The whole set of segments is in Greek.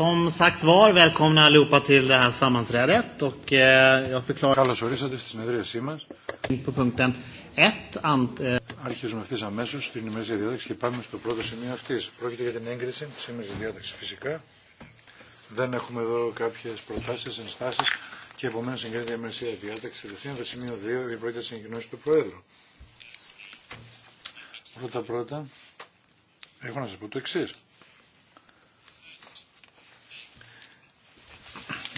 Som Καλώς ορίσατε στη συνεδρίασή μας. På punkten 1. Eh- Αρχίζουμε αμέσως στην ημερήσια διάταξη και πάμε στο πρώτο σημείο αυτή. Πρόκειται για την έγκριση τη ημερήσιας διάταξη φυσικά. Δεν έχουμε εδώ κάποιε προτάσει, ενστάσεις και επομένως εγκρίνεται η ημερήσια διάταξη. Κατευθείαν το σημείο 2, η πρώτη συγκοινώση του Προέδρου. Πρώτα-πρώτα, έχω να σα πω το εξή.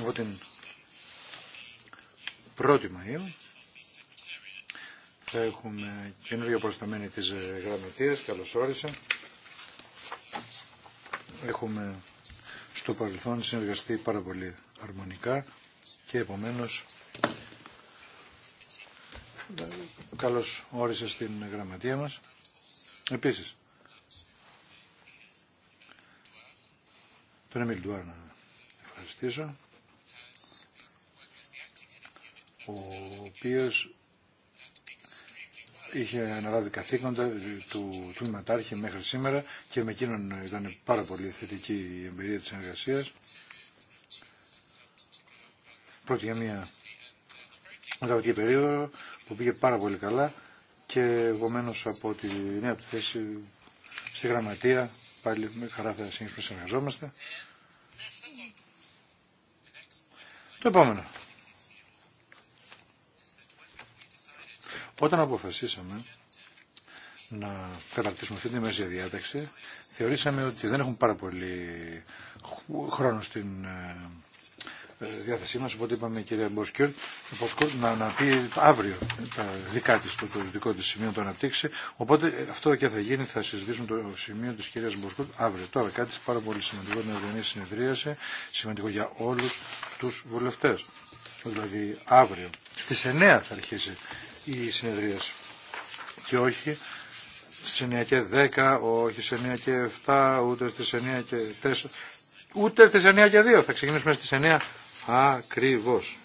από την 1η Μαΐου θα έχουμε καινούργια προσταμένη της ε, γραμματείας, καλώς όρισα. Έχουμε στο παρελθόν συνεργαστεί πάρα πολύ αρμονικά και επομένως καλώς όρισε στην γραμματεία μας. Επίσης, τον Εμίλ Ντουάρ να ευχαριστήσω ο οποίος είχε αναλάβει καθήκοντα του τμήματάρχη μέχρι σήμερα και με εκείνον ήταν πάρα πολύ θετική η εμπειρία της εργασίας. Πρώτη για μια μεταβατική περίοδο που πήγε πάρα πολύ καλά και επομένω από τη νέα του θέση στη γραμματεία πάλι με χαρά θα συνεργαζόμαστε. Το επόμενο. Όταν αποφασίσαμε να καταρτήσουμε αυτή τη μέση διάταξη, θεωρήσαμε ότι δεν έχουν πάρα πολύ χρόνο στην ε, ε, διάθεσή μας, οπότε είπαμε η κυρία Μποσκούρτ να, να πει αύριο τα δικά της, το, το δικό της σημείο να το αναπτύξει, οπότε ε, αυτό και θα γίνει, θα συζητήσουμε το σημείο της κυρίας Μποσκούρτ αύριο. Τώρα κάτι πάρα πολύ σημαντικό να οργανίσει συνεδρίαση, σημαντικό για όλους τους βουλευτές. Δηλαδή αύριο στις 9 θα αρχίσει η συνεδρίαση και όχι στι 9 και 10, όχι στι 9 και 7, ούτε στις 9 και 4, ούτε στι 9 και 2. Θα ξεκινήσουμε στις 9 ακριβώς.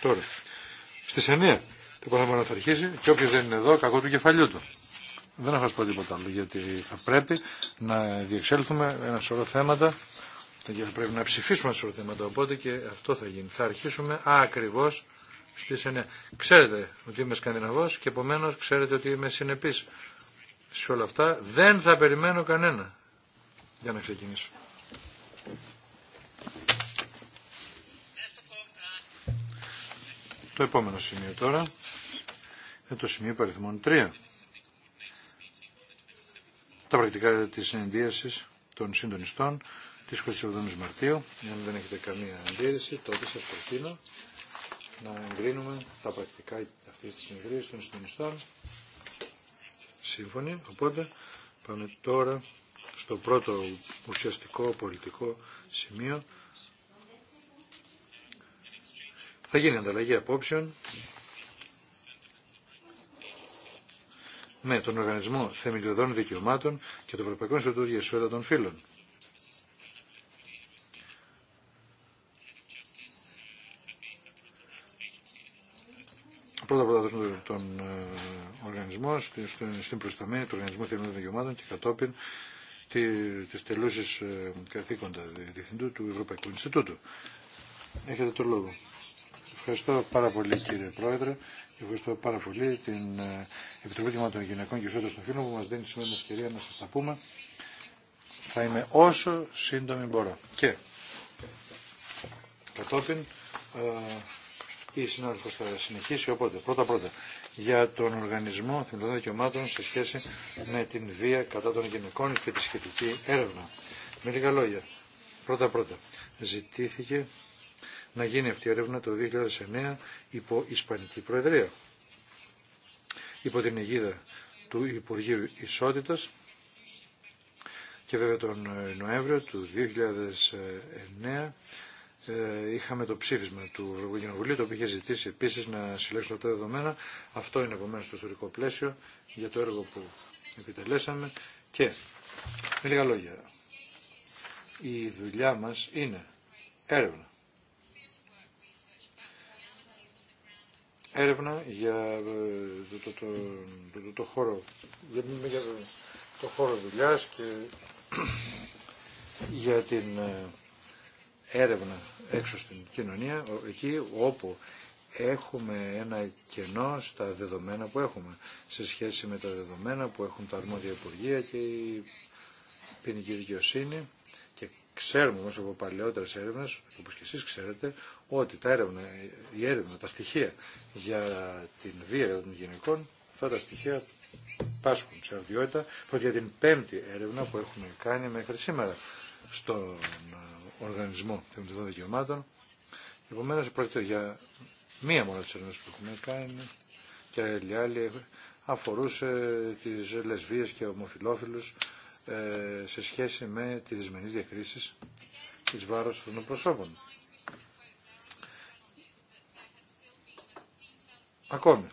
Τώρα, στις 9 το παράδειγμα θα αρχίσει και όποιο δεν είναι εδώ, κακό του κεφαλιού του. Δεν θα σας πω τίποτα άλλο, γιατί θα πρέπει να διεξέλθουμε ένα σωρό θέματα και θα πρέπει να ψηφίσουμε ένα σωρό θέματα, οπότε και αυτό θα γίνει. Θα αρχίσουμε ακριβώς στις 9. Ξέρετε ότι είμαι Σκανδιναβός και επομένω ξέρετε ότι είμαι συνεπής σε όλα αυτά. Δεν θα περιμένω κανένα για να ξεκινήσω. Το επόμενο σημείο τώρα είναι το σημείο παριθμών 3. Τα πρακτικά της συνεδρίασης των συντονιστών της 27 Μαρτίου. Αν δεν έχετε καμία αντίρρηση, τότε σας προτείνω να εγκρίνουμε τα πρακτικά αυτής της συνεδρίας των συντονιστών. Σύμφωνοι, οπότε πάμε τώρα στο πρώτο ουσιαστικό πολιτικό σημείο. Θα γίνει ανταλλαγή απόψεων με τον Οργανισμό Θεμελιωδών Δικαιωμάτων και το Ευρωπαϊκό Ινστιτούτο Διασώτα των φίλων. πρώτα πρώτα δώσουμε τον ε, οργανισμό στην προσταμένη του Οργανισμού Θεμελιών Δικαιωμάτων και κατόπιν τις τελούσεις ε, καθήκοντα διευθυντού του Ευρωπαϊκού Ινστιτούτου. Έχετε το λόγο. Ευχαριστώ πάρα πολύ κύριε Πρόεδρε και ευχαριστώ πάρα πολύ την ε, Επιτροπή Δημάτων Γυναικών και Ισότητας των Φίλων που μας δίνει σήμερα την ευκαιρία να σας τα πούμε. Θα είμαι όσο σύντομη μπορώ. Και κατόπιν η συνάδελφο θα συνεχίσει. Οπότε, πρώτα-πρώτα, για τον Οργανισμό Θεμελιωδών Δικαιωμάτων σε σχέση με την βία κατά των γυναικών και τη σχετική έρευνα. Με λίγα λόγια, πρώτα-πρώτα, ζητήθηκε να γίνει αυτή η έρευνα το 2009 υπό Ισπανική Προεδρία. Υπό την αιγίδα του Υπουργείου Ισότητας και βέβαια τον Νοέμβριο του 2009 ε, είχαμε το ψήφισμα του Ευρωκοινοβουλίου, το οποίο είχε ζητήσει επίση να συλλέξουν αυτά τα δεδομένα. Αυτό είναι επομένω το ιστορικό πλαίσιο για το έργο που επιτελέσαμε. Και με λίγα λόγια, η δουλειά μα είναι έρευνα. Έρευνα για ε, το, το, το, το χώρο, για, για το χώρο δουλειάς και για την ε, έρευνα έξω στην κοινωνία, εκεί όπου έχουμε ένα κενό στα δεδομένα που έχουμε, σε σχέση με τα δεδομένα που έχουν τα αρμόδια υπουργεία και η ποινική δικαιοσύνη και ξέρουμε όμως από παλαιότερες έρευνες, όπως και εσείς ξέρετε, ότι τα έρευνα, η έρευνα, τα στοιχεία για την βία των γυναικών, αυτά τα στοιχεία πάσχουν σε αρδιότητα, για την πέμπτη έρευνα που έχουμε κάνει μέχρι σήμερα στον Οργανισμό Θεμελιδών Δικαιωμάτων. Επομένω, πρόκειται για μία μόνο τη έρευνα που έχουμε κάνει και η άλλη αφορούσε τι λεσβείε και ομοφιλόφιλους ε, σε σχέση με τη δυσμενή διακρίση τη βάρο των προσώπων. Ακόμη.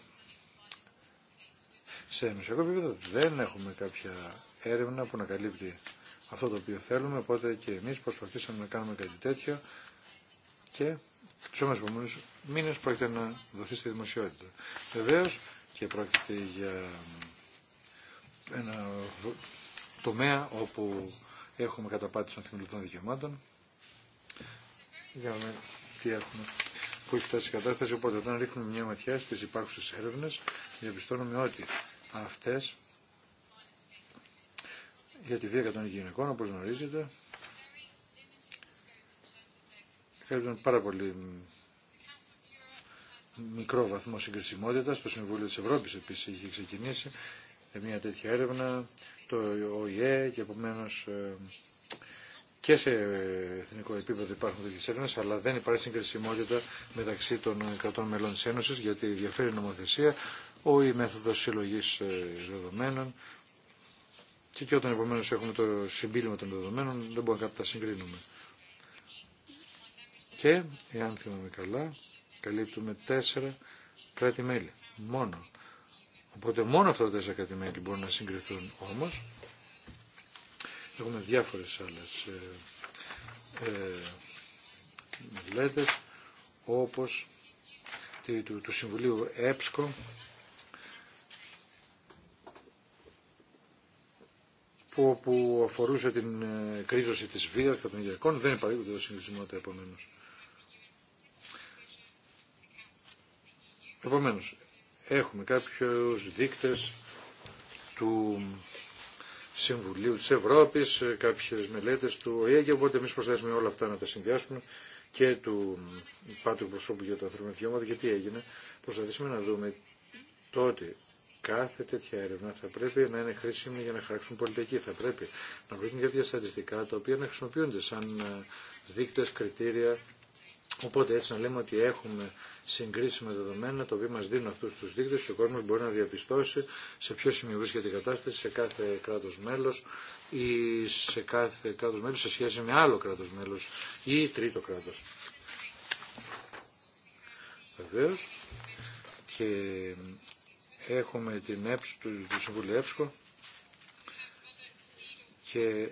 Σε ενωσιακό επίπεδο δεν έχουμε κάποια έρευνα που να καλύπτει αυτό το οποίο θέλουμε, οπότε και εμείς προσπαθήσαμε να κάνουμε κάτι τέτοιο και τους όμως επόμενους μήνες πρόκειται να δοθεί στη δημοσιότητα. Βεβαίω και πρόκειται για ένα τομέα όπου έχουμε καταπάτηση των θεμελιωτών δικαιωμάτων. Για να τι έχουμε που έχει φτάσει η κατάσταση, οπότε όταν ρίχνουμε μια ματιά στις υπάρχουσες έρευνες, διαπιστώνουμε ότι αυτές για τη βία κατά των γυναικών, όπως γνωρίζετε, καλύπτουν πάρα πολύ μικρό βαθμό συγκρισιμότητας. Το Συμβούλιο της Ευρώπης επίσης είχε ξεκινήσει μια τέτοια έρευνα, το ΟΗΕ και επομένως ε, και σε εθνικό επίπεδο υπάρχουν τέτοιες έρευνες, αλλά δεν υπάρχει συγκρισιμότητα μεταξύ των κρατών μελών της Ένωσης, γιατί διαφέρει η νομοθεσία, ο η μέθοδος συλλογής ε, δεδομένων, και, και όταν επομένω έχουμε το συμπίλημα των δεδομένων δεν μπορούμε να τα συγκρίνουμε. Και, εάν θυμάμαι καλά, καλύπτουμε τέσσερα κράτη-μέλη. Μόνο. Οπότε μόνο αυτά τα τέσσερα κράτη-μέλη μπορούν να συγκριθούν. Όμως, έχουμε διάφορες άλλες ε, ε, όπως του, του, του Συμβουλίου ΕΠΣΚΟ που, αφορούσε την ε, κρίζωση της βίας και των ηλιακών δεν υπάρχει εδώ συγκρισμότητα επομένως. Επομένως, έχουμε κάποιους δείκτες του Συμβουλίου της Ευρώπης, ε, κάποιες μελέτες του ΟΗΕ και οπότε εμείς προσθέσουμε όλα αυτά να τα συνδυάσουμε και του πάτου προσώπου για τα ανθρώπινα δικαιώματα και έγινε. Προσπαθήσαμε να δούμε τότε κάθε τέτοια έρευνα θα πρέπει να είναι χρήσιμη για να χαράξουν πολιτική. Θα πρέπει να βρουν κάποια στατιστικά τα οποία να χρησιμοποιούνται σαν ε, δείκτες, κριτήρια. Οπότε έτσι να λέμε ότι έχουμε συγκρίσιμα δεδομένα τα οποία μα δίνουν αυτού του δείκτε και ο κόσμο μπορεί να διαπιστώσει σε ποιο σημείο βρίσκεται η κατάσταση σε κάθε κράτο μέλο ή σε κάθε κράτο μέλο σε σχέση με άλλο κράτο μέλο ή τρίτο κράτο. Βεβαίω και έχουμε την ΕΠΣ, του, του Συμβουλίου ΕΠΣΚΟ και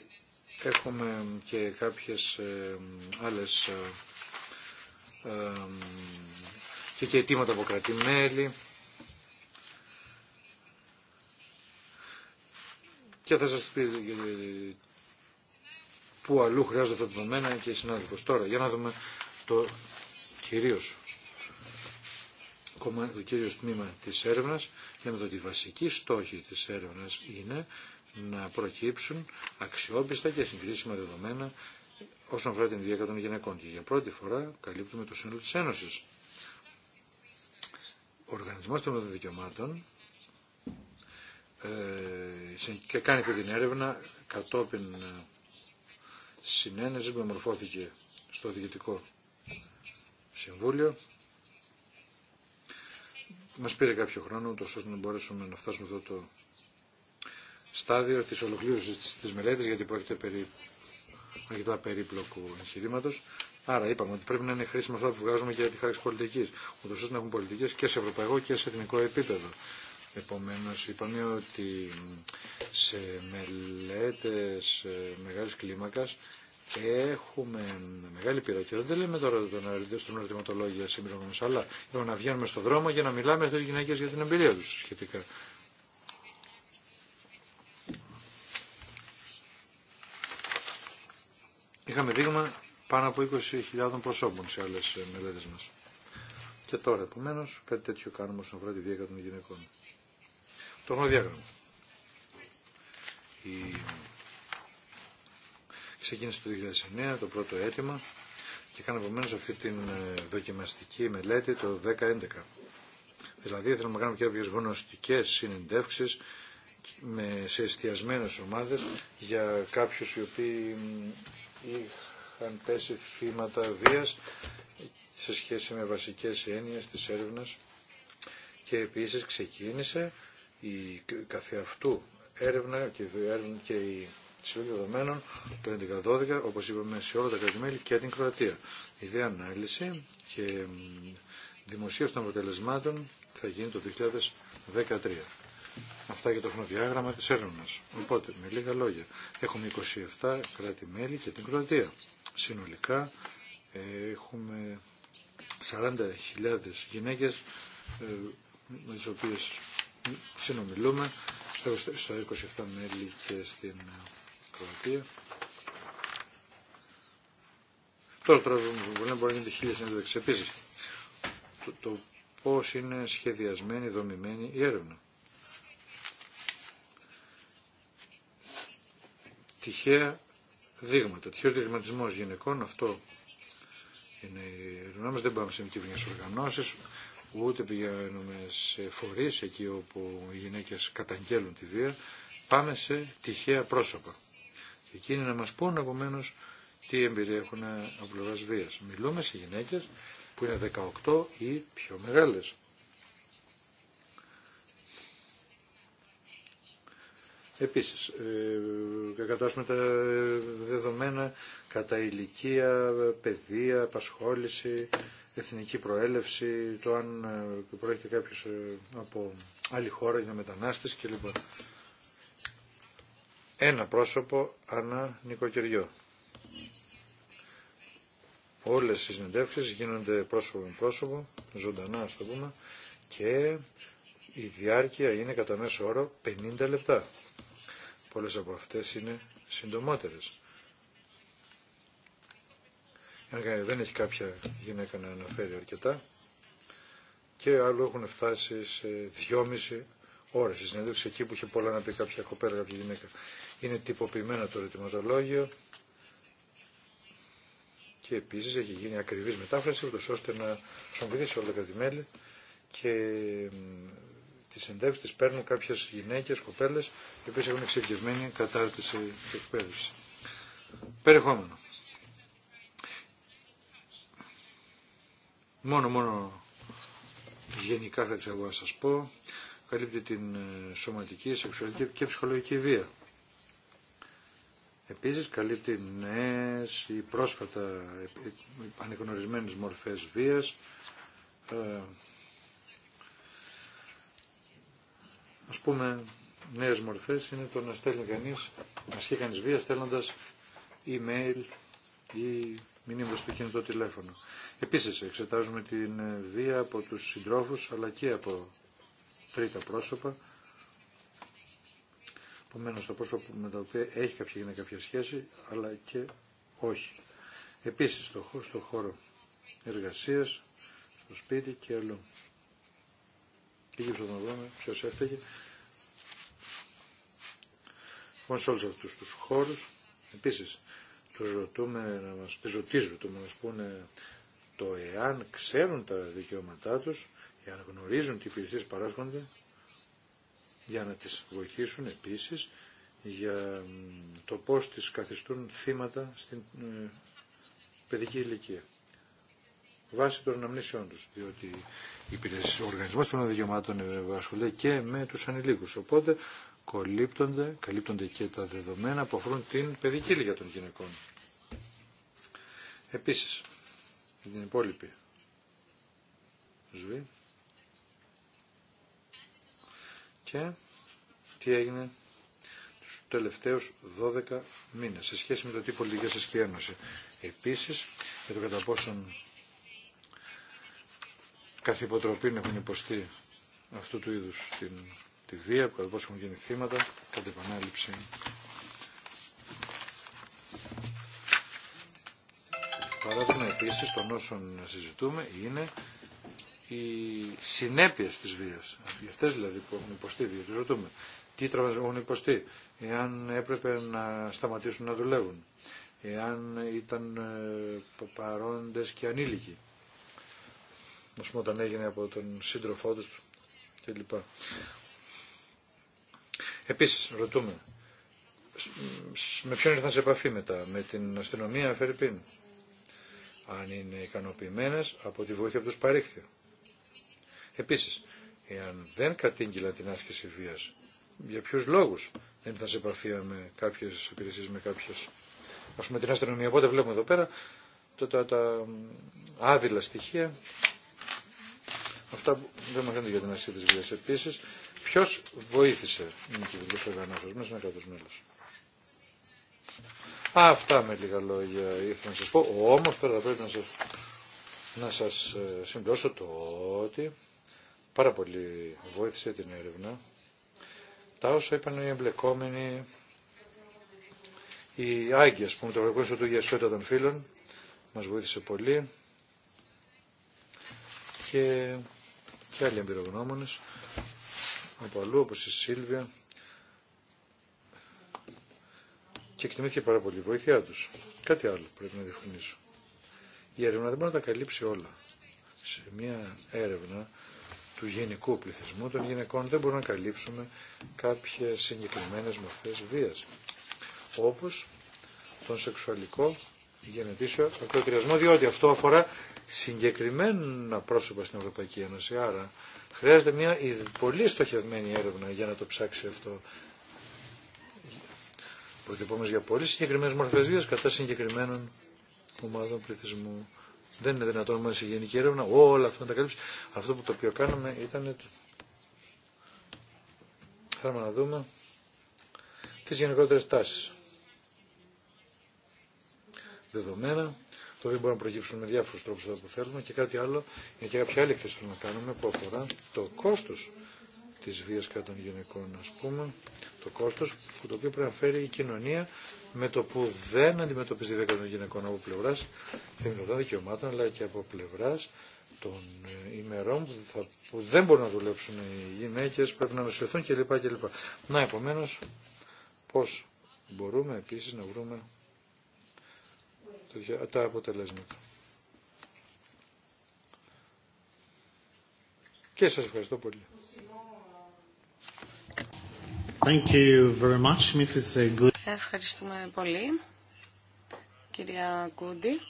έχουμε και κάποιες ε, άλλες ε, ε, και και αιτήματα από μέλη και θα σας πει που αλλού χρειάζονται αυτά τα δεδομένα και οι συνάδελφος. Τώρα για να δούμε το κυρίως το κύριο τμήμα της έρευνας λέμε ότι οι βασικοί στόχοι της έρευνας είναι να προκύψουν αξιόπιστα και συγκρίσιμα δεδομένα όσον αφορά την διάρκεια των γυναικών. Και για πρώτη φορά καλύπτουμε το σύνολο της Ένωσης. Ο Οργανισμός των Δικαιωμάτων ε, και κάνει αυτή την έρευνα κατόπιν ε, συνένεση που μορφώθηκε στο Διοικητικό Συμβούλιο μας πήρε κάποιο χρόνο, ούτως ώστε να μπορέσουμε να φτάσουμε αυτό το στάδιο της ολοκλήρωσης της μελέτης, γιατί πρόκειται περί αρκετά περίπλοκου εγχειρήματο. Άρα είπαμε ότι πρέπει να είναι χρήσιμα αυτά που βγάζουμε για τη της πολιτική, ούτω ώστε να έχουν πολιτικέ και σε ευρωπαϊκό και σε εθνικό επίπεδο. Επομένω, είπαμε ότι σε μελέτε μεγάλη κλίμακα έχουμε μεγάλη πείρα και δεν λέμε τώρα τον, στον ερωτηματολόγιο μα, αλλά είπαμε να βγαίνουμε στον δρόμο για να μιλάμε στις γυναίκες για την εμπειρία του σχετικά. Είχαμε δείγμα πάνω από 20.000 προσώπων σε άλλε μελέτε μας. Και τώρα, επομένω, κάτι τέτοιο κάνουμε όσον αφορά τη βία των γυναικών. Το χρονοδιάγραμμα ξεκίνησε το 2009 το πρώτο αίτημα και κάναμε επομένω αυτή τη ε, δοκιμαστική μελέτη το 2011. Δηλαδή ήθελα να κάνουμε και κάποιες γνωστικές συνεντεύξεις με, σε εστιασμένες ομάδες για κάποιους οι οποίοι είχαν πέσει θύματα βίας σε σχέση με βασικές έννοιες της έρευνας και επίσης ξεκίνησε η καθεαυτού έρευνα και η συλλογή δεδομένων το 2012, όπως είπαμε σε όλα τα κρατημέλη και την Κροατία. Ιδέα ανάλυση και δημοσίευση των αποτελεσμάτων θα γίνει το 2013. Αυτά για το χρονοδιάγραμμα της έρευνας. Οπότε, με λίγα λόγια, έχουμε 27 κράτη-μέλη και την Κροατία. Συνολικά έχουμε 40.000 γυναίκες ε, με τις οποίες συνομιλούμε στα 27 μέλη και στην Τώρα τώρα μπορεί να μπορεί να το, το πώ είναι σχεδιασμένη, δομημένη η έρευνα. Τυχαία δείγματα, τυχαίο δειγματισμό γυναικών, αυτό είναι η έρευνά μα. Δεν πάμε σε κυβερνήσει οργανώσει, ούτε πηγαίνουμε σε φορεί εκεί όπου οι γυναίκε καταγγέλουν τη βία. Πάμε σε τυχαία πρόσωπα εκείνοι να μας πούν επομένω τι εμπειρία έχουν από πλευρά βία. Μιλούμε σε γυναίκες που είναι 18 ή πιο μεγάλες. Επίσης, ε, τα δεδομένα κατά ηλικία, παιδεία, απασχόληση, εθνική προέλευση, το αν ε, προέρχεται κάποιος ε, από άλλη χώρα, για μετανάστε κλπ. Ένα πρόσωπο ανά νοικοκυριό. Όλες οι συνεντεύξεις γίνονται πρόσωπο με πρόσωπο, ζωντανά ας το πούμε, και η διάρκεια είναι κατά μέσο όρο 50 λεπτά. Πολλές από αυτές είναι συντομότερες. Δεν έχει κάποια γυναίκα να αναφέρει αρκετά και άλλο έχουν φτάσει σε 2,5 Ωραία, στη συνέντευξη, εκεί που είχε πολλά να πει κάποια κοπέλα, κάποια γυναίκα. Είναι τυποποιημένο το ερωτηματολόγιο και επίσης έχει γίνει ακριβής μετάφραση, ούτως ώστε να χρησιμοποιήσει όλα τα μέλη. και τις συνέντευξεις τις παίρνουν κάποιες γυναίκες, κοπέλες, οι οποίε έχουν εξειδικευμένη κατάρτιση και εκπαίδευση. Περιεχόμενο. Μόνο, μόνο γενικά θα ήθελα να σας πω καλύπτει την ε, σωματική, σεξουαλική και ψυχολογική βία. Επίσης καλύπτει νέες ή πρόσφατα ανεγνωρισμένες μορφές βίας, ε, ας πούμε νέες μορφές είναι το να στέλνει κανείς, να κανείς βία στέλνοντας email ή μηνύμα στο κινητό τηλέφωνο. Επίσης εξετάζουμε την ε, βία από τους συντρόφους αλλά και από τρίτα πρόσωπα. Επομένω, τα πρόσωπα με τα οποία έχει κάποια γυναίκα κάποια σχέση, αλλά και όχι. Επίσης, στο, στο χώρο εργασίας, στο σπίτι και αλλού. Εκεί να δούμε ποιος έφταγε. Λοιπόν, σε όλους αυτούς τους χώρους, επίσης, τους ζωτούμε να μας, τις μας πούνε το εάν ξέρουν τα δικαιώματά τους για να γνωρίζουν τι υπηρεσίες παράσχονται, για να τις βοηθήσουν επίσης για το πώς τις καθιστούν θύματα στην ε, παιδική ηλικία. Βάσει των αναμνήσεών τους, διότι ο οργανισμός των δικαιωμάτων ε, ασχολείται και με τους ανηλίκους. Οπότε καλύπτονται, καλύπτονται και τα δεδομένα που αφορούν την παιδική ηλικία των γυναικών. Επίσης, την υπόλοιπη ζωή και τι έγινε τους τελευταίους 12 μήνες σε σχέση με το τι πολιτικές σα Επίσης, για το κατά πόσον καθυποτροπή υποτροπή έχουν υποστεί αυτού του είδους την, τη βία, κατά πόσο έχουν γίνει θύματα, κατά επανάληψη. Παράδειγμα επίσης των όσων συζητούμε είναι οι συνέπειες της βίας, αυτές δηλαδή που έχουν υποστεί βία, ρωτούμε τι τραυματισμό έχουν υποστεί, εάν έπρεπε να σταματήσουν να δουλεύουν, εάν ήταν ε, παρόντες και ανήλικοι, όπως όταν έγινε από τον σύντροφό τους κλπ. Επίσης ρωτούμε, με ποιον ήρθαν σε επαφή μετά, με την αστυνομία Φερρυπίν, αν είναι ικανοποιημένες από τη βοήθεια που τους παρήχθη. Επίσης, εάν δεν κατήγγυλαν την άσκηση βίας, για ποιους λόγους δεν ήταν σε επαφή με κάποιες υπηρεσίες, με κάποιες, ας πούμε την αστυνομία, οπότε βλέπουμε εδώ πέρα τα, τα, τα άδειλα στοιχεία, αυτά που δεν μας για την άσκηση της βίας. Επίσης, ποιος βοήθησε με κυβερνικές οργανώσεις μέσα σε ένα κράτος μέλος. Αυτά με λίγα λόγια ήθελα να σας πω, όμως τώρα θα πρέπει να σας, να σας ε, συμπληρώσω το ότι πάρα πολύ βοήθησε την έρευνα. Τα όσα είπαν οι εμπλεκόμενοι, οι Άγγοι, ας πούμε, το Ευρωπαϊκό του για των Φίλων, μας βοήθησε πολύ και, και άλλοι εμπειρογνώμονες από αλλού, όπως η Σίλβια, και εκτιμήθηκε πάρα πολύ η βοήθειά τους. Κάτι άλλο πρέπει να διευκρινίσω. Η έρευνα δεν μπορεί να τα καλύψει όλα. Σε μια έρευνα του γενικού πληθυσμού των γυναικών δεν μπορούμε να καλύψουμε κάποιες συγκεκριμένες μορφές βίας όπως τον σεξουαλικό γενετήσιο ακροτηριασμό διότι αυτό αφορά συγκεκριμένα πρόσωπα στην Ευρωπαϊκή Ένωση άρα χρειάζεται μια πολύ στοχευμένη έρευνα για να το ψάξει αυτό προτυπώμες για πολύ συγκεκριμένες μορφές βίας κατά συγκεκριμένων ομάδων πληθυσμού δεν είναι δυνατόν μόνο σε γενική έρευνα όλα αυτά να τα καλύψει. Αυτό που το οποίο κάναμε ήταν. Θέλουμε να δούμε τι γενικότερε τάσει. Δεδομένα, το οποίο μπορεί να προκύψουν με διάφορου τρόπου εδώ που θέλουμε και κάτι άλλο, είναι και κάποια άλλη εκθέση που να κάνουμε που αφορά το κόστο της βίας κατά των γυναικών, ας πούμε, το κόστος που το οποίο πρέπει να φέρει η κοινωνία με το που δεν αντιμετωπίζει τη βία των γυναικών από πλευράς θεμελιωδών δικαιωμάτων, αλλά και από πλευράς των ε, ημερών που, θα, δεν μπορούν να δουλέψουν οι γυναίκες, πρέπει να νοσηλευθούν κλπ. κλπ. Να, επομένως, πώς μπορούμε επίσης να βρούμε τα αποτελέσματα. Και σας ευχαριστώ πολύ. Uh, Ευχαριστούμε πολύ, κυρία Κούντι.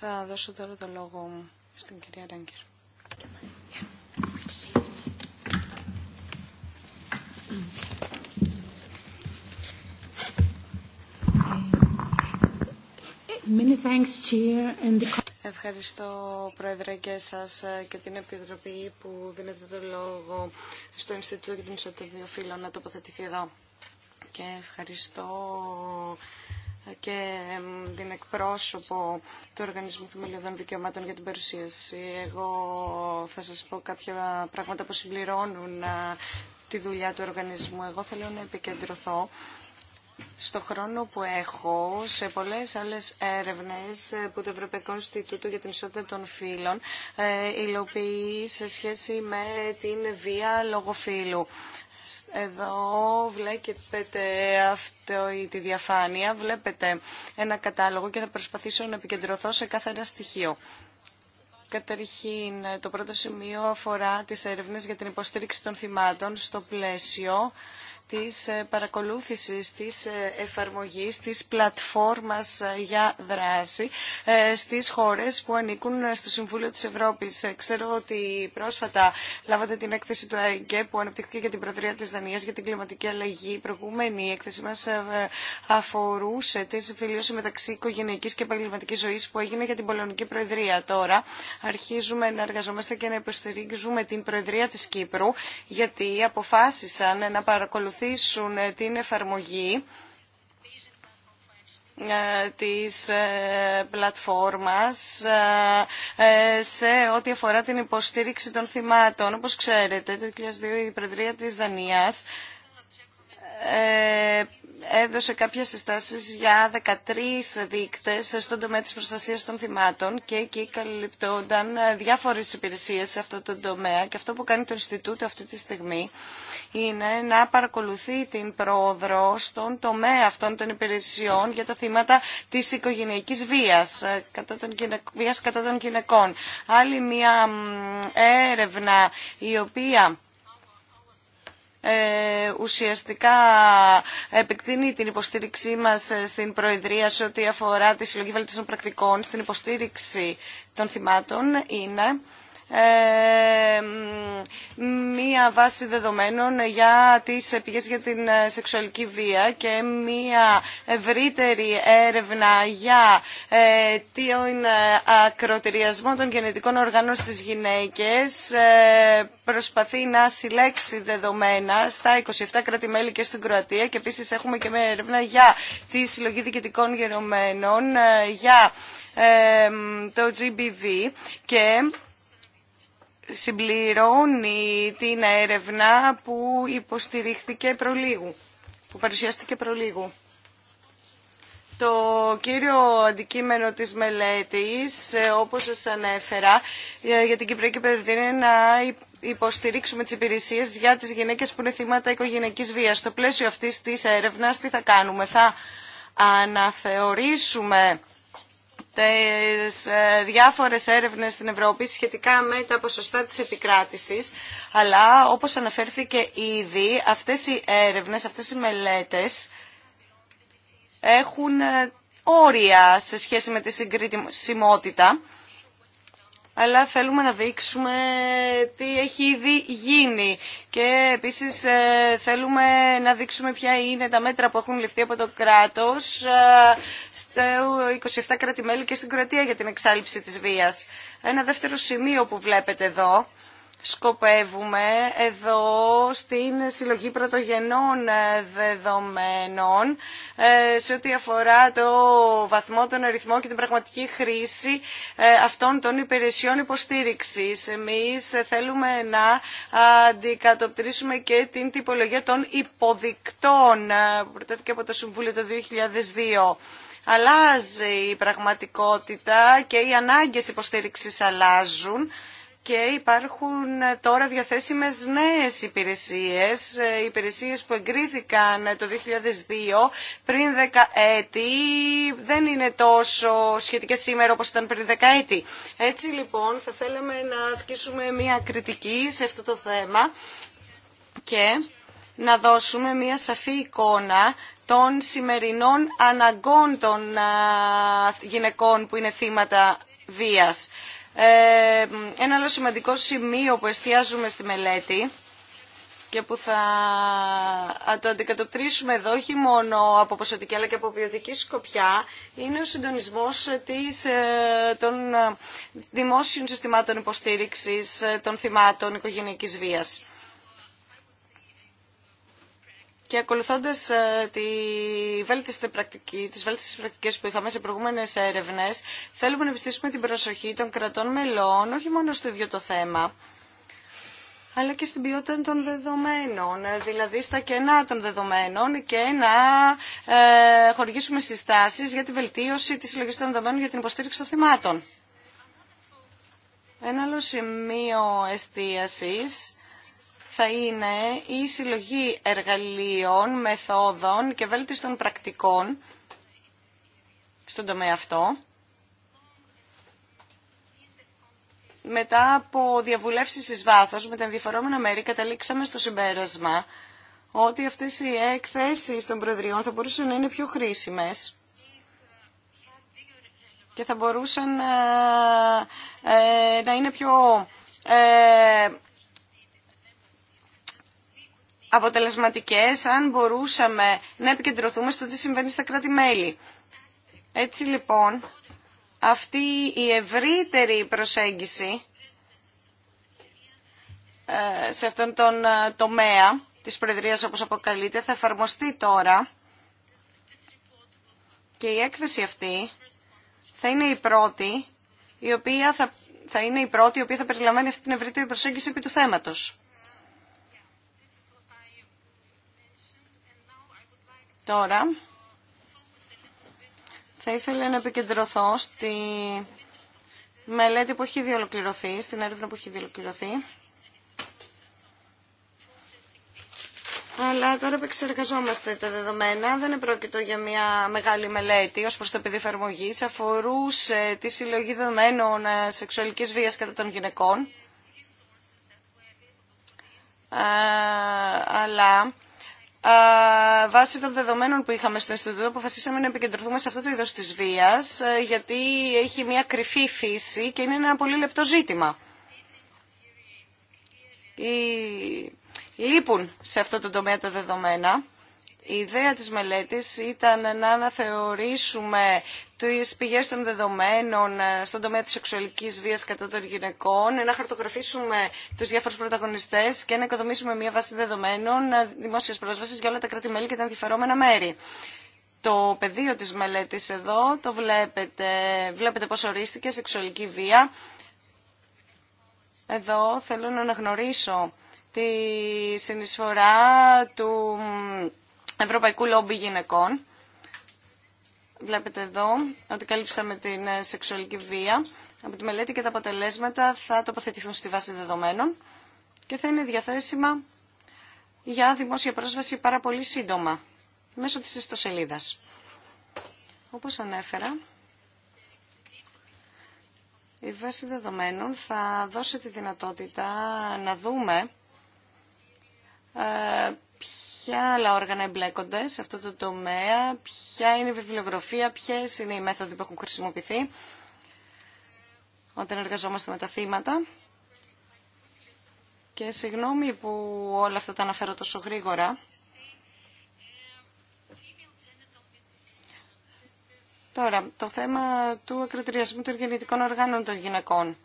Θα δώσω τώρα το λόγο στην κυρία Ρέγκερ. Ευχαριστώ, Πρόεδρε, και σας και την Επιτροπή που δίνετε το λόγο στο Ινστιτούτο για την Ισοτοδία Φίλων να τοποθετηθεί εδώ. Και ευχαριστώ και την εκπρόσωπο του Οργανισμού Θεμελιωδών Δικαιωμάτων για την παρουσίαση. Εγώ θα σας πω κάποια πράγματα που συμπληρώνουν ε, τη δουλειά του οργανισμού. Εγώ θέλω να επικεντρωθώ στο χρόνο που έχω σε πολλές άλλες έρευνες ε, που το Ευρωπαϊκό Ινστιτούτο για την Ισότητα των Φύλων ε, υλοποιεί σε σχέση με την βία λογοφύλου. Εδώ βλέπετε αυτή τη διαφάνεια, βλέπετε ένα κατάλογο και θα προσπαθήσω να επικεντρωθώ σε κάθε ένα στοιχείο. Καταρχήν, το πρώτο σημείο αφορά τις έρευνες για την υποστήριξη των θυμάτων στο πλαίσιο της ε, παρακολούθησης της ε, εφαρμογής της πλατφόρμας ε, για δράση στις χώρες που ανήκουν στο Συμβούλιο της Ευρώπης. Ξέρω ότι πρόσφατα λάβατε την έκθεση του ΑΕΚΕ που αναπτύχθηκε για την Προεδρία της Δανίας για την κλιματική αλλαγή. Η προηγούμενη έκθεση μας αφορούσε τη συμφιλίωση μεταξύ οικογενειακής και επαγγελματική ζωής που έγινε για την Πολωνική Προεδρία. Τώρα αρχίζουμε να εργαζόμαστε και να υποστηρίζουμε την Προεδρία της Κύπρου γιατί αποφάσισαν να παρακολουθούν ε, την εφαρμογή ε, της ε, πλατφόρμας σε ό,τι αφορά την υποστήριξη των θυμάτων. Όπως ξέρετε, το 2002 η Προεδρία της Δανίας έδωσε κάποιες συστάσεις για 13 δείκτες στον τομέα της προστασίας των θυμάτων και εκεί καλυπτόνταν διάφορες υπηρεσίες σε αυτό το τομέα και αυτό που κάνει το Ινστιτούτο αυτή τη στιγμή είναι να παρακολουθεί την πρόοδρο στον τομέα αυτών των υπηρεσιών για τα θύματα της οικογενειακής βίας ε, κατά βίας κατά των γυναικών. Άλλη μια έρευνα η οποία ε, ουσιαστικά επεκτείνει την υποστήριξή μας ε, στην Προεδρία σε ό,τι αφορά τη συλλογή βελτιστών πρακτικών στην υποστήριξη των θυμάτων είναι ε, μία βάση δεδομένων για τις πηγές για την ε, σεξουαλική βία και μία ευρύτερη έρευνα για τι ε, τον ακροτηριασμό των γενετικών οργανών στις γυναίκες προσπαθεί να συλλέξει δεδομένα στα 27 κράτη-μέλη και στην Κροατία και επίσης έχουμε και μία έρευνα για τη συλλογή διοικητικών γενομένων για το GBV και συμπληρώνει την έρευνα που υποστηρίχθηκε προλίγου, που παρουσιάστηκε προλίγου. Το κύριο αντικείμενο της μελέτης, ε, όπως σας ανέφερα, ε, για την Κυπριακή Παιδεία είναι να υποστηρίξουμε τις υπηρεσίες για τις γυναίκες που είναι θύματα οικογενειακής βίας. Στο πλαίσιο αυτής της έρευνας τι θα κάνουμε, θα αναθεωρήσουμε τις ε, διάφορες έρευνες στην Ευρώπη σχετικά με τα ποσοστά της επικράτησης, αλλά όπως αναφέρθηκε ήδη, αυτές οι έρευνες, αυτές οι μελέτες έχουν ε, όρια σε σχέση με τη συγκρισιμότητα αλλά θέλουμε να δείξουμε τι έχει ήδη γίνει. Και επίσης ε, θέλουμε να δείξουμε ποια είναι τα μέτρα που έχουν ληφθεί από το κράτος ε, στα 27 κράτη-μέλη και στην Κροατία για την εξάλληψη της βίας. Ένα δεύτερο σημείο που βλέπετε εδώ σκοπεύουμε εδώ στην συλλογή πρωτογενών ε, δεδομένων ε, σε ό,τι αφορά το βαθμό, τον αριθμό και την πραγματική χρήση ε, αυτών των υπηρεσιών υποστήριξης. Εμείς θέλουμε να αντικατοπτρίσουμε και την τυπολογία των υποδικτών που προτέθηκε από το Συμβούλιο το 2002 αλλάζει η πραγματικότητα και οι ανάγκες υποστήριξης αλλάζουν και υπάρχουν τώρα διαθέσιμες νέες υπηρεσίες, ε, υπηρεσίες που εγκρίθηκαν ε, το 2002 πριν 10 έτη, δεν είναι τόσο σχετικές σήμερα όπως ήταν πριν 10 έτη. Έτσι λοιπόν θα θέλαμε να ασκήσουμε μια κριτική σε αυτό το θέμα και να δώσουμε μια σαφή εικόνα των σημερινών αναγκών των γυναικών που είναι θύματα βίας. Ε, ένα άλλο σημαντικό σημείο που εστιάζουμε στη μελέτη και που θα το αντικατοπτρίσουμε εδώ όχι μόνο από ποσοτική αλλά και από ποιοτική σκοπιά είναι ο συντονισμός της, ε, των δημόσιων συστημάτων υποστήριξης ε, των θυμάτων οικογενειακής βίας και ακολουθώντας ε, τη βέλτιστη πρακτική, τις βέλτιστες που είχαμε σε προηγούμενες έρευνε, θέλουμε να ευστήσουμε την προσοχή των κρατών μελών, όχι μόνο στο ίδιο το θέμα, αλλά και στην ποιότητα των δεδομένων, ε, δηλαδή στα κενά των δεδομένων και να ε, χορηγήσουμε συστάσεις για τη βελτίωση της συλλογή των δεδομένων για την υποστήριξη των θυμάτων. Ένα άλλο σημείο εστίασης θα είναι η συλλογή εργαλείων, μεθόδων και βέλτιστων πρακτικών στον τομέα αυτό. Μετά από διαβουλεύσεις εις βάθος με τα ενδιαφερόμενα μέρη καταλήξαμε στο συμπέρασμα ότι αυτές οι εκθέσεις των προεδριών θα μπορούσαν να είναι πιο χρήσιμες και θα μπορούσαν ε, ε, να είναι πιο ε, αποτελεσματικές αν μπορούσαμε να επικεντρωθούμε στο τι συμβαίνει στα κράτη-μέλη. Έτσι λοιπόν, αυτή η ευρύτερη προσέγγιση ε, σε αυτόν τον ε, τομέα της Προεδρίας όπως αποκαλείται θα εφαρμοστεί τώρα και η έκθεση αυτή θα είναι η πρώτη η οποία θα, θα, είναι η πρώτη η οποία θα περιλαμβάνει αυτή την ευρύτερη προσέγγιση επί του θέματος. Τώρα θα ήθελα να επικεντρωθώ στη μελέτη που έχει διολοκληρωθεί, στην έρευνα που έχει διολοκληρωθεί. Αλλά τώρα επεξεργαζόμαστε τα δεδομένα. Δεν επρόκειτο για μια μεγάλη μελέτη ως προς το παιδί εφαρμογή. Αφορούσε τη συλλογή δεδομένων ε, σεξουαλικής βίας κατά των γυναικών. Ε, αλλά βάσει των δεδομένων που είχαμε στο Ινστιτούτο, αποφασίσαμε να επικεντρωθούμε σε αυτό το είδος της βίας, ε, γιατί έχει μια κρυφή φύση και είναι ένα πολύ λεπτό ζήτημα. Λείπουν σε αυτό το τομέα τα δεδομένα η ιδέα της μελέτης ήταν να αναθεωρήσουμε τις πηγές των δεδομένων ε, στον τομέα της σεξουαλικής βίας κατά των γυναικών, να χαρτογραφήσουμε τους διάφορους πρωταγωνιστές και να οικοδομήσουμε μια βάση δεδομένων ε, δημόσιας πρόσβασης για όλα τα κράτη-μέλη και τα ενδιαφερόμενα μέρη. Το πεδίο της μελέτης εδώ το βλέπετε, βλέπετε πώς ορίστηκε σεξουαλική βία. Εδώ θέλω να αναγνωρίσω τη συνεισφορά του Ευρωπαϊκού Λόμπι Γυναικών. Βλέπετε εδώ ότι καλύψαμε την ε, σεξουαλική βία. Από τη μελέτη και τα αποτελέσματα θα τοποθετηθούν στη βάση δεδομένων και θα είναι διαθέσιμα για δημόσια πρόσβαση πάρα πολύ σύντομα, μέσω της ιστοσελίδας. Όπως ανέφερα, η βάση δεδομένων θα δώσει τη δυνατότητα να δούμε ε, ποια άλλα όργανα εμπλέκονται σε αυτό το τομέα, ποια είναι η βιβλιογραφία, ποιε είναι οι μέθοδοι που έχουν χρησιμοποιηθεί όταν εργαζόμαστε με τα θύματα. Και συγγνώμη που όλα αυτά τα αναφέρω τόσο γρήγορα. Τώρα, το θέμα του ακροτηριασμού των γεννητικών οργάνων των γυναικών.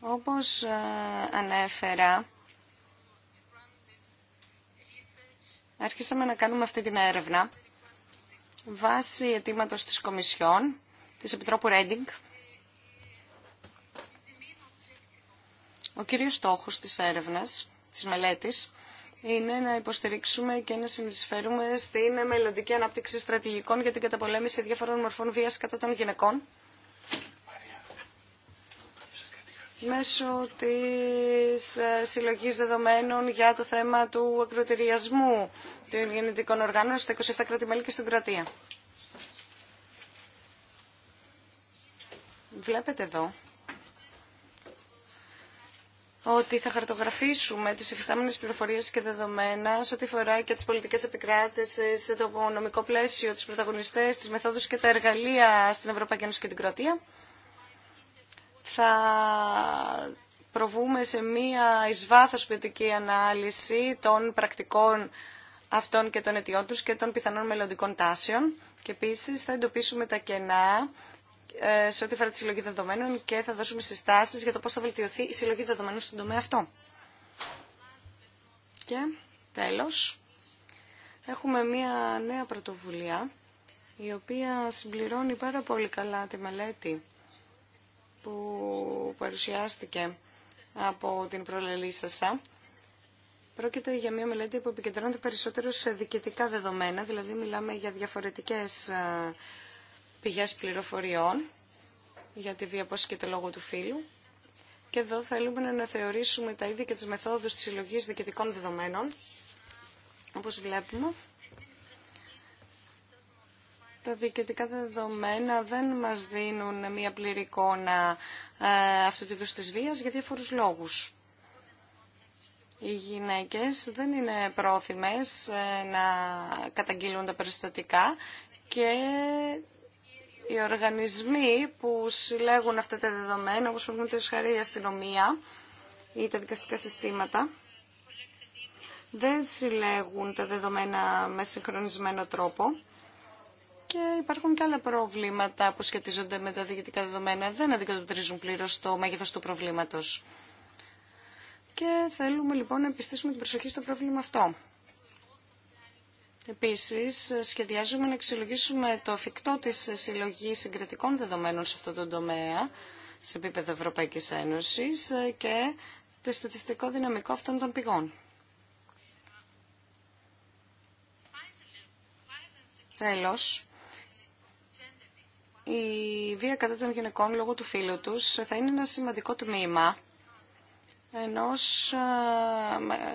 Όπως ε, ανέφερα, αρχίσαμε να κάνουμε αυτή την έρευνα βάσει αιτήματο της Κομισιόν, της Επιτρόπου Ρέντινγκ. Ο κύριος στόχος της έρευνας, της μελέτης, είναι να υποστηρίξουμε και να συνεισφέρουμε στην μελλοντική ανάπτυξη στρατηγικών για την καταπολέμηση διάφορων μορφών βίας κατά των γυναικών μέσω της ε, συλλογής δεδομένων για το θέμα του ακροτηριασμού των γεννητικών οργάνων στα 27 κρατημέλη και στην κρατία. Βλέπετε εδώ ότι θα χαρτογραφήσουμε τις εφιστάμενες πληροφορίες και δεδομένα σε ό,τι αφορά και τις πολιτικές σε το νομικό πλαίσιο, τους πρωταγωνιστές, τις μεθόδους και τα εργαλεία στην Ευρωπαϊκή Ένωση και την Κροατία θα προβούμε σε μία εισβάθος ποιοτική ανάλυση των πρακτικών αυτών και των αιτιών τους και των πιθανών μελλοντικών τάσεων. Και επίσης θα εντοπίσουμε τα κενά ε, σε ό,τι αφορά τη συλλογή δεδομένων και θα δώσουμε συστάσεις για το πώς θα βελτιωθεί η συλλογή δεδομένων στον τομέα αυτό. Και τέλος, έχουμε μία νέα πρωτοβουλία η οποία συμπληρώνει πάρα πολύ καλά τη μελέτη που παρουσιάστηκε από την προλελήσασα. Πρόκειται για μια μελέτη που επικεντρώνεται περισσότερο σε διοικητικά δεδομένα, δηλαδή μιλάμε για διαφορετικές πηγές πληροφοριών για τη βία και το λόγο του φύλου. Και εδώ θέλουμε να θεωρήσουμε τα είδη και τις μεθόδους της συλλογής διοικητικών δεδομένων. Όπως βλέπουμε, τα διοικητικά δεδομένα δεν μας δίνουν μια πλήρη εικόνα ε, αυτού του είδους της βίας για διάφορους λόγους. Οι γυναίκες δεν είναι πρόθυμες ε, να καταγγείλουν τα περιστατικά και οι οργανισμοί που συλλέγουν αυτά τα δεδομένα, όπως πούμε το η αστυνομία ή τα δικαστικά συστήματα, δεν συλλέγουν τα δεδομένα με συγχρονισμένο τρόπο και υπάρχουν και άλλα προβλήματα που σχετίζονται με τα διοικητικά δεδομένα. Δεν αντικατοπτρίζουν πλήρω το μέγεθο του προβλήματο. Και θέλουμε λοιπόν να επιστήσουμε την προσοχή στο πρόβλημα αυτό. Επίση, σχεδιάζουμε να αξιολογήσουμε το εφικτό τη συλλογή συγκριτικών δεδομένων σε αυτόν τον τομέα, σε επίπεδο Ευρωπαϊκή Ένωση και το στατιστικό δυναμικό αυτών των πηγών. Τέλος, η βία κατά των γυναικών λόγω του φίλου τους θα είναι ένα σημαντικό τμήμα ενός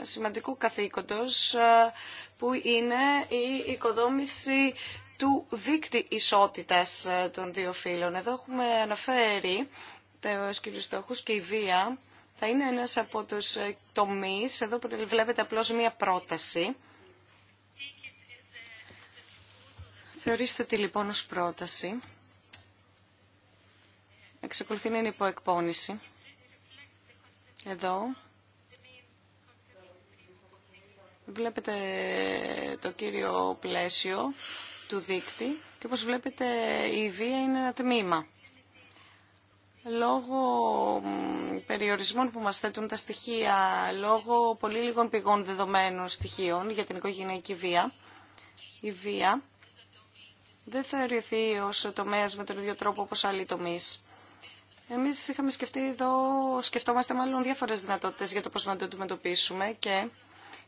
σημαντικού καθήκοντος που είναι η οικοδόμηση του δίκτυ ισότητας των δύο φύλων. Εδώ έχουμε αναφέρει τους κύριους και η βία θα είναι ένας από τους ε, τομείς. Εδώ βλέπετε απλώς μία πρόταση. Θεωρήστε τη λοιπόν ως πρόταση εξακολουθεί να είναι υποεκπώνηση. Εδώ βλέπετε το κύριο πλαίσιο του δίκτυ και όπως βλέπετε η βία είναι ένα τμήμα. Λόγω περιορισμών που μας θέτουν τα στοιχεία, λόγω πολύ λίγων πηγών δεδομένων στοιχείων για την οικογενειακή βία, η βία δεν θεωρηθεί ως τομέας με τον ίδιο τρόπο όπως άλλοι τομείς. Εμείς είχαμε σκεφτεί εδώ, σκεφτόμαστε μάλλον διάφορες δυνατότητες για το πώς να το αντιμετωπίσουμε και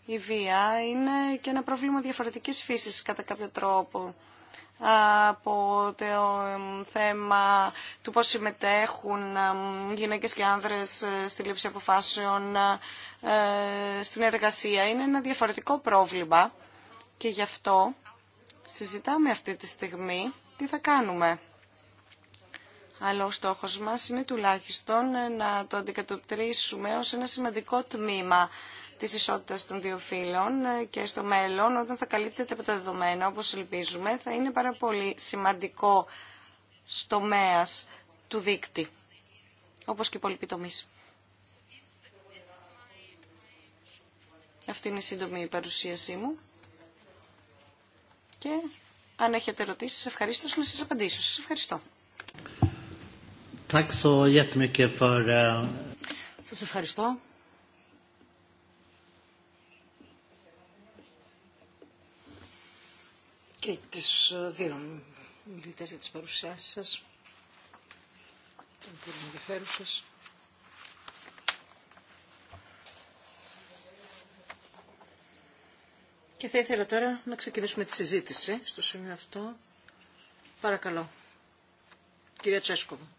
η βία είναι και ένα πρόβλημα διαφορετικής φύσης κατά κάποιο τρόπο από το θέμα του πώς συμμετέχουν γυναίκες και άνδρες ε, στη λήψη αποφάσεων, ε, στην εργασία. Είναι ένα διαφορετικό πρόβλημα και γι' αυτό συζητάμε αυτή τη στιγμή τι θα κάνουμε αλλά ο στόχος μας είναι τουλάχιστον να το αντικατοπτρίσουμε ως ένα σημαντικό τμήμα της ισότητας των δύο φύλων και στο μέλλον όταν θα καλύπτεται από τα δεδομένα όπως ελπίζουμε θα είναι πάρα πολύ σημαντικό στομέα του δίκτυ όπως και οι υπόλοιποι τομείς. Αυτή είναι η σύντομη παρουσίασή μου και αν έχετε ερωτήσεις ευχαριστώ να σας απαντήσω. Σας ευχαριστώ. Eh, σας ευχαριστώ. Και τις ε, δύο μιλητές για τις παρουσιάσεις σας, ενδιαφέρουσες. Και θα ήθελα τώρα να ξεκινήσουμε τη συζήτηση στο σημείο αυτό. Παρακαλώ. Κυρία Τσέσκοβα.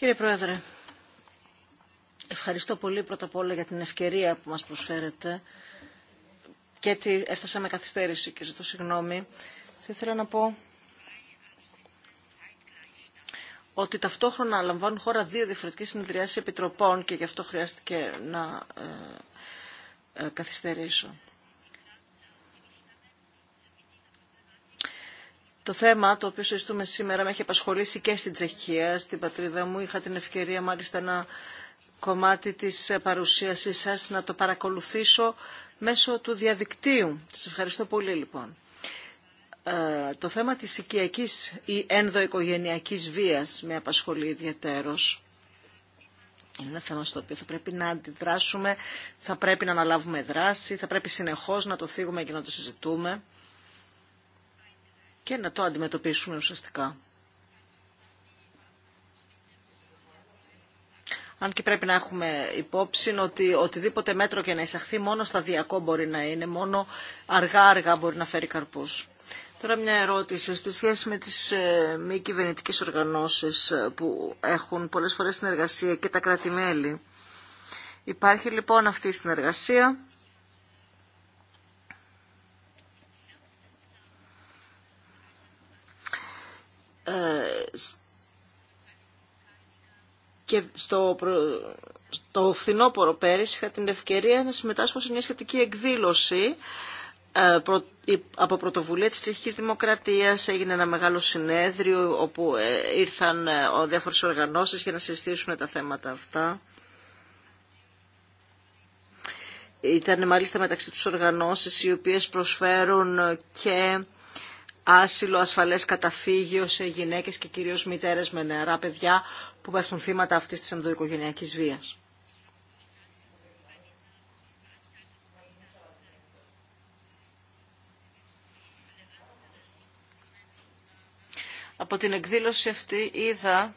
Κύριε Πρόεδρε, ευχαριστώ πολύ πρώτα απ' όλα για την ευκαιρία που μας προσφέρετε και ότι έφτασα με καθυστέρηση και ζητώ συγγνώμη. Θα ήθελα να πω ότι ταυτόχρονα λαμβάνουν χώρα δύο διαφορετικές συνεδριάσεις επιτροπών και γι' αυτό χρειάστηκε να ε, ε, καθυστερήσω. Το θέμα το οποίο συζητούμε σήμερα με έχει απασχολήσει και στην Τσεχία, στην πατρίδα μου. Είχα την ευκαιρία μάλιστα ένα κομμάτι της παρουσίασής σας να το παρακολουθήσω μέσω του διαδικτύου. Σας ευχαριστώ πολύ λοιπόν. Ε, το θέμα της οικιακής ή ενδοοικογενειακής βίας με απασχολεί ιδιαίτερος. Είναι ένα θέμα στο οποίο θα πρέπει να αντιδράσουμε, θα πρέπει να αναλάβουμε δράση, θα πρέπει συνεχώς να το θίγουμε και να το συζητούμε και να το αντιμετωπίσουμε ουσιαστικά. Αν και πρέπει να έχουμε υπόψη ότι οτιδήποτε μέτρο και να εισαχθεί μόνο σταδιακό μπορεί να είναι, μόνο αργά-αργά μπορεί να φέρει καρπούς. Τώρα μια ερώτηση στη σχέση με τις ε, μη κυβερνητικές οργανώσεις ε, που έχουν πολλές φορές συνεργασία και τα κράτη-μέλη. Υπάρχει λοιπόν αυτή η συνεργασία Ε, και στο, στο φθινόπωρο πέρυσι είχα την ευκαιρία να συμμετάσχω σε μια σχετική εκδήλωση ε, από πρωτοβουλία της Τσεχικής Δημοκρατίας έγινε ένα μεγάλο συνέδριο όπου ε, ήρθαν διάφορες οργανώσεις για να συζητήσουν τα θέματα αυτά. Ήταν μάλιστα μεταξύ τους οργανώσεις οι οποίες προσφέρουν και άσυλο, ασφαλές καταφύγιο σε γυναίκες και κυρίως μητέρες με νεαρά παιδιά που πέφτουν θύματα αυτής της ενδοοικογενειακής βίας. Από την εκδήλωση αυτή είδα,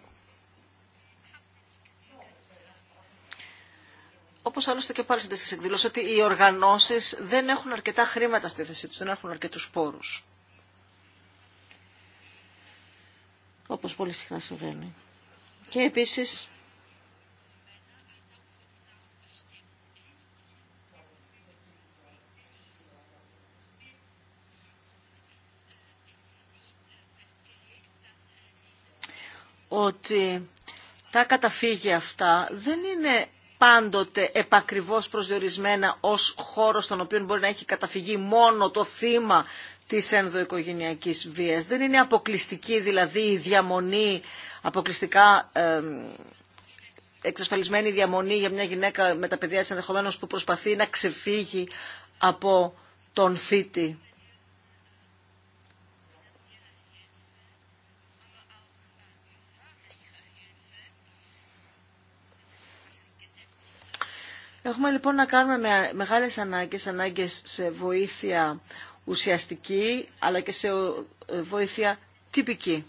όπως άλλωστε και πάλι στις εκδηλώσει, ότι οι οργανώσεις δεν έχουν αρκετά χρήματα στη θέση τους, δεν έχουν αρκετούς πόρους. όπως πολύ συχνά συμβαίνει. Και επίσης ότι τα καταφύγια αυτά δεν είναι πάντοτε επακριβώς προσδιορισμένα ως χώρο στον οποίο μπορεί να έχει καταφυγεί μόνο το θύμα της ενδοοικογενειακής βίας. Δεν είναι αποκλειστική δηλαδή η διαμονή, αποκλειστικά ε, εξασφαλισμένη διαμονή για μια γυναίκα με τα παιδιά της ενδεχομένως που προσπαθεί να ξεφύγει από τον θήτη. Έχουμε λοιπόν να κάνουμε με μεγάλες ανάγκες, ανάγκες σε βοήθεια ουσιαστική, αλλά και σε ε, βοήθεια τυπική.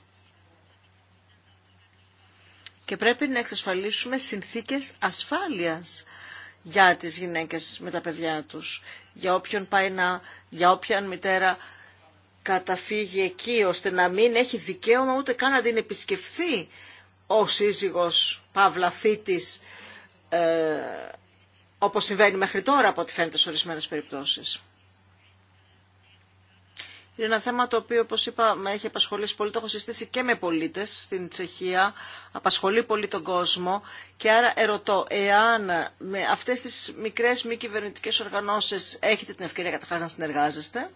Και πρέπει να εξασφαλίσουμε συνθήκες ασφάλειας για τις γυναίκες με τα παιδιά τους, για όποιον πάει να, για όποιαν μητέρα καταφύγει εκεί, ώστε να μην έχει δικαίωμα ούτε καν να την επισκεφθεί ο σύζυγος Παύλα Θήτης, ε, όπως συμβαίνει μέχρι τώρα από ό,τι φαίνεται σε ορισμένες περιπτώσεις. Είναι ένα θέμα το οποίο, όπως είπα, με έχει απασχολήσει πολύ. Το έχω συστήσει και με πολίτες στην Τσεχία. Απασχολεί πολύ τον κόσμο. Και άρα ερωτώ, εάν με αυτές τις μικρές μη κυβερνητικέ οργανώσεις έχετε την ευκαιρία καταρχάς να συνεργάζεστε,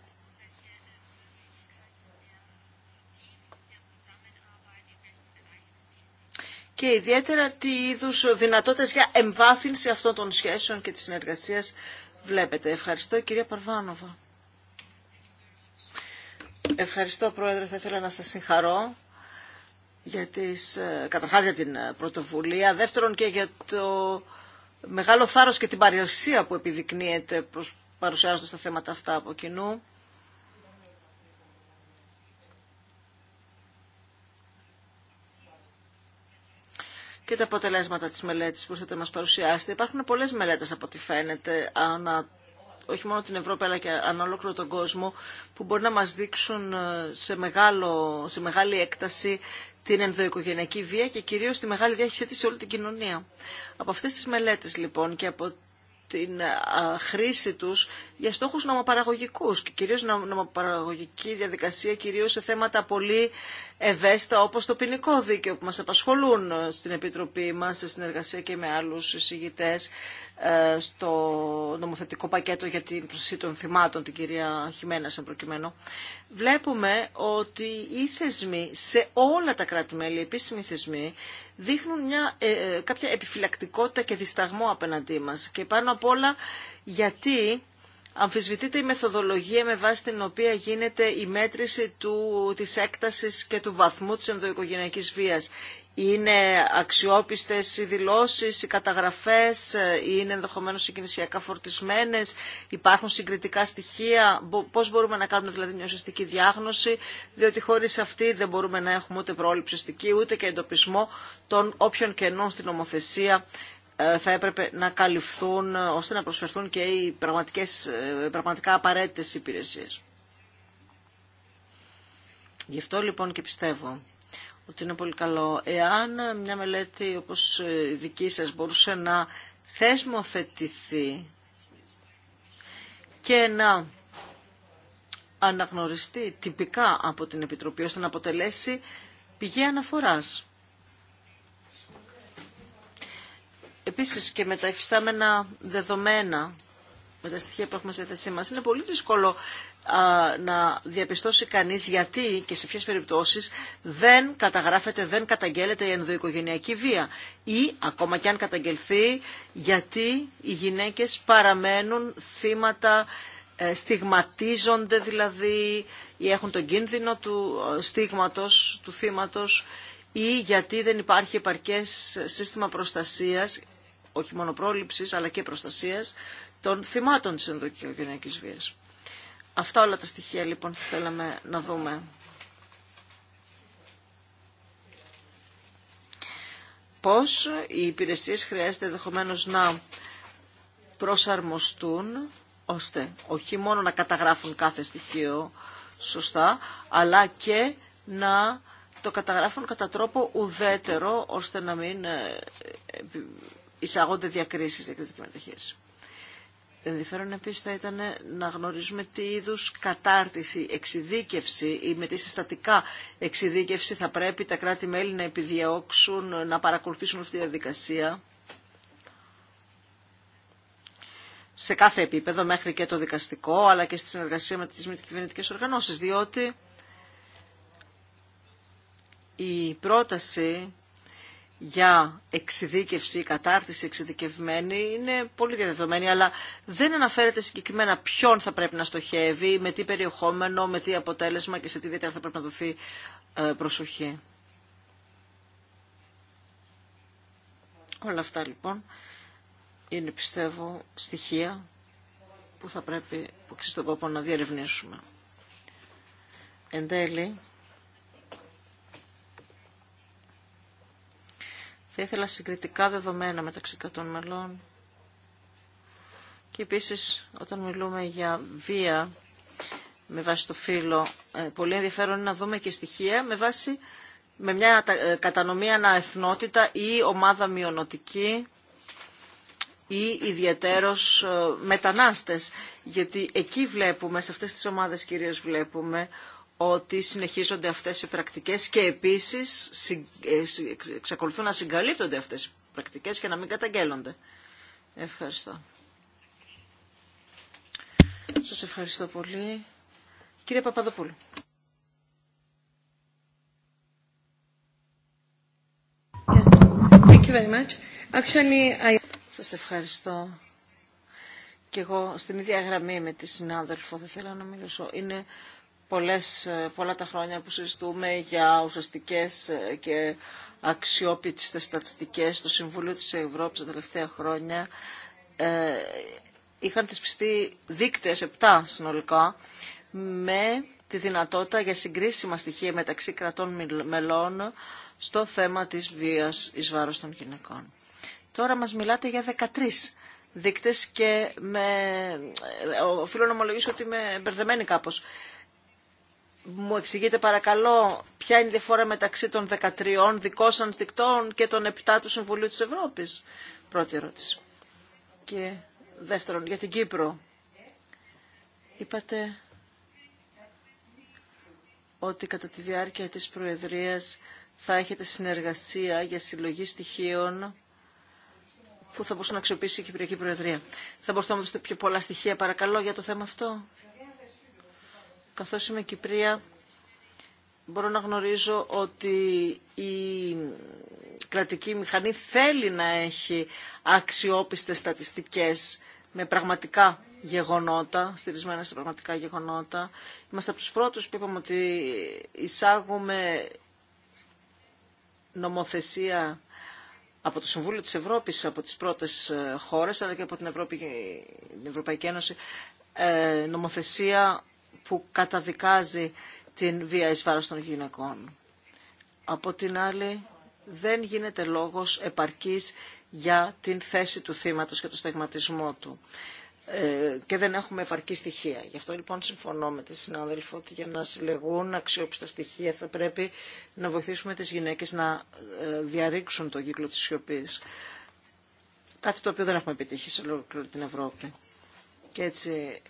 και ιδιαίτερα τι είδου δυνατότητε για εμβάθυνση αυτών των σχέσεων και τη συνεργασία βλέπετε. Ευχαριστώ κυρία Παρβάνοβα. Ευχαριστώ Πρόεδρε, θα ήθελα να σας συγχαρώ για τις, ε, καταρχάς για την ε, πρωτοβουλία, δεύτερον και για το μεγάλο θάρρος και την παρουσία που επιδεικνύεται προς, παρουσιάζοντας τα θέματα αυτά από κοινού. και τα αποτελέσματα της μελέτης που θα μας παρουσιάσετε. Υπάρχουν πολλές μελέτες από ό,τι φαίνεται, ανα, όχι μόνο την Ευρώπη αλλά και ανά ολόκληρο τον κόσμο, που μπορεί να μας δείξουν ε, σε, μεγάλο, σε μεγάλη έκταση την ενδοοικογενειακή βία και κυρίως τη μεγάλη διάχυσή της σε όλη την κοινωνία. Από αυτές τις μελέτες λοιπόν και από την χρήση τους για στόχους νομοπαραγωγικούς και κυρίως νομοπαραγωγική διαδικασία κυρίως σε θέματα πολύ ευαίσθητα όπως το ποινικό δίκαιο που μας απασχολούν στην Επιτροπή μας σε συνεργασία και με άλλους εισηγητές ε, στο νομοθετικό πακέτο για την προσοχή των θυμάτων την κυρία Χιμένα σαν προκειμένο βλέπουμε ότι οι θεσμοί σε όλα τα κράτη-μέλη, επίσημοι θεσμοί δείχνουν μια, ε, ε, κάποια επιφυλακτικότητα και δισταγμό απέναντί μας. Και πάνω απ' όλα γιατί αμφισβητείται η μεθοδολογία με βάση την οποία γίνεται η μέτρηση του, της έκτασης και του βαθμού της ενδοοικογενειακής βίας. Είναι αξιόπιστες οι δηλώσεις, οι καταγραφές, είναι ενδεχομένως συγκινησιακά φορτισμένες, υπάρχουν συγκριτικά στοιχεία, πώς μπορούμε να κάνουμε δηλαδή μια ουσιαστική διάγνωση, διότι χωρίς αυτή δεν μπορούμε να έχουμε ούτε πρόληψη στοιχεία, ούτε και εντοπισμό των όποιων κενών στην ομοθεσία ε, θα έπρεπε να καλυφθούν ε, ώστε να προσφερθούν και οι πραγματικές, ε, πραγματικά απαραίτητες υπηρεσίες. Γι' αυτό λοιπόν και πιστεύω ότι είναι πολύ καλό εάν μια μελέτη όπως η δική σας μπορούσε να θεσμοθετηθεί και να αναγνωριστεί τυπικά από την Επιτροπή ώστε να αποτελέσει πηγή αναφοράς Επίσης και με τα εφιστάμενα δεδομένα, με τα στοιχεία που έχουμε στη θέση μας, είναι πολύ δύσκολο να διαπιστώσει κανείς γιατί και σε ποιες περιπτώσεις δεν καταγράφεται, δεν καταγγέλλεται η ενδοοικογενειακή βία ή ακόμα και αν καταγγελθεί γιατί οι γυναίκες παραμένουν θύματα, ε, στιγματίζονται δηλαδή ή έχουν τον κίνδυνο του ε, στίγματος, του θύματος ή γιατί δεν υπάρχει επαρκές σύστημα προστασίας όχι μόνο πρόληψης αλλά και προστασίας των θυμάτων της ενδοκιογενειακής βίας. Αυτά όλα τα στοιχεία λοιπόν θέλαμε να δούμε. Πώς οι υπηρεσίες χρειάζεται ενδεχομένω να προσαρμοστούν ώστε όχι μόνο να καταγράφουν κάθε στοιχείο σωστά, αλλά και να το καταγράφουν κατά τρόπο ουδέτερο, ώστε να μην ε, ε, εισάγονται διακρίσεις κριτική μεταχείριση. Ενδιαφέρον επίσης θα ήταν να γνωρίζουμε τι είδους κατάρτιση, εξειδίκευση ή με τι συστατικά εξειδίκευση θα πρέπει τα κράτη-μέλη να επιδιώξουν, να παρακολουθήσουν αυτή τη διαδικασία. σε κάθε επίπεδο, μέχρι και το δικαστικό, αλλά και στη συνεργασία με τις μη κυβερνητικές οργανώσεις, διότι η πρόταση για εξειδίκευση, κατάρτιση εξειδικευμένη είναι πολύ διαδεδομένη, αλλά δεν αναφέρεται συγκεκριμένα ποιον θα πρέπει να στοχεύει, με τι περιεχόμενο, με τι αποτέλεσμα και σε τι ιδιαίτερα θα πρέπει να δοθεί ε, προσοχή. Όλα αυτά λοιπόν είναι πιστεύω στοιχεία που θα πρέπει που τον κόπο να διερευνήσουμε. Εν τέλει, Θα ήθελα συγκριτικά δεδομένα μεταξύ κρατών μελών. Και επίσης όταν μιλούμε για βία με βάση το φύλλο, ε, πολύ ενδιαφέρον είναι να δούμε και στοιχεία με βάση με μια ε, κατανομή αναεθνότητα ή ομάδα μειονοτική ή ιδιαίτερος ε, μετανάστες. Γιατί εκεί βλέπουμε, σε αυτές τις ομάδες κυρίως βλέπουμε, ότι συνεχίζονται αυτές οι πρακτικές και επίσης ε, εξακολουθούν να συγκαλύπτονται αυτές οι πρακτικές και να μην καταγγέλλονται. Ευχαριστώ. Σας ευχαριστώ πολύ. Κύριε Παπαδοπούλου. Yes. Thank you very much. Actually, I... Σας ευχαριστώ. Και εγώ στην ίδια γραμμή με τη συνάδελφο θα θέλω να μιλήσω. Είναι πολλές, ε, πολλά τα χρόνια που συζητούμε για ουσιαστικές ε, και αξιόπιτες στατιστικές στο Συμβούλιο της Ευρώπης τα τελευταία χρόνια ε, είχαν θεσπιστεί δείκτες 7 συνολικά με τη δυνατότητα για συγκρίσιμα στοιχεία μεταξύ κρατών μελών στο θέμα της βίας εις βάρος των γυναικών. Τώρα μας μιλάτε για 13 δείκτες και με... Ε, οφείλω να ομολογήσω ότι είμαι μπερδεμένη κάπως μου εξηγείτε παρακαλώ ποια είναι η διαφορά μεταξύ των 13 δικών σα και των 7 του Συμβουλίου της Ευρώπης. Πρώτη ερώτηση. Και δεύτερον, για την Κύπρο. Είπατε ότι κατά τη διάρκεια της Προεδρίας θα έχετε συνεργασία για συλλογή στοιχείων που θα μπορούσε να αξιοποιήσει η Κυπριακή Προεδρία. Θα μπορούσατε να δώσετε πιο πολλά στοιχεία, παρακαλώ, για το θέμα αυτό. Καθώς είμαι Κυπρία, μπορώ να γνωρίζω ότι η κρατική μηχανή θέλει να έχει αξιόπιστες στατιστικές με πραγματικά γεγονότα, στηρισμένα σε πραγματικά γεγονότα. Είμαστε από τους πρώτους που είπαμε ότι εισάγουμε νομοθεσία από το Συμβούλιο της Ευρώπης, από τις πρώτες ε, χώρες, αλλά και από την, την Ευρωπαϊκή Ένωση, ε, νομοθεσία που καταδικάζει την βία εις βάρος των γυναικών. Από την άλλη, δεν γίνεται λόγος επαρκής για την θέση του θύματος και το στεγματισμό του. Ε, και δεν έχουμε επαρκή στοιχεία. Γι' αυτό λοιπόν συμφωνώ με τη συνάδελφο ότι για να συλλεγούν αξιόπιστα στοιχεία θα πρέπει να βοηθήσουμε τις γυναίκες να ε, διαρρήξουν το κύκλο της σιωπή. Κάτι το οποίο δεν έχουμε επιτύχει σε ολόκληρη την Ευρώπη. Και έτσι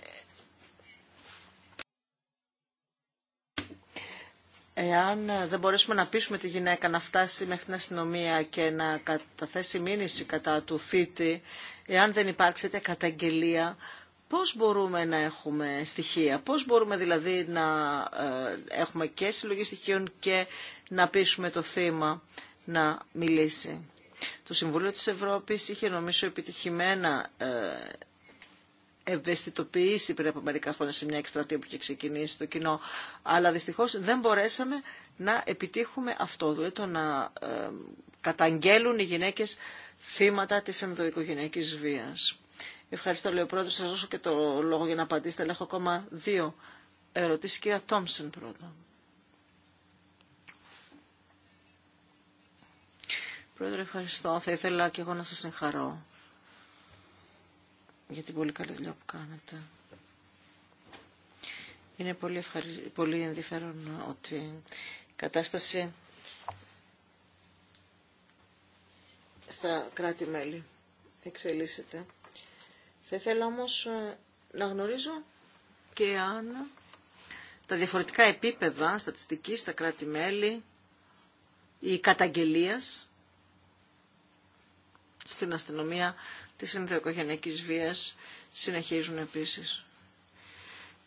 Εάν ε, δεν μπορέσουμε να πείσουμε τη γυναίκα να φτάσει μέχρι την αστυνομία και να καταθέσει μήνυση κατά του θήτη, εάν δεν υπάρξει καταγγελία, πώς μπορούμε να έχουμε στοιχεία, πώς μπορούμε δηλαδή να ε, έχουμε και συλλογή στοιχείων και να πείσουμε το θύμα να μιλήσει. Το Συμβούλιο της Ευρώπης είχε νομίζω επιτυχημένα ε, ευαισθητοποιήσει πριν από μερικά χρόνια σε μια εκστρατεία που είχε ξεκινήσει το κοινό. Αλλά δυστυχώ, δεν μπορέσαμε να επιτύχουμε αυτό, δηλαδή το να ε, καταγγέλουν οι γυναίκε θύματα τη ενδοοικογενειακή βία. Ευχαριστώ, λέει ο πρόεδρο. σα δώσω και το λόγο για να απαντήσετε, έχω ακόμα δύο ερωτήσει. Κυρία Τόμσεν πρώτα. Πρόεδρε, ευχαριστώ. Θα ήθελα και εγώ να σας συγχαρώ για την πολύ καλή δουλειά που κάνετε. Είναι πολύ, πολύ ενδιαφέρον ότι η κατάσταση στα κράτη-μέλη εξελίσσεται. Θα ήθελα όμως ε, να γνωρίζω και αν τα διαφορετικά επίπεδα στατιστική στα κράτη-μέλη ή καταγγελίας στην αστυνομία της ενδοοικογενειακής βίας συνεχίζουν επίσης.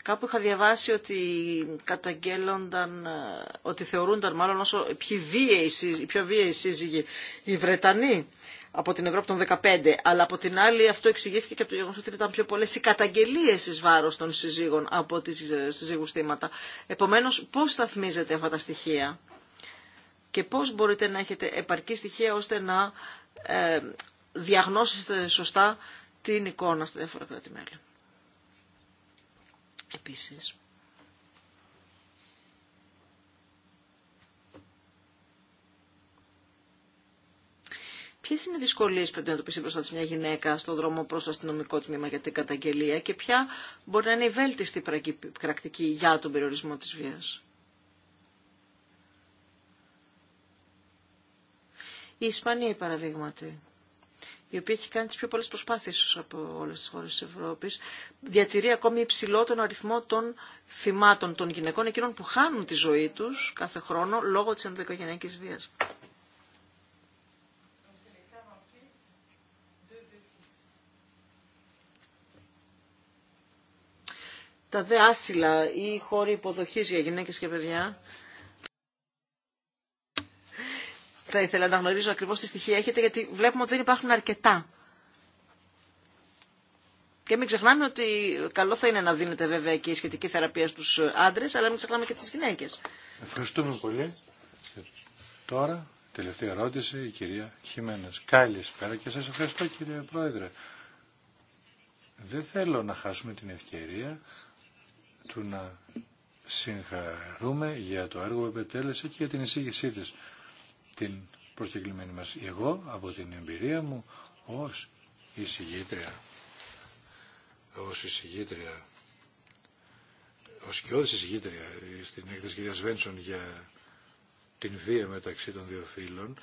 Κάπου είχα διαβάσει ότι καταγγέλλονταν, ε, ότι θεωρούνταν μάλλον όσο πιο βίαιοι, οι πιο βίαιοι σύζυγοι οι Βρετανοί από την Ευρώπη των 15. Αλλά από την άλλη αυτό εξηγήθηκε και από το γεγονό ότι ήταν πιο πολλέ οι καταγγελίε ει βάρο των συζύγων από τι ε, συζύγου θύματα. Επομένω, πώ σταθμίζετε αυτά τα στοιχεία και πώ μπορείτε να έχετε επαρκή στοιχεία ώστε να ε, διαγνώσετε σωστά την εικόνα στα διάφορα κράτη-μέλη. Επίσης, Ποιε είναι οι δυσκολίε που θα αντιμετωπίσει μπροστά τη μια γυναίκα στον δρόμο προ το αστυνομικό τμήμα για την καταγγελία και ποια μπορεί να είναι η βέλτιστη πρακτική για τον περιορισμό τη βία. Η Ισπανία, παραδείγματι, η οποία έχει κάνει τις πιο πολλές προσπάθειες από όλες τις χώρες της Ευρώπης, διατηρεί ακόμη υψηλό τον αριθμό των θυμάτων των γυναικών, εκείνων που χάνουν τη ζωή τους κάθε χρόνο λόγω της ενδοικογενειακής βίας. Τα δε άσυλα ή χώροι υποδοχής για γυναίκες και παιδιά θα ήθελα να γνωρίζω ακριβώς τι στοιχεία έχετε, γιατί βλέπουμε ότι δεν υπάρχουν αρκετά. Και μην ξεχνάμε ότι καλό θα είναι να δίνετε βέβαια και η σχετική θεραπεία στους άντρες, αλλά μην ξεχνάμε και τις γυναίκες. Ευχαριστούμε πολύ. Τώρα, τελευταία ερώτηση, η κυρία Χιμένες. Καλησπέρα και σας ευχαριστώ κύριε Πρόεδρε. Δεν θέλω να χάσουμε την ευκαιρία του να συγχαρούμε για το έργο που επετέλεσε και για την εισήγησή της την προσκεκλημένη μας. Εγώ από την εμπειρία μου ως εισηγήτρια, ως εισηγήτρια, ως κοιόδης εισηγήτρια στην έκθεση κυρία Βένσον για την βία μεταξύ των δύο φίλων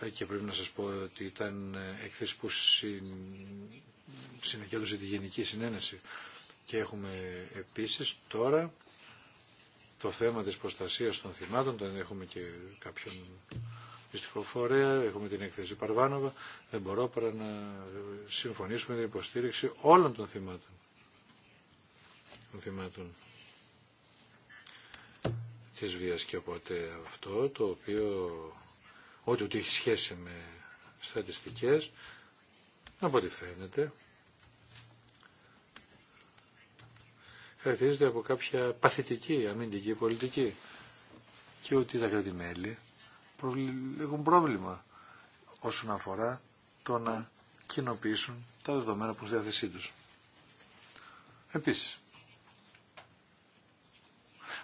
ε, και πρέπει να σας πω ότι ήταν ε, έκθεση που συν... τη Γενική Συνένεση και έχουμε επίσης τώρα το θέμα της προστασίας των θυμάτων, τον έχουμε και κάποιον φορέα, έχουμε την έκθεση Παρβάνοβα, δεν μπορώ παρά να συμφωνήσουμε την υποστήριξη όλων των θυμάτων. Των θυμάτων της βίας και οπότε αυτό το οποίο ό,τι ότι έχει σχέση με στατιστικές από ό,τι φαίνεται χαρακτηρίζεται από κάποια παθητική αμυντική πολιτική και ότι τα κράτη-μέλη έχουν πρόβλημα όσον αφορά το να κοινοποιήσουν τα δεδομένα που στη διάθεσή τους. Επίσης,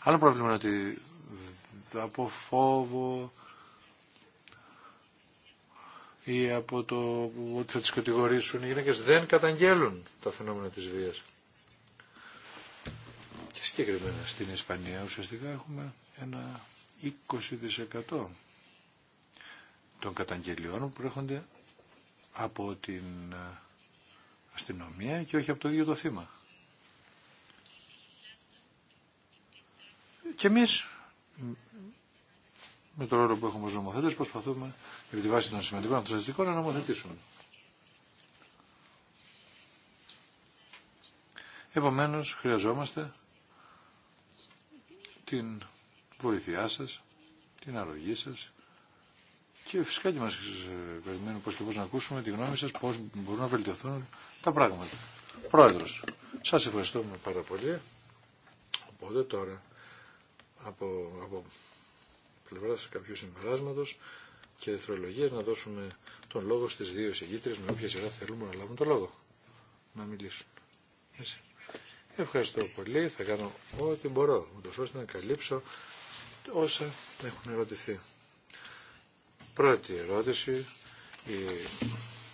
άλλο πρόβλημα είναι ότι από φόβο ή από το ότι θα τις κατηγορήσουν οι γυναίκες δεν καταγγέλουν τα φαινόμενα της βίας. Και συγκεκριμένα στην Ισπανία ουσιαστικά έχουμε ένα 20% των καταγγελιών που έρχονται από την ε, αστυνομία και όχι από το ίδιο το θύμα. Και εμείς με το ρόλο που έχουμε ως νομοθέτες προσπαθούμε επί τη βάση των σημαντικών αυτοσταστικών να νομοθετήσουμε. Επομένως χρειαζόμαστε την βοήθειά σας, την αρρωγή σας και φυσικά και μας ε, περιμένουν πώς και πώς να ακούσουμε τη γνώμη σας, πώς μπορούν να βελτιωθούν τα πράγματα. Πρόεδρος, σας ευχαριστούμε πάρα πολύ. Οπότε τώρα, από, από πλευρά κάποιου συμπεράσματο και δευτερολογία, να δώσουμε τον λόγο στι δύο συγκήτρες με όποια σειρά θέλουμε να λάβουν τον λόγο. Να μιλήσουν. Εσύ. Ευχαριστώ πολύ. Θα κάνω ό,τι μπορώ, ούτω ώστε να καλύψω όσα έχουν ερωτηθεί. Πρώτη ερώτηση.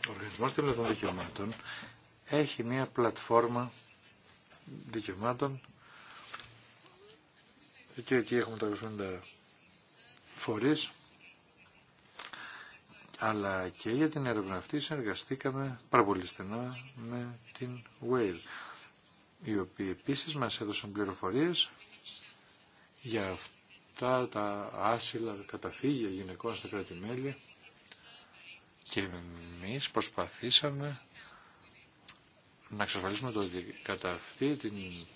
Ο Οργανισμός Τελευταίων Δικαιωμάτων έχει μια πλατφόρμα δικαιωμάτων και εκεί έχουμε 350 φορείς αλλά και για την έρευνα αυτή συνεργαστήκαμε πάρα πολύ στενά με την Wave οι οποίοι επίσης μας έδωσαν πληροφορίες για αυτό τα άσυλα καταφύγια γυναικών στα κράτη-μέλη και εμεί προσπαθήσαμε να εξασφαλίσουμε το ότι κατά αυτή την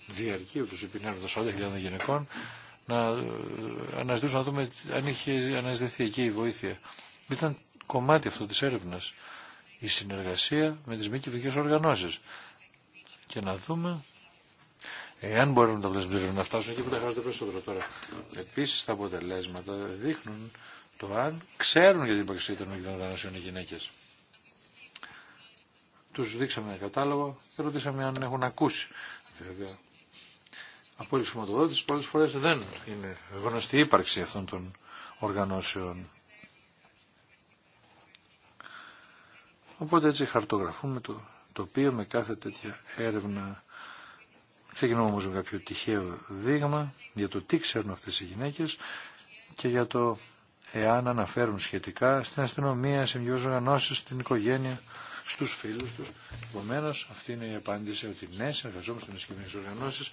διαρκή του επινέρου των 40.000 γυναικών να αναζητούσαν ε, να δούμε αν είχε αναζητηθεί εκεί η βοήθεια. Ήταν κομμάτι αυτό της έρευνας η συνεργασία με τις μη κυβερνικές οργανώσεις και να δούμε Εάν μπορούν τα αποτελέσματα να φτάσουν εκεί που τα χρειάζονται περισσότερο τώρα. Επίση τα αποτελέσματα δείχνουν το αν ξέρουν για την υπαρξή των οργανώσεων οι γυναίκε. Του δείξαμε ένα κατάλογο και ρωτήσαμε αν έχουν ακούσει. Βέβαια, από όλη χρηματοδότηση πολλέ φορέ δεν είναι γνωστή η ύπαρξη αυτών των οργανώσεων. Οπότε έτσι χαρτογραφούμε το τοπίο με κάθε τέτοια έρευνα Ξεκινώ όμως με κάποιο τυχαίο δείγμα για το τι ξέρουν αυτές οι γυναίκες και για το εάν αναφέρουν σχετικά στην αστυνομία, σε για οργανώσει, στην οικογένεια, στους φίλους τους. Επομένω, αυτή είναι η απάντηση ότι ναι, συνεργαζόμαστε με συγκεκριμένες οργανώσει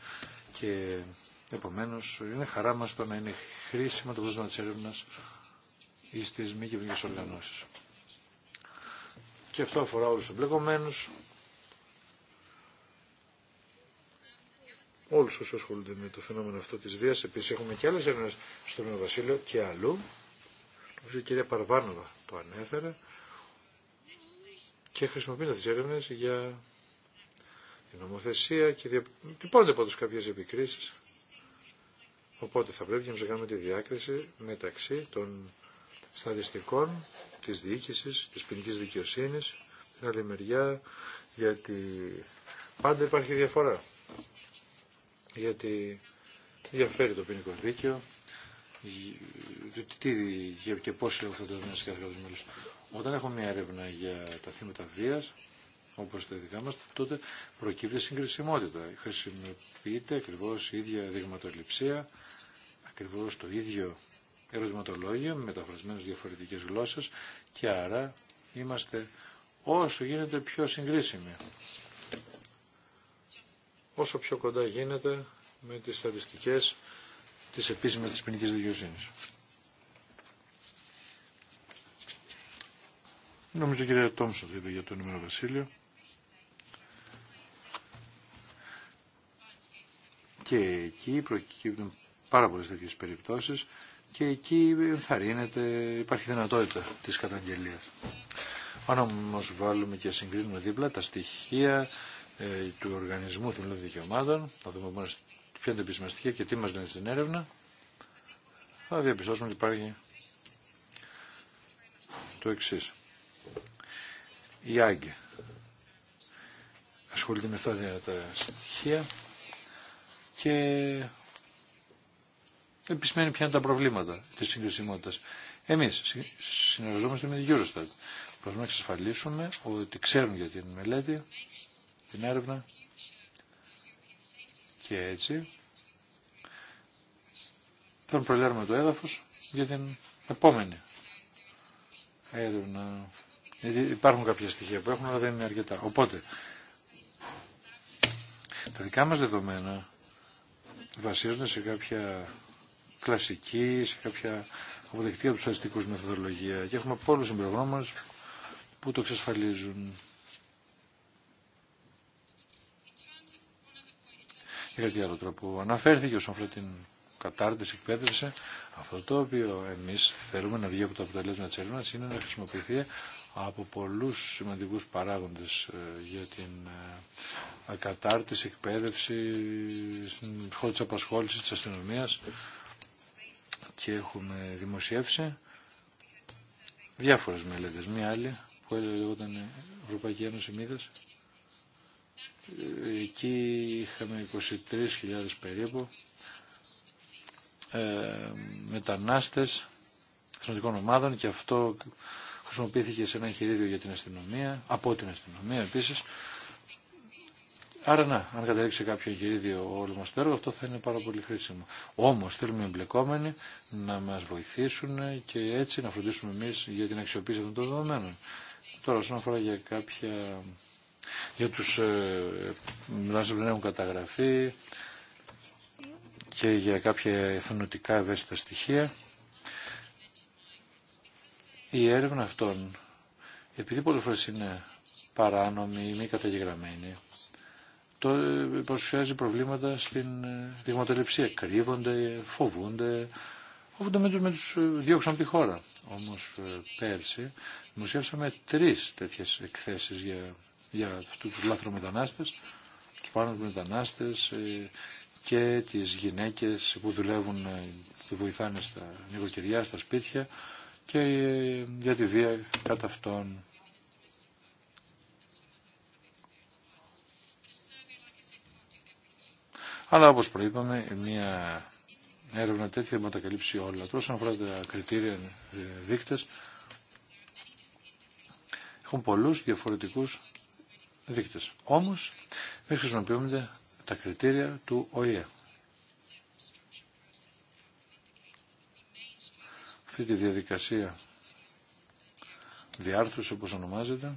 και επομένω είναι χαρά μας το να είναι χρήσιμο το πλούσμα της έρευνα στι στις μη κυβερνικές οργανώσεις. Και αυτό αφορά όλους τους εμπλεκομένους, όλου όσου ασχολούνται με το φαινόμενο αυτό τη βία. Επίση, έχουμε και άλλε έρευνε στο Νέο Βασίλειο και αλλού. η κυρία Παρβάνοβα το ανέφερε και χρησιμοποιούν τι έρευνε για την νομοθεσία και δια... τυπώνται πάντω κάποιε επικρίσει. Οπότε θα πρέπει να κάνουμε τη διάκριση μεταξύ των στατιστικών τη διοίκηση, τη ποινική δικαιοσύνη, την άλλη μεριά, γιατί πάντα υπάρχει διαφορά γιατί διαφέρει το ποινικό δίκαιο τι και πώς το τα σε κάθε μέλος. Όταν έχω μια έρευνα για τα θύματα βίας, όπως τα δικά μας, τότε προκύπτει συγκρισιμότητα. Χρησιμοποιείται ακριβώς η ίδια δειγματοληψία, ακριβώς το ίδιο ερωτηματολόγιο, μεταφρασμένε διαφορετικές γλώσσες και άρα είμαστε όσο γίνεται πιο συγκρίσιμοι όσο πιο κοντά γίνεται με τις στατιστικές της επίσημης της ποινικής δικαιοσύνης. Νομίζω η κυρία Τόμσον είπε για το νούμερο Βασίλειο. Και εκεί προκύπτουν πάρα πολλές τέτοιε περιπτώσεις και εκεί ενθαρρύνεται, υπάρχει δυνατότητα της καταγγελίας. Αν όμω βάλουμε και συγκρίνουμε δίπλα τα στοιχεία ε, του Οργανισμού Θεμελιών Δικαιωμάτων. Θα δούμε μόνο ποια είναι τα επισημαστικά και τι μας λένε στην έρευνα. Θα διαπιστώσουμε ότι υπάρχει το εξή. Η Άγκη ασχολείται με αυτά τα στοιχεία και επισημαίνει ποια είναι τα προβλήματα της συγκρισιμότητας. Εμείς συνεργαζόμαστε με την Eurostat. Προσπαθούμε να εξασφαλίσουμε ότι ξέρουν για την μελέτη την έρευνα και έτσι τον προλέρουμε το έδαφος για την επόμενη έρευνα. Γιατί υπάρχουν κάποια στοιχεία που έχουν, αλλά δεν είναι αρκετά. Οπότε, τα δικά μας δεδομένα βασίζονται σε κάποια κλασική, σε κάποια αποδεκτή από τους μεθοδολογία και έχουμε πολλούς συμπεριγνώμες που το εξασφαλίζουν. και κάτι άλλο τρόπο αναφέρθηκε όσον αφορά την κατάρτιση, εκπαίδευση. Αυτό το οποίο εμείς θέλουμε να βγει από το αποτελέσμα τη έρευνα είναι να χρησιμοποιηθεί από πολλούς σημαντικούς παράγοντες ε, για την ε, κατάρτιση, εκπαίδευση, στην χώρα τη απασχόληση της αστυνομία και έχουμε δημοσιεύσει διάφορες μελέτες. Μία άλλη που έλεγε όταν Ευρωπαϊκή Ένωση Μίδας Εκεί είχαμε 23.000 περίπου ε, μετανάστες εθνοτικών ομάδων και αυτό χρησιμοποιήθηκε σε ένα εγχειρίδιο για την αστυνομία, από την αστυνομία επίσης. Άρα να, αν καταλήξει κάποιο εγχειρίδιο όλο μας το έργο, αυτό θα είναι πάρα πολύ χρήσιμο. Όμως θέλουμε οι εμπλεκόμενοι να μας βοηθήσουν και έτσι να φροντίσουμε εμείς για την αξιοποίηση αυτών των δεδομένων. Τώρα, όσον αφορά για κάποια για τους ε, μετανάστες που δεν έχουν καταγραφεί και για κάποια εθνοτικά ευαίσθητα στοιχεία. Η έρευνα αυτών, επειδή πολλές φορές είναι παράνομη ή μη καταγεγραμμένη, το ε, παρουσιάζει προβλήματα στην ε, δειγματοληψία. Κρύβονται, φοβούνται, φοβούνται με τους, με τους διώξαν τη χώρα. Όμως πέρσι δημοσιεύσαμε τρεις τέτοιες εκθέσεις για για αυτούς τους λάθρομετανάστες, τους πάνω μετανάστες ε, και τις γυναίκες που δουλεύουν ε, και βοηθάνε στα νοικοκυριά, στα σπίτια και ε, για τη βία κατά αυτών. Αλλά όπως προείπαμε, μια έρευνα τέτοια μετακαλύψει τα καλύψει όλα. Τώρα αφορά τα κριτήρια δείκτες, έχουν πολλούς διαφορετικούς δείκτες. Όμως δεν χρησιμοποιούνται τα κριτήρια του ΟΗΕ. Αυτή τη διαδικασία διάρθρωση όπως ονομάζεται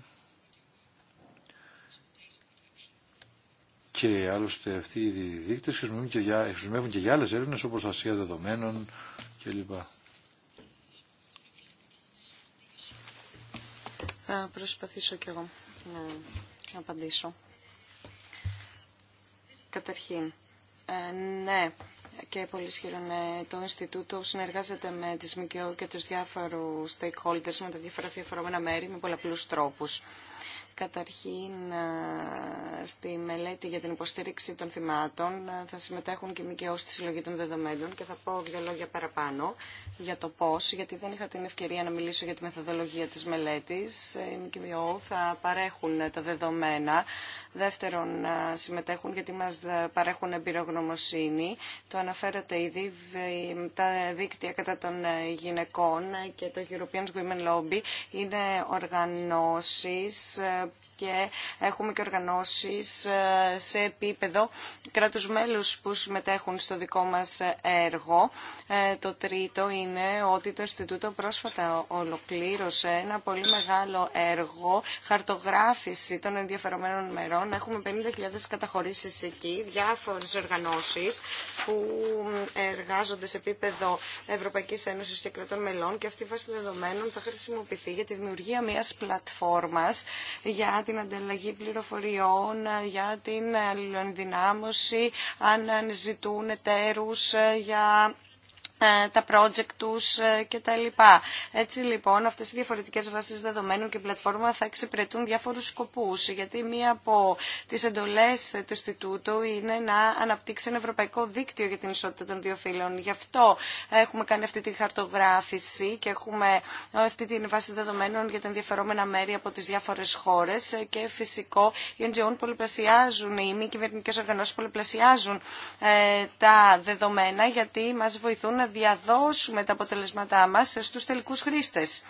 και άλλωστε αυτοί οι δείκτες χρησιμοποιούν και για, χρησιμεύουν για άλλες έρευνες όπως ασία δεδομένων κλπ. Θα προσπαθήσω κι εγώ να να απαντήσω. Καταρχήν, ε, ναι, και πολύ σχεδόν το Ινστιτούτο συνεργάζεται με τις ΜΚΟ και τους διάφορους stakeholders, με τα διάφορα διαφορεμένα μέρη, με πολλαπλούς τρόπους. Καταρχήν, στη μελέτη για την υποστήριξη των θυμάτων θα συμμετέχουν και ΜΚΟ στη συλλογή των δεδομένων και θα πω δύο λόγια παραπάνω για το πώς, γιατί δεν είχα την ευκαιρία να μιλήσω για τη μεθοδολογία της μελέτης. Ε, οι ΜΚΟ θα παρέχουν τα δεδομένα Δεύτερον, να συμμετέχουν γιατί μας παρέχουν εμπειρογνωμοσύνη. Το αναφέρατε ήδη τα δίκτυα κατά των ε, γυναικών και το European Women Lobby είναι οργανώσεις ε, και έχουμε και οργανώσεις ε, σε επίπεδο κράτους μέλους που συμμετέχουν στο δικό μας έργο. Το τρίτο είναι ότι το Ινστιτούτο πρόσφατα ολοκλήρωσε ένα πολύ μεγάλο έργο χαρτογράφηση των ενδιαφερομένων μερών έχουμε 50.000 καταχωρήσεις εκεί, διάφορες οργανώσεις που εργάζονται σε επίπεδο Ευρωπαϊκής Ένωσης και κρατών μελών και αυτή η βάση δεδομένων θα χρησιμοποιηθεί για τη δημιουργία μιας πλατφόρμας για την ανταλλαγή πληροφοριών, για την αλληλοενδυνάμωση, αν ζητούν εταίρους για ε, τα project τους ε, και τα λοιπά. Έτσι λοιπόν αυτές οι διαφορετικές βάσεις δεδομένων και πλατφόρμα θα εξυπηρετούν διάφορους σκοπούς γιατί μία από τις εντολές του Ινστιτούτου είναι να αναπτύξει ένα ευρωπαϊκό δίκτυο για την ισότητα των δύο φύλων. Γι' αυτό έχουμε κάνει αυτή τη χαρτογράφηση και έχουμε ε, αυτή την βάση δεδομένων για τα ενδιαφερόμενα μέρη από τις διάφορες χώρες και φυσικό οι NGO πολυπλασιάζουν, οι μη κυβερνητικές οργανώσει πολυπλασιάζουν τα δεδομένα γιατί μα βοηθούν να διαδώσουμε τα αποτελεσματά μας στους τελικούς χρήστες.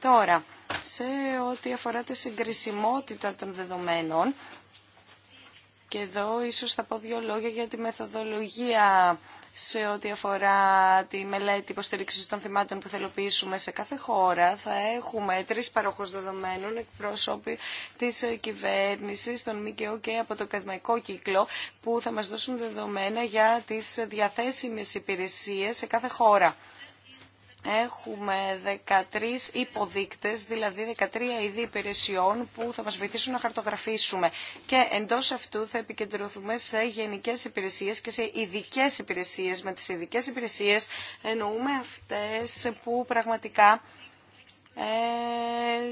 Τώρα, σε ό,τι αφορά τη συγκρισιμότητα των δεδομένων, και εδώ ίσως θα πω δύο λόγια για τη μεθοδολογία σε ό,τι αφορά τη μελέτη υποστήριξη των θυμάτων που θελοποιήσουμε σε κάθε χώρα. Θα έχουμε τρει παροχού δεδομένων, εκπρόσωποι της κυβέρνηση, των ΜΚΟ και από το ακαδημαϊκό κύκλο, που θα μα δώσουν δεδομένα για τι διαθέσιμε υπηρεσίε σε κάθε χώρα έχουμε 13 υποδείκτες, δηλαδή 13 είδη υπηρεσιών που θα μας βοηθήσουν να χαρτογραφήσουμε. Και εντός αυτού θα επικεντρωθούμε σε γενικές υπηρεσίες και σε ειδικέ υπηρεσίες. Με τις ειδικέ υπηρεσίες εννοούμε αυτές που πραγματικά ε,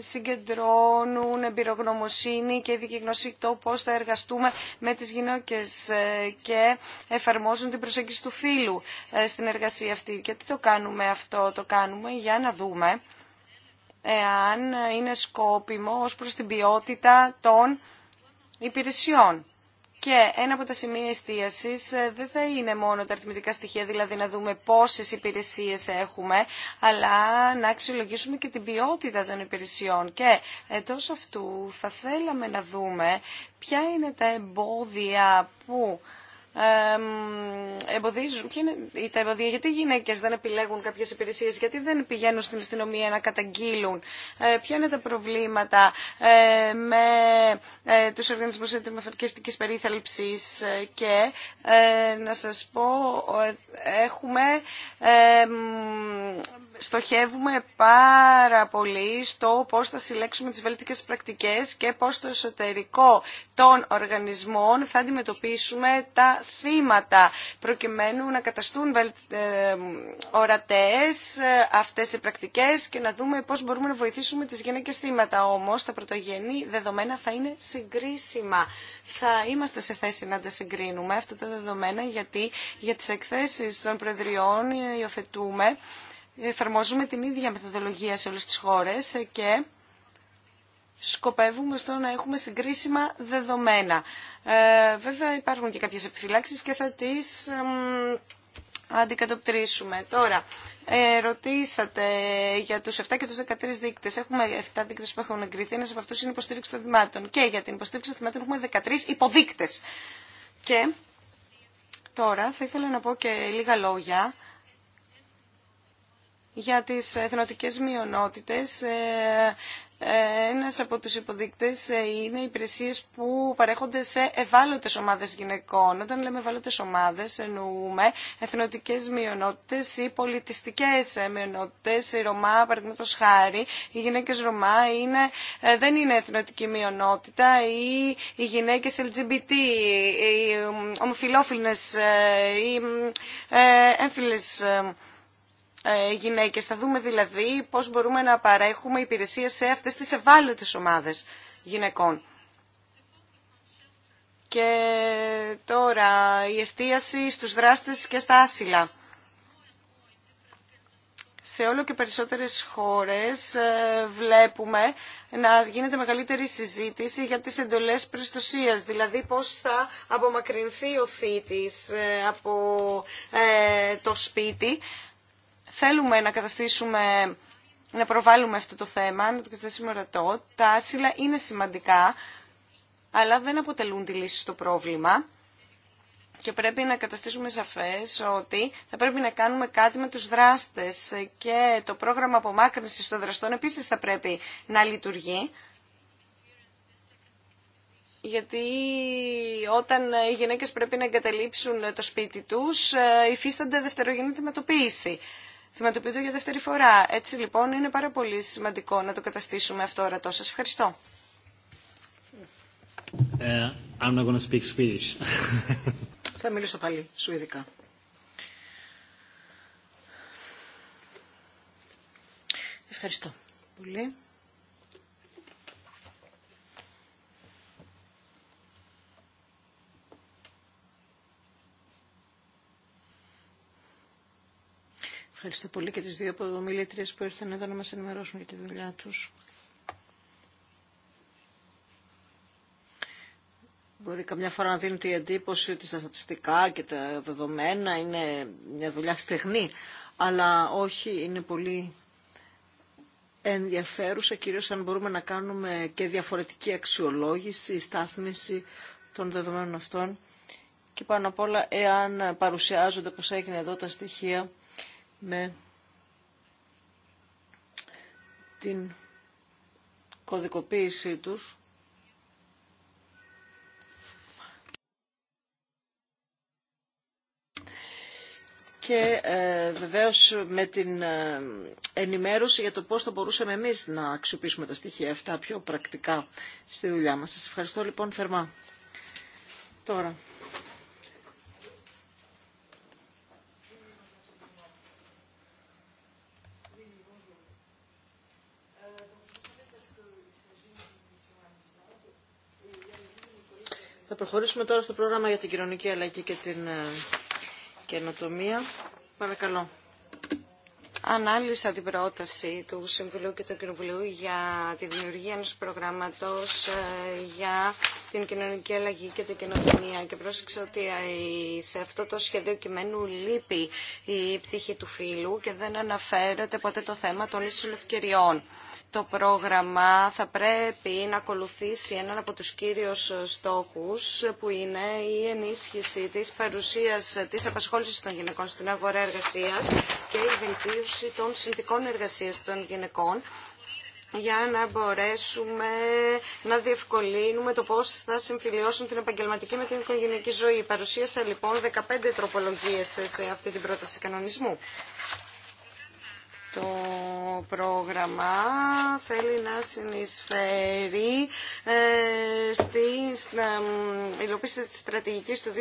συγκεντρώνουν εμπειρογνωμοσύνη και ειδική γνώση το πώς θα εργαστούμε με τις γυναίκες ε, και εφαρμόζουν την προσέγγιση του φύλου ε, στην εργασία αυτή. Και τι το κάνουμε αυτό, το κάνουμε για να δούμε εάν είναι σκόπιμο ως προς την ποιότητα των υπηρεσιών. Και ένα από τα σημεία εστίαση ε, δεν θα είναι μόνο τα αριθμητικά στοιχεία, δηλαδή να δούμε πόσε υπηρεσίε έχουμε, αλλά να αξιολογήσουμε και την ποιότητα των υπηρεσιών. Και εντό αυτού θα θέλαμε να δούμε ποια είναι τα εμπόδια που εμποδίζουν, ποια είναι τα εμποδία, γιατί οι γυναίκε δεν επιλέγουν κάποιε υπηρεσίε, γιατί δεν πηγαίνουν στην αστυνομία να καταγγείλουν, ε, ποια είναι τα προβλήματα ε, με ε, Οργανισμού οργανισμούς περίθαλψη περίθαλψης ε, και να σα πω, έχουμε στοχεύουμε πάρα πολύ στο πώς θα συλλέξουμε τις βελτικές πρακτικές και πώς το εσωτερικό των οργανισμών θα αντιμετωπίσουμε τα θύματα προκειμένου να καταστούν ε, ορατές ε, αυτές οι πρακτικές και να δούμε πώς μπορούμε να βοηθήσουμε τις γυναίκες θύματα. Όμως τα πρωτογενή δεδομένα θα είναι συγκρίσιμα. Θα είμαστε σε θέση να τα συγκρίνουμε αυτά τα δεδομένα γιατί για τις εκθέσεις των προεδριών υιοθετούμε εφαρμόζουμε την ίδια μεθοδολογία σε όλες τις χώρες και σκοπεύουμε στο να έχουμε συγκρίσιμα δεδομένα. Ε, βέβαια υπάρχουν και κάποιες επιφυλάξεις και θα τις ε, Τώρα, ρωτήσατε για τους 7 και τους 13 δείκτες. Έχουμε 7 δείκτες που έχουν εγκριθεί, ένας από αυτούς είναι η υποστήριξη των δημάτων. Και για την υποστήριξη των δημάτων έχουμε 13 υποδείκτες. Και τώρα θα ήθελα να πω και λίγα λόγια για τις εθνοτικές μειονότητες ε, ε, ένας από τους υποδείκτες ε, είναι οι υπηρεσίες που παρέχονται σε ευάλωτες ομάδες γυναικών. Όταν λέμε ευάλωτες ομάδες εννοούμε εθνοτικές μειονότητες ή πολιτιστικές μειονότητες. Η Ρωμά, παραδείγματο χάρη, οι γυναίκες Ρωμά είναι, δεν είναι εθνοτική μειονότητα ή οι γυναίκες LGBT, οι ομοφιλόφιλες, οι ε, γυναίκες. Θα δούμε δηλαδή πώς μπορούμε να παρέχουμε υπηρεσία σε αυτές τις ευάλωτες ομάδες γυναικών. Και τώρα η εστίαση στους δράστες και στα άσυλα. Σε όλο και περισσότερες χώρες ε, βλέπουμε να γίνεται μεγαλύτερη συζήτηση για τις εντολές προστοσίας, δηλαδή πώς θα απομακρυνθεί ο φίτης ε, από το σπίτι θέλουμε να καταστήσουμε να προβάλλουμε αυτό το θέμα, να το καταστήσουμε ορατό. Τα άσυλα είναι σημαντικά, αλλά δεν αποτελούν τη λύση στο πρόβλημα. Και πρέπει να καταστήσουμε σαφές ότι θα πρέπει να κάνουμε κάτι με τους δράστες και το πρόγραμμα απομάκρυνσης των δραστών επίσης θα πρέπει να λειτουργεί. Γιατί όταν οι γυναίκες πρέπει να εγκαταλείψουν το σπίτι τους, ε, υφίστανται δευτερογενή θυματοποίηση θυματοποιούνται για δεύτερη φορά. Έτσι λοιπόν είναι πάρα πολύ σημαντικό να το καταστήσουμε αυτό ορατό. Σας ευχαριστώ. Uh, I'm not speak Swedish. Θα μιλήσω πάλι σουηδικά. Ευχαριστώ πολύ. Ευχαριστώ πολύ και τις δύο ομιλήτριες που ήρθαν εδώ να μας ενημερώσουν για τη δουλειά τους. Μπορεί καμιά φορά να δίνεται η εντύπωση ότι στα στατιστικά και τα δεδομένα είναι μια δουλειά στεγνή, αλλά όχι, είναι πολύ ενδιαφέρουσα, κυρίως αν μπορούμε να κάνουμε και διαφορετική αξιολόγηση, στάθμιση των δεδομένων αυτών και πάνω απ' όλα εάν παρουσιάζονται, όπως έγινε εδώ, τα στοιχεία με την κωδικοποίησή τους και ε, βεβαίως με την ε, ενημέρωση για το πώς θα μπορούσαμε εμείς να αξιοποιήσουμε τα στοιχεία αυτά πιο πρακτικά στη δουλειά μας. Σας ευχαριστώ λοιπόν θερμά. Τώρα. προχωρήσουμε τώρα στο πρόγραμμα για την κοινωνική αλλαγή και την ε, καινοτομία. Παρακαλώ. Ανάλυσα την πρόταση του Συμβουλίου και του Κοινοβουλίου για τη δημιουργία ενός προγράμματος ε, για την κοινωνική αλλαγή και την καινοτομία και πρόσεξα ότι σε αυτό το σχέδιο κειμένου λείπει η πτυχή του φύλου και δεν αναφέρεται ποτέ το θέμα των ίσων ευκαιριών το πρόγραμμα θα πρέπει να ακολουθήσει έναν από τους κύριους στόχους που είναι η ενίσχυση της παρουσίας της απασχόλησης των γυναικών στην αγορά εργασίας και η βελτίωση των συνθηκών εργασίας των γυναικών για να μπορέσουμε να διευκολύνουμε το πώς θα συμφιλιώσουν την επαγγελματική με την οικογενειακή ζωή. Παρουσίασα λοιπόν 15 τροπολογίες σε αυτή την πρόταση κανονισμού το πρόγραμμα θέλει να συνεισφέρει ε, στην, ε, υλοποίηση της στρατηγικής του 2020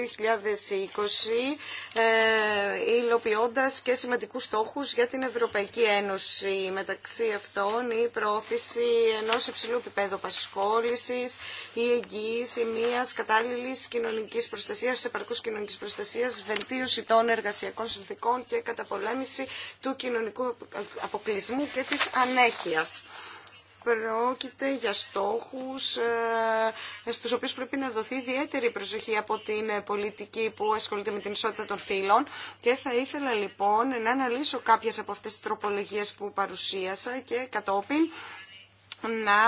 ε, υλοποιώντας και σημαντικούς στόχους για την Ευρωπαϊκή Ένωση. Μεταξύ αυτών η πρόθεση ενός υψηλού επίπεδου πασχόλησης η εγγύηση μιας κατάλληλης κοινωνικής προστασίας, επαρκούς κοινωνικής προστασίας, βελτίωση των εργασιακών συνθήκων και καταπολέμηση του κοινωνικού αποκλεισμού και της ανέχειας. Πρόκειται για στόχους ε, στους οποίους πρέπει να δοθεί ιδιαίτερη προσοχή από την πολιτική που ασχολείται με την ισότητα των φύλων και θα ήθελα λοιπόν να αναλύσω κάποιες από αυτές τις τροπολογίες που παρουσίασα και κατόπιν να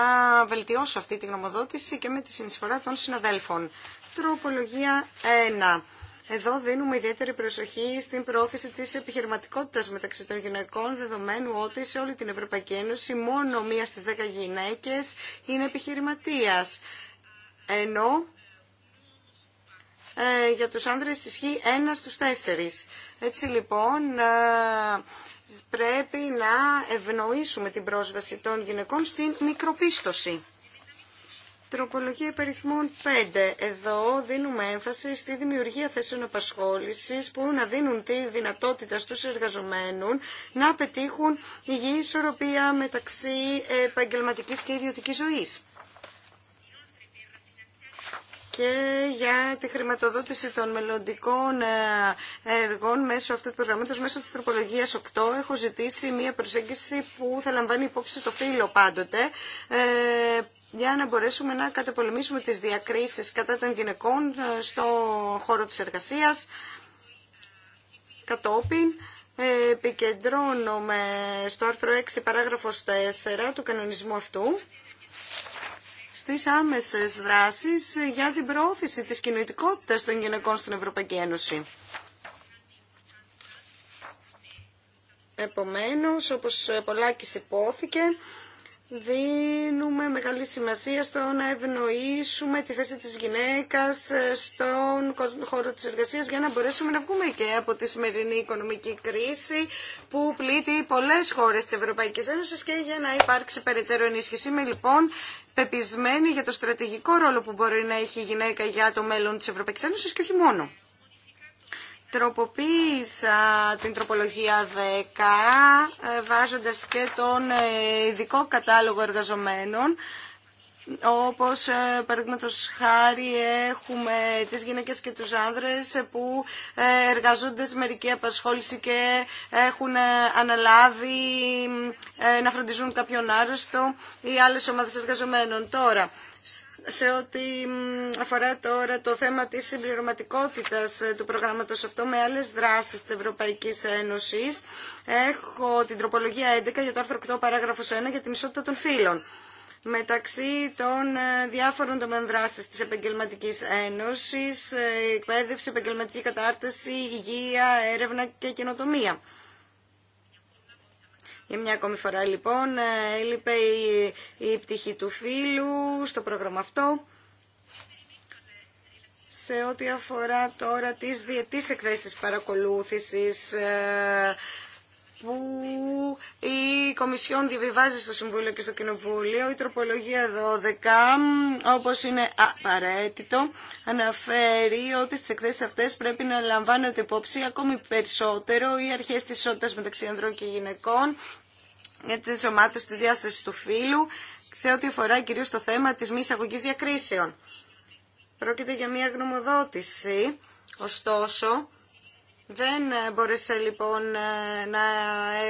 βελτιώσω αυτή τη γνωμοδότηση και με τη συνεισφορά των συναδέλφων. Τροπολογία 1 εδώ δίνουμε ιδιαίτερη προσοχή στην πρόθεση της επιχειρηματικότητας μεταξύ των γυναικών, δεδομένου ότι σε όλη την Ευρωπαϊκή Ένωση μόνο μία στι δέκα γυναίκες είναι επιχειρηματίας. Ενώ ε, για τους άνδρες ισχύει ένα στους τέσσερις. Έτσι λοιπόν... Ε, πρέπει να ευνοήσουμε την πρόσβαση των γυναικών στην μικροπίστωση. Τροπολογία υπεριθμών 5. Εδώ δίνουμε έμφαση στη δημιουργία θέσεων απασχόληση που να δίνουν τη δυνατότητα στους εργαζομένου να πετύχουν υγιή ισορροπία μεταξύ επαγγελματική και ιδιωτική ζωή. και για τη χρηματοδότηση των μελλοντικών ε, έργων μέσω αυτού του προγραμμάτος, μέσω της τροπολογία 8, έχω ζητήσει μία προσέγγιση που θα λαμβάνει υπόψη το φύλλο πάντοτε, ε, για να μπορέσουμε να καταπολεμήσουμε τις διακρίσεις κατά των γυναικών ε, στο χώρο της εργασίας. Κατόπιν ε, επικεντρώνομαι στο άρθρο 6 παράγραφος 4 του κανονισμού αυτού στις άμεσες δράσεις για την προώθηση της κοινωνικότητας των γυναικών στην Ευρωπαϊκή Ένωση. Επομένως, όπως πολλάκις υπόθηκε, δίνουμε μεγάλη σημασία στο να ευνοήσουμε τη θέση της γυναίκας στον χώρο της εργασίας για να μπορέσουμε να βγούμε και από τη σημερινή οικονομική κρίση που πλήττει πολλές χώρες της Ευρωπαϊκής Ένωσης και για να υπάρξει περαιτέρω ενίσχυση. Είμαι λοιπόν πεπισμένη για το στρατηγικό ρόλο που μπορεί να έχει η γυναίκα για το μέλλον της Ευρωπαϊκής Ένωσης και όχι μόνο τροποποίησα την τροπολογία 10 ε, βάζοντας και τον ε, ειδικό κατάλογο εργαζομένων όπως ε, παραδείγματο χάρη έχουμε τις γυναίκες και τους άνδρες που εργαζόνται σε μερική απασχόληση και έχουν αναλάβει να φροντίζουν κάποιον άρρωστο ή άλλες ομάδες εργαζομένων. Τώρα, σε ό,τι αφορά τώρα το θέμα της συμπληρωματικότητας ε, του προγράμματος αυτό με άλλες δράσεις της Ευρωπαϊκής Ένωσης. Έχω την τροπολογία 11 για το άρθρο 8 παράγραφος 1 για την ισότητα των φύλων μεταξύ των ε, διάφορων τομέων δράσης της Επαγγελματικής Ένωσης, ε, εκπαίδευση, επαγγελματική κατάρτιση, υγεία, έρευνα και καινοτομία. Για ε, μια ακόμη φορά λοιπόν ε, έλειπε η, η πτυχή του φίλου στο πρόγραμμα αυτό. Σε ό,τι αφορά τώρα τις διετής εκθέσεις παρακολούθησης, ε, που η Κομισιόν διαβιβάζει στο Συμβούλιο και στο Κοινοβούλιο. Η τροπολογία 12, όπως είναι απαραίτητο, αναφέρει ότι στις εκθέσεις αυτές πρέπει να λαμβάνεται υπόψη ακόμη περισσότερο οι αρχές της ισότητας μεταξύ ανδρών και γυναικών για τι ενσωμάτωση τη διάσταση του φύλου σε ό,τι αφορά κυρίως το θέμα της μη εισαγωγή διακρίσεων. Πρόκειται για μια γνωμοδότηση, ωστόσο δεν ε, μπορέσα λοιπόν ε, να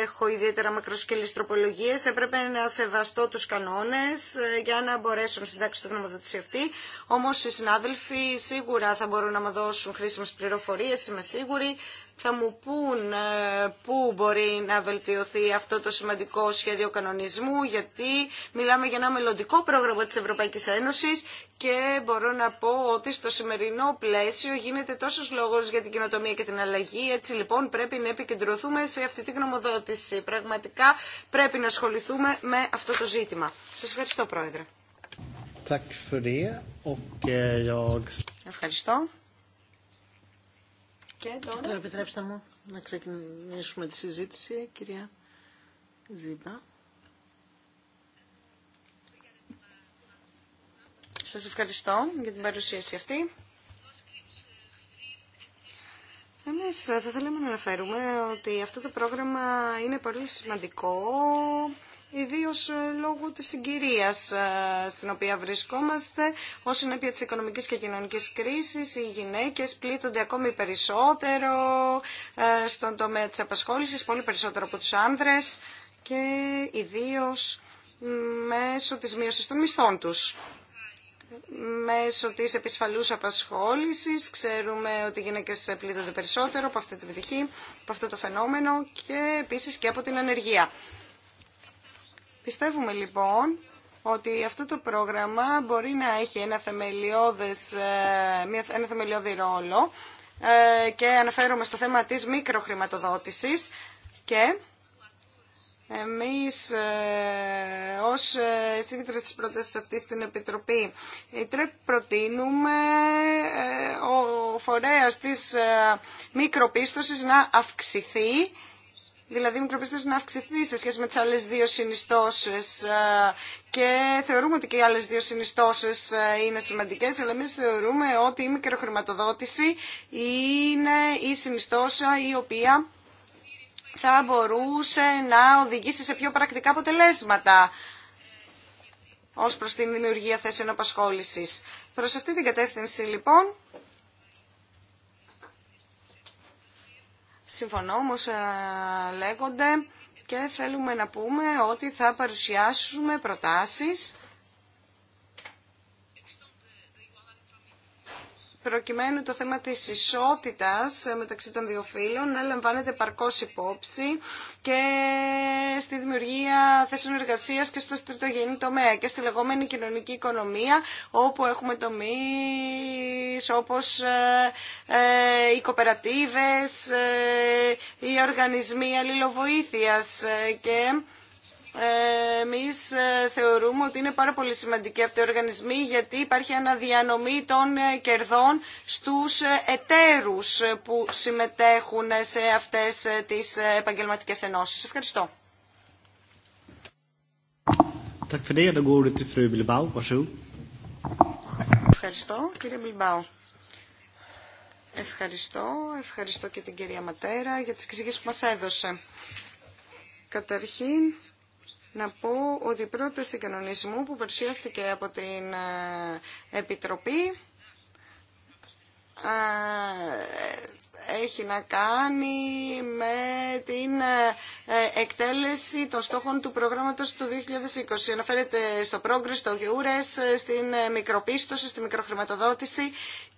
έχω ιδιαίτερα μακροσκελείς τροπολογίες. Έπρεπε να σεβαστώ τους κανόνες ε, για να μπορέσω να συντάξω τη γνωμοδότηση αυτή. Όμως οι συνάδελφοι σίγουρα θα μπορούν να μου δώσουν χρήσιμες πληροφορίες, είμαι σίγουρη θα μου πούν ε, πού μπορεί να βελτιωθεί αυτό το σημαντικό σχέδιο κανονισμού, γιατί μιλάμε για ένα μελλοντικό πρόγραμμα της Ευρωπαϊκής Ένωσης και μπορώ να πω ότι στο σημερινό πλαίσιο γίνεται τόσος λόγος για την κοινοτομία και την αλλαγή. Έτσι λοιπόν πρέπει να επικεντρωθούμε σε αυτή τη γνωμοδότηση. Πραγματικά πρέπει να ασχοληθούμε με αυτό το ζήτημα. Σας ευχαριστώ Πρόεδρε. Eh, ευχαριστώ. Και τώρα... επιτρέψτε μου να ξεκινήσουμε τη συζήτηση, κυρία Ζήμπα. Σας ευχαριστώ για την παρουσίαση αυτή. Εμείς θα θέλαμε να αναφέρουμε ότι αυτό το πρόγραμμα είναι πολύ σημαντικό ιδίως ε, λόγω της συγκυρίας ε, στην οποία βρισκόμαστε, ως συνέπεια της οικονομικής και κοινωνικής κρίσης, οι γυναίκες πλήττονται ακόμη περισσότερο ε, στον τομέα της απασχόλησης, πολύ περισσότερο από τους άνδρες και ιδίως μέσω της μείωσης των μισθών τους μέσω της επισφαλούς απασχόλησης. Ξέρουμε ότι οι γυναίκες πλήττονται περισσότερο από αυτή την επιτυχή, από αυτό το φαινόμενο και επίσης και από την ανεργία. Πιστεύουμε λοιπόν ότι αυτό το πρόγραμμα μπορεί να έχει ένα, θεμελιώδες, ε, ένα θεμελιώδη ρόλο ε, και αναφέρομαι στο θέμα της μικροχρηματοδότησης και εμείς ε, ως σύγκριτες της πρότασης αυτής στην Επιτροπή προτείνουμε ο φορέας της μικροπίστωσης να αυξηθεί δηλαδή μικροπιστήση να αυξηθεί σε σχέση με τις άλλες δύο συνιστώσεις ε, και θεωρούμε ότι και οι άλλες δύο συνιστώσεις ε, είναι σημαντικές, αλλά εμείς θεωρούμε ότι η μικροχρηματοδότηση είναι η συνιστώσα η οποία θα μπορούσε να οδηγήσει σε πιο πρακτικά αποτελέσματα ως προς την δημιουργία θέσεων απασχόλησης. Προς αυτή την κατεύθυνση λοιπόν Συμφωνώ όμως ε, λέγονται και θέλουμε να πούμε ότι θα παρουσιάσουμε προτάσεις προκειμένου το θέμα της ισότητας μεταξύ των δύο φύλων να λαμβάνεται παρκώς υπόψη και στη δημιουργία θέσεων εργασίας και στο στριτογενή τομέα και στη λεγόμενη κοινωνική οικονομία όπου έχουμε τομείς όπως ε, ε, οι κοπερατίβες, ε, οι οργανισμοί αλληλοβοήθειας και εμείς ε, θεωρούμε ότι είναι πάρα πολύ σημαντικοί αυτοί οι οργανισμοί γιατί υπάρχει αναδιανομή των ε, κερδών στους ε, εταίρους που συμμετέχουν σε αυτές τις επαγγελματικές ενώσεις. Ευχαριστώ. Ευχαριστώ κύριε Μπιλμπάου. Ευχαριστώ. Ευχαριστώ και την κυρία Ματέρα για τις εξηγήσεις που μας έδωσε. Καταρχήν, να πω ότι η πρόταση κανονισμού που παρουσιάστηκε από την ε, Επιτροπή ε, έχει να κάνει με την ε, εκτέλεση των στόχων του προγράμματος του 2020. Αναφέρεται στο πρόγκριστο, στο Γιούρες, στην μικροπίστωση, στη μικροχρηματοδότηση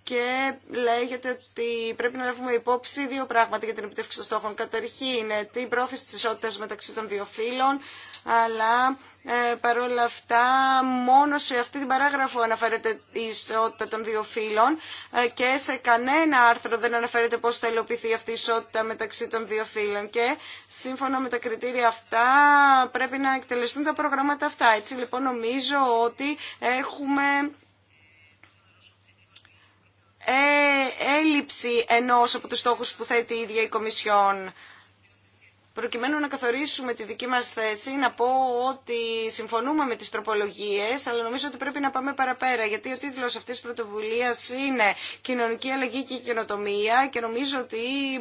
και λέγεται ότι πρέπει να λάβουμε υπόψη δύο πράγματα για την επιτεύξη των στόχων. Καταρχήν, την πρόθεση της ισότητας μεταξύ των δύο φύλων, αλλά ε, παρόλα αυτά μόνο σε αυτή την παράγραφο αναφέρεται η ισότητα των δύο φύλων ε, και σε κανένα άρθρο δεν αναφέρεται πώς θα υλοποιηθεί αυτή η ισότητα μεταξύ των δύο φύλων και σύμφωνα με τα κριτήρια αυτά πρέπει να εκτελεστούν τα προγράμματα αυτά. Έτσι λοιπόν νομίζω ότι έχουμε ε, έλλειψη ενός από τους στόχους που θέτει η ίδια η Κομισιόν. Προκειμένου να καθορίσουμε τη δική μας θέση, να πω ότι συμφωνούμε με τις τροπολογίες, αλλά νομίζω ότι πρέπει να πάμε παραπέρα, γιατί ο τίτλος αυτής της πρωτοβουλίας είναι «Κοινωνική αλλαγή και καινοτομία» και νομίζω ότι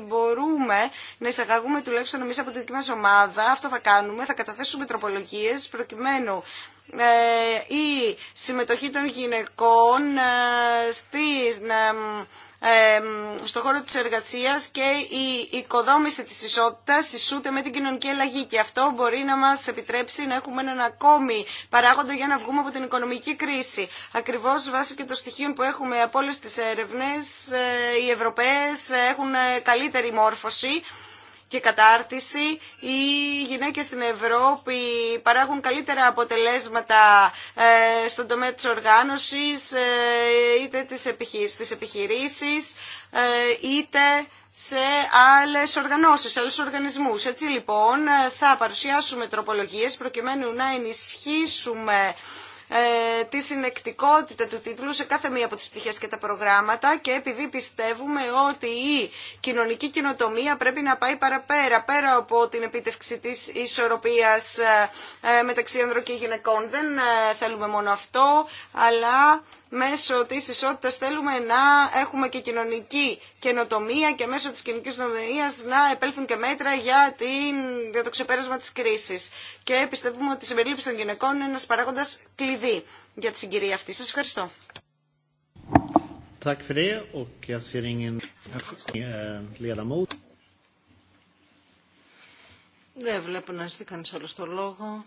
μπορούμε να εισαγαγούμε τουλάχιστον νομίζω από τη δική μας ομάδα, αυτό θα κάνουμε, θα καταθέσουμε τροπολογίες προκειμένου ε, η συμμετοχή των γυναικών ε, στον ε, στο χώρο της εργασίας και η οικοδόμηση της ισότητας ισούται με την κοινωνική αλλαγή και αυτό μπορεί να μας επιτρέψει να έχουμε έναν ακόμη παράγοντα για να βγούμε από την οικονομική κρίση. Ακριβώς βάσει και των στοιχείων που έχουμε από όλες τις έρευνες, οι Ευρωπαίες έχουν καλύτερη μόρφωση και κατάρτιση. Οι γυναίκες στην Ευρώπη παράγουν καλύτερα αποτελέσματα ε, στον τομέα της οργάνωσης, ε, είτε στις επιχειρήσεις, ε, είτε σε άλλες οργανώσεις, σε άλλους οργανισμούς. Έτσι λοιπόν θα παρουσιάσουμε τροπολογίες προκειμένου να ενισχύσουμε ε, τη συνεκτικότητα του τίτλου σε κάθε μία από τις πτυχές και τα προγράμματα και επειδή πιστεύουμε ότι η κοινωνική κοινοτομία πρέπει να πάει παραπέρα, πέρα από την επίτευξη της ισορροπίας ε, ε, μεταξύ ανδρών και γυναικών. Δεν θέλουμε μόνο αυτό, αλλά μέσω τη ισότητας θέλουμε να έχουμε και κοινωνική καινοτομία και μέσω τη κοινωνική νομοθεσία να επέλθουν και μέτρα για, την, για το ξεπέρασμα τη κρίση. Και πιστεύουμε ότι η συμπερίληψη των γυναικών είναι ένας παράγοντα κλειδί για τη συγκυρία αυτή. Σα ευχαριστώ. Eh, Δεν βλέπω να ζητεί κανεί άλλο το λόγο.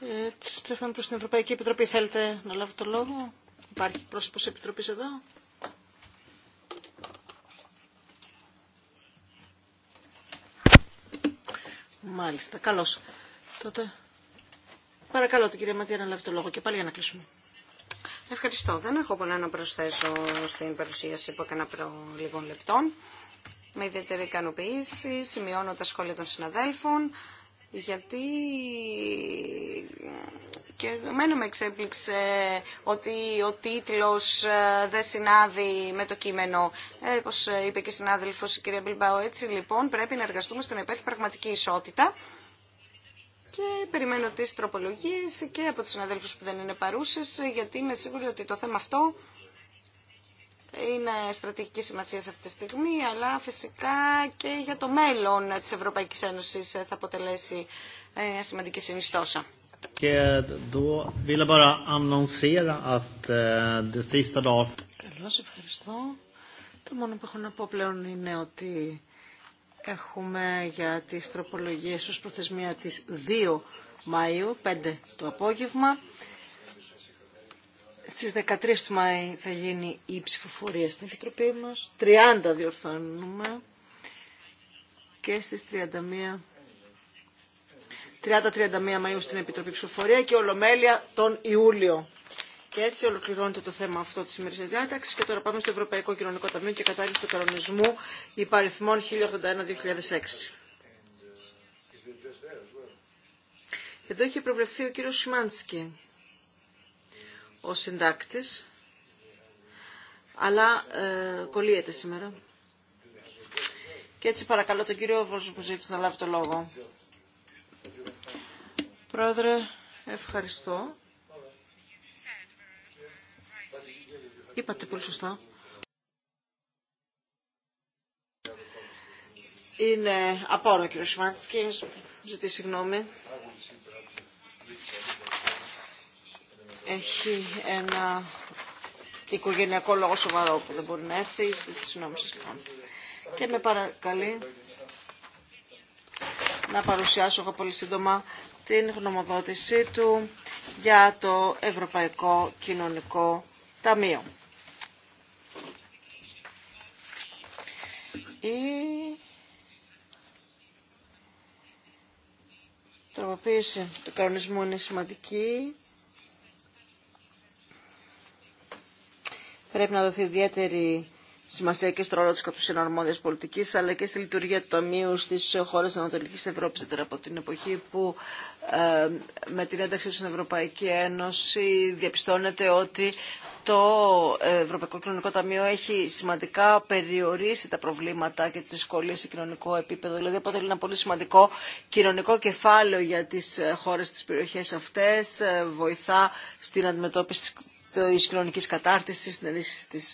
Ε, στρέφουμε προς την Ευρωπαϊκή Επιτροπή. Θέλετε να λάβετε το λόγο. Υπάρχει πρόσωπος επιτροπής εδώ. Μάλιστα, καλώς. Τότε παρακαλώ την κυρία Ματία να λάβει το λόγο και πάλι για να κλείσουμε. Ευχαριστώ. Δεν έχω πολλά να προσθέσω στην παρουσίαση που έκανα προ λίγων λεπτών. Με ιδιαίτερη ικανοποίηση σημειώνω τα σχόλια των συναδέλφων γιατί και εμένα με εξέπληξε ότι ο τίτλος ε, δεν συνάδει με το κείμενο. Ε, όπως ε, είπε και η συνάδελφος η κυρία Μπιλμπάου, έτσι λοιπόν πρέπει να εργαστούμε στο να υπάρχει πραγματική ισότητα. Και περιμένω τις τροπολογίες και από τους συναδέλφους που δεν είναι παρούσες, γιατί είμαι σίγουρη ότι το θέμα αυτό είναι στρατηγική σημασία σε αυτή τη στιγμή, αλλά φυσικά και για το μέλλον της Ευρωπαϊκής Ένωσης θα αποτελέσει ε, μια σημαντική συνιστόσα. Eh, då vill jag bara annonsera att eh, det sista Καλώς, ευχαριστώ. Το μόνο που έχω να πω πλέον είναι ότι έχουμε για τι τροπολογίε ω προθεσμία της 2 Μαΐου, 5 το απόγευμα. Στι 13 του Μαΐου θα γίνει η ψηφοφορία στην Επιτροπή μα, 30 διορθώνουμε. Και στι 31 30-31 Μαΐου στην Επιτροπή Ψηφοφορία και Ολομέλεια τον Ιούλιο. Και έτσι ολοκληρώνεται το θέμα αυτό τη σημερινή διάταξη. Και τώρα πάμε στο Ευρωπαϊκό Κοινωνικό Ταμείο και κατάληξη του κανονισμού υπαριθμών 1081-2006. Εδώ είχε προβλεφθεί ο κύριος Σιμάνσκι, ο συντάκτης, αλλά ε, κολλείεται σήμερα. Και έτσι παρακαλώ τον κύριο Βορζοβουζίτη να λάβει το λόγο. Πρόεδρε, ευχαριστώ. Είπατε πολύ σωστά. Είναι απόρρο, ο κύριο Σιμάνσκι, ζητεί συγγνώμη. Έχει ένα οικογενειακό λόγο σοβαρό που δεν μπορεί να έρθει, Ζητή συγγνώμη σας λοιπόν. Και με παρακαλεί να παρουσιάσω εγώ πολύ σύντομα την γνωμοδότησή του για το Ευρωπαϊκό Κοινωνικό Ταμείο. Η τροποποίηση του κανονισμού είναι σημαντική. Πρέπει να δοθεί ιδιαίτερη σημασία και στο ρόλο τη αρμόδια πολιτική, αλλά και στη λειτουργία του Ταμείου στι χώρε Ανατολική Ευρώπη, από την εποχή που ε, με την ένταξη στην Ευρωπαϊκή Ένωση διαπιστώνεται ότι το Ευρωπαϊκό Κοινωνικό Ταμείο έχει σημαντικά περιορίσει τα προβλήματα και τις δυσκολίες σε κοινωνικό επίπεδο. Δηλαδή αποτελεί ένα πολύ σημαντικό κοινωνικό κεφάλαιο για τις ε, χώρες, της περιοχές αυτές. Ε, βοηθά στην αντιμετώπιση τη κοινωνική κατάρτιση,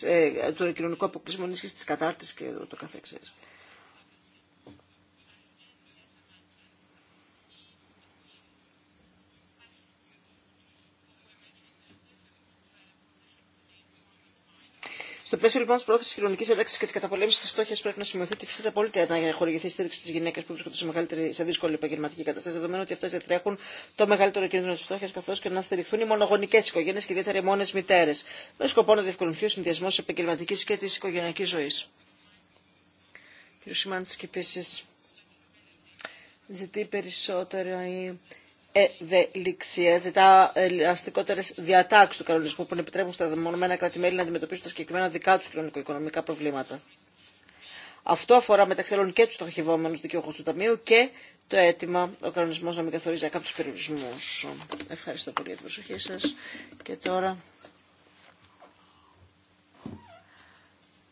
ε, του κοινωνικού αποκλεισμού, ενίσχυση τη κατάρτιση και το καθεξής. Στο πλαίσιο λοιπόν τη πρόθεση κοινωνική ένταξη και τη καταπολέμηση τη φτώχεια, πρέπει να σημειωθεί ότι φυσικά πολύ να χορηγηθεί η στήριξη στι γυναίκε που βρίσκονται σε, μεγαλύτερη, σε δύσκολη επαγγελματική κατάσταση, δεδομένου ότι αυτέ διατρέχουν το μεγαλύτερο κίνδυνο τη φτώχεια, καθώ και να στηριχθούν οι μονογονικέ οικογένειε και ιδιαίτερα οι μόνε μητέρε, με σκοπό να διευκολυνθεί ο συνδυασμό τη επαγγελματική και τη οικογενειακή ζωή. επίση, ευελιξία, ζητά ελαστικότερε διατάξει του κανονισμού που επιτρέπουν στα δεδομένα κράτη-μέλη να αντιμετωπίσουν τα συγκεκριμένα δικά του κοινωνικο-οικονομικά προβλήματα. Αυτό αφορά μεταξύ άλλων και του στοχευόμενου δικαιούχου του Ταμείου και το αίτημα ο κανονισμό να μην καθορίζει κάποιου περιορισμού. Ευχαριστώ πολύ για την προσοχή σα. Και τώρα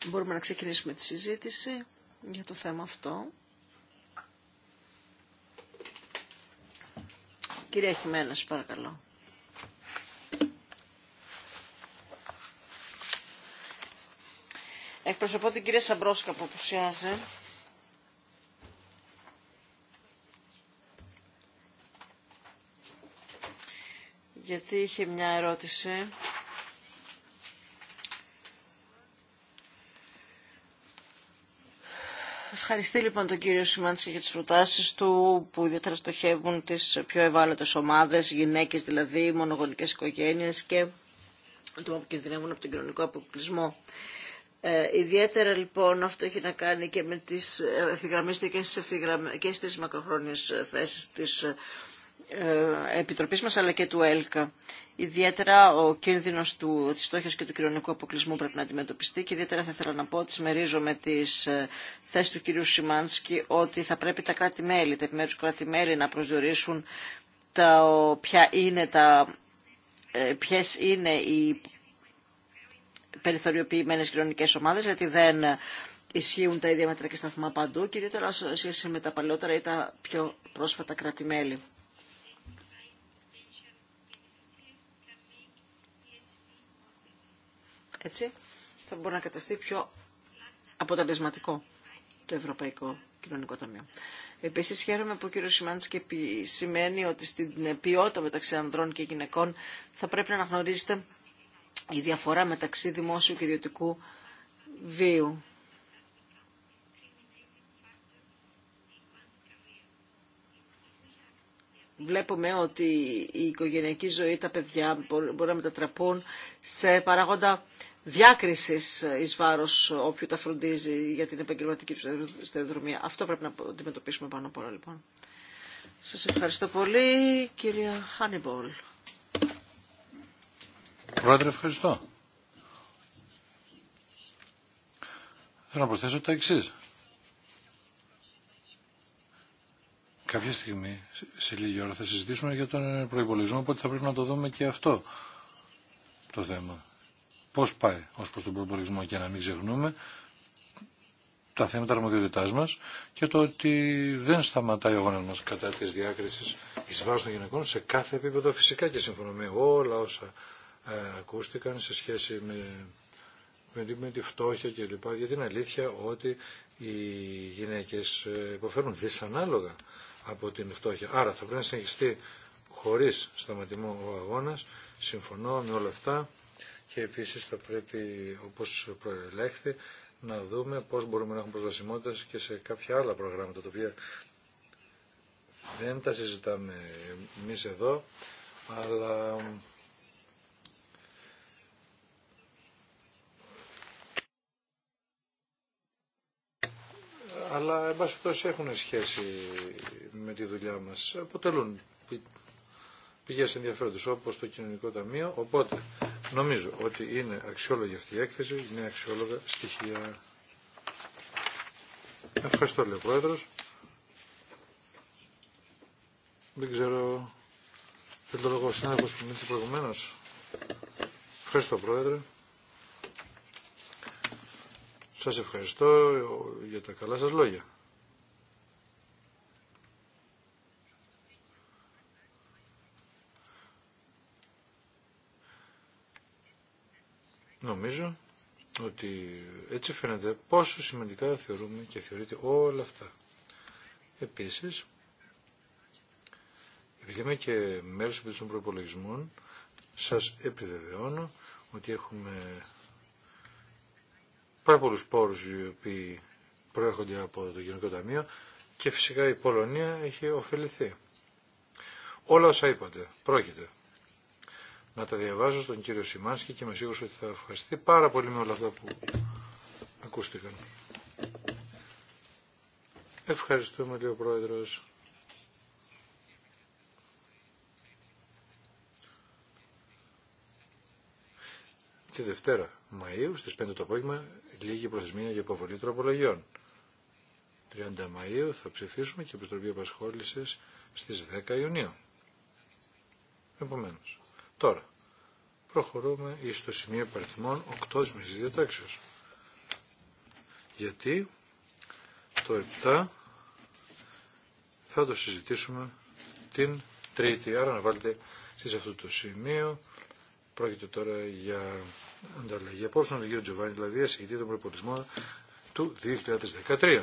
μπορούμε να ξεκινήσουμε τη συζήτηση για το θέμα αυτό. Κυρία Χιμένας, παρακαλώ. Εκπροσωπώ την κυρία Σαμπρόσκα που απουσιάζει. Γιατί είχε μια ερώτηση. Ευχαριστεί λοιπόν τον κύριο Σιμάντση για τις προτάσεις του που ιδιαίτερα στοχεύουν τις πιο ευάλωτες ομάδες, γυναίκες δηλαδή, μονογονικές οικογένειες και το που κινδυνεύουν από τον κοινωνικό αποκλεισμό. Ε, ιδιαίτερα λοιπόν αυτό έχει να κάνει και με τις ευθυγραμμίστικες και στις μακροχρόνιες θέσεις της ε, Επιτροπής μας αλλά και του ΕΛΚΑ. Ιδιαίτερα ο κίνδυνος του, της και του κοινωνικού αποκλεισμού πρέπει να αντιμετωπιστεί και ιδιαίτερα θα ήθελα να πω ότι συμμερίζομαι με τις ε, θέσεις του κυρίου Σιμάνσκι ότι θα πρέπει τα κράτη-μέλη, τα επιμέρου κρατη κράτη-μέλη να προσδιορίσουν τα, ποια είναι τα, ε, ποιες είναι οι περιθωριοποιημένες κοινωνικές ομάδες, γιατί δεν ισχύουν τα ίδια μέτρα και σταθμά παντού και ιδιαίτερα σε σχέση με τα παλαιότερα ή τα πιο πρόσφατα κράτη-μέλη. Έτσι θα μπορεί να καταστεί πιο αποτελεσματικό το Ευρωπαϊκό Κοινωνικό Ταμείο. Επίση, χαίρομαι που ο κύριο και σημαίνει ότι στην ποιότητα μεταξύ ανδρών και γυναικών θα πρέπει να αναγνωρίζεται η διαφορά μεταξύ δημόσιου και ιδιωτικού βίου. Βλέπουμε ότι η οικογενειακή ζωή, τα παιδιά μπορεί να μετατραπούν σε παράγοντα Διάκριση ει βάρο όποιου τα φροντίζει για την επαγγελματική του σταδιοδρομία. Αυτό πρέπει να αντιμετωπίσουμε πάνω απ' όλα λοιπόν. Σα ευχαριστώ πολύ κυρία Χάνιμπολ. Πρόεδρε ευχαριστώ. Θέλω να προσθέσω τα εξή. Κάποια στιγμή, σε λίγη ώρα, θα συζητήσουμε για τον προπολογισμό, οπότε θα πρέπει να το δούμε και αυτό το θέμα πώς πάει ως προς τον προπολογισμό και να μην ξεχνούμε τα θέματα αρμοδιότητά μα και το ότι δεν σταματάει ο αγώνα μα κατά τη διάκριση ει βάρο των γυναικών σε κάθε επίπεδο. Φυσικά και συμφωνώ με όλα όσα ε, ακούστηκαν σε σχέση με, με, με τη φτώχεια κλπ. Γιατί είναι αλήθεια ότι οι γυναίκε ε, υποφέρουν δυσανάλογα από την φτώχεια. Άρα θα πρέπει να συνεχιστεί χωρί σταματημό ο αγώνα. Συμφωνώ με όλα αυτά και επίσης θα πρέπει, όπως προελέχθη, να δούμε πώς μπορούμε να έχουμε προσβασιμότητα και σε κάποια άλλα προγράμματα, τα οποία δεν τα συζητάμε εμεί εδώ, αλλά αλλά εν έχουν σχέση με τη δουλειά μας. Αποτελούν πηγές ενδιαφέροντος όπως το κοινωνικό ταμείο, οπότε Νομίζω ότι είναι αξιόλογη αυτή η έκθεση, είναι αξιόλογα στοιχεία. Ευχαριστώ, λέει ο Πρόεδρος. Δεν ξέρω, δεν το λόγο ο συνάδελφος που προηγουμένως. Ευχαριστώ, Πρόεδρε. Σας ευχαριστώ για τα καλά σας λόγια. νομίζω ότι έτσι φαίνεται πόσο σημαντικά θεωρούμε και θεωρείται όλα αυτά. Επίσης, επειδή είμαι και μέρος των προπολογισμών, σας επιβεβαιώνω ότι έχουμε πάρα πολλούς πόρους οι οποίοι προέρχονται από το Γενικό Ταμείο και φυσικά η Πολωνία έχει ωφεληθεί. Όλα όσα είπατε, πρόκειται να τα διαβάζω στον κύριο Σιμάνσκι και είμαι σίγουρος ότι θα ευχαριστεί πάρα πολύ με όλα αυτά που ακούστηκαν. Ευχαριστούμε, λέει ο Πρόεδρος. Τη Δευτέρα Μαΐου στις 5 το απόγευμα λίγη προθεσμία για υποβολή τροπολογιών. 30 Μαΐου θα ψηφίσουμε και επιστροφή Επιστροπή στι στις 10 Ιουνίου. Επομένως, τώρα προχωρούμε στο σημείο παριθμών 8 της διατάξεως. Γιατί το 7 θα το συζητήσουμε την Τρίτη. Άρα να βάλετε σε αυτό το σημείο. Πρόκειται τώρα για ανταλλαγή απόψεων του κ. Τζοβάνι, δηλαδή ασυγητή των προπολισμών του 2013.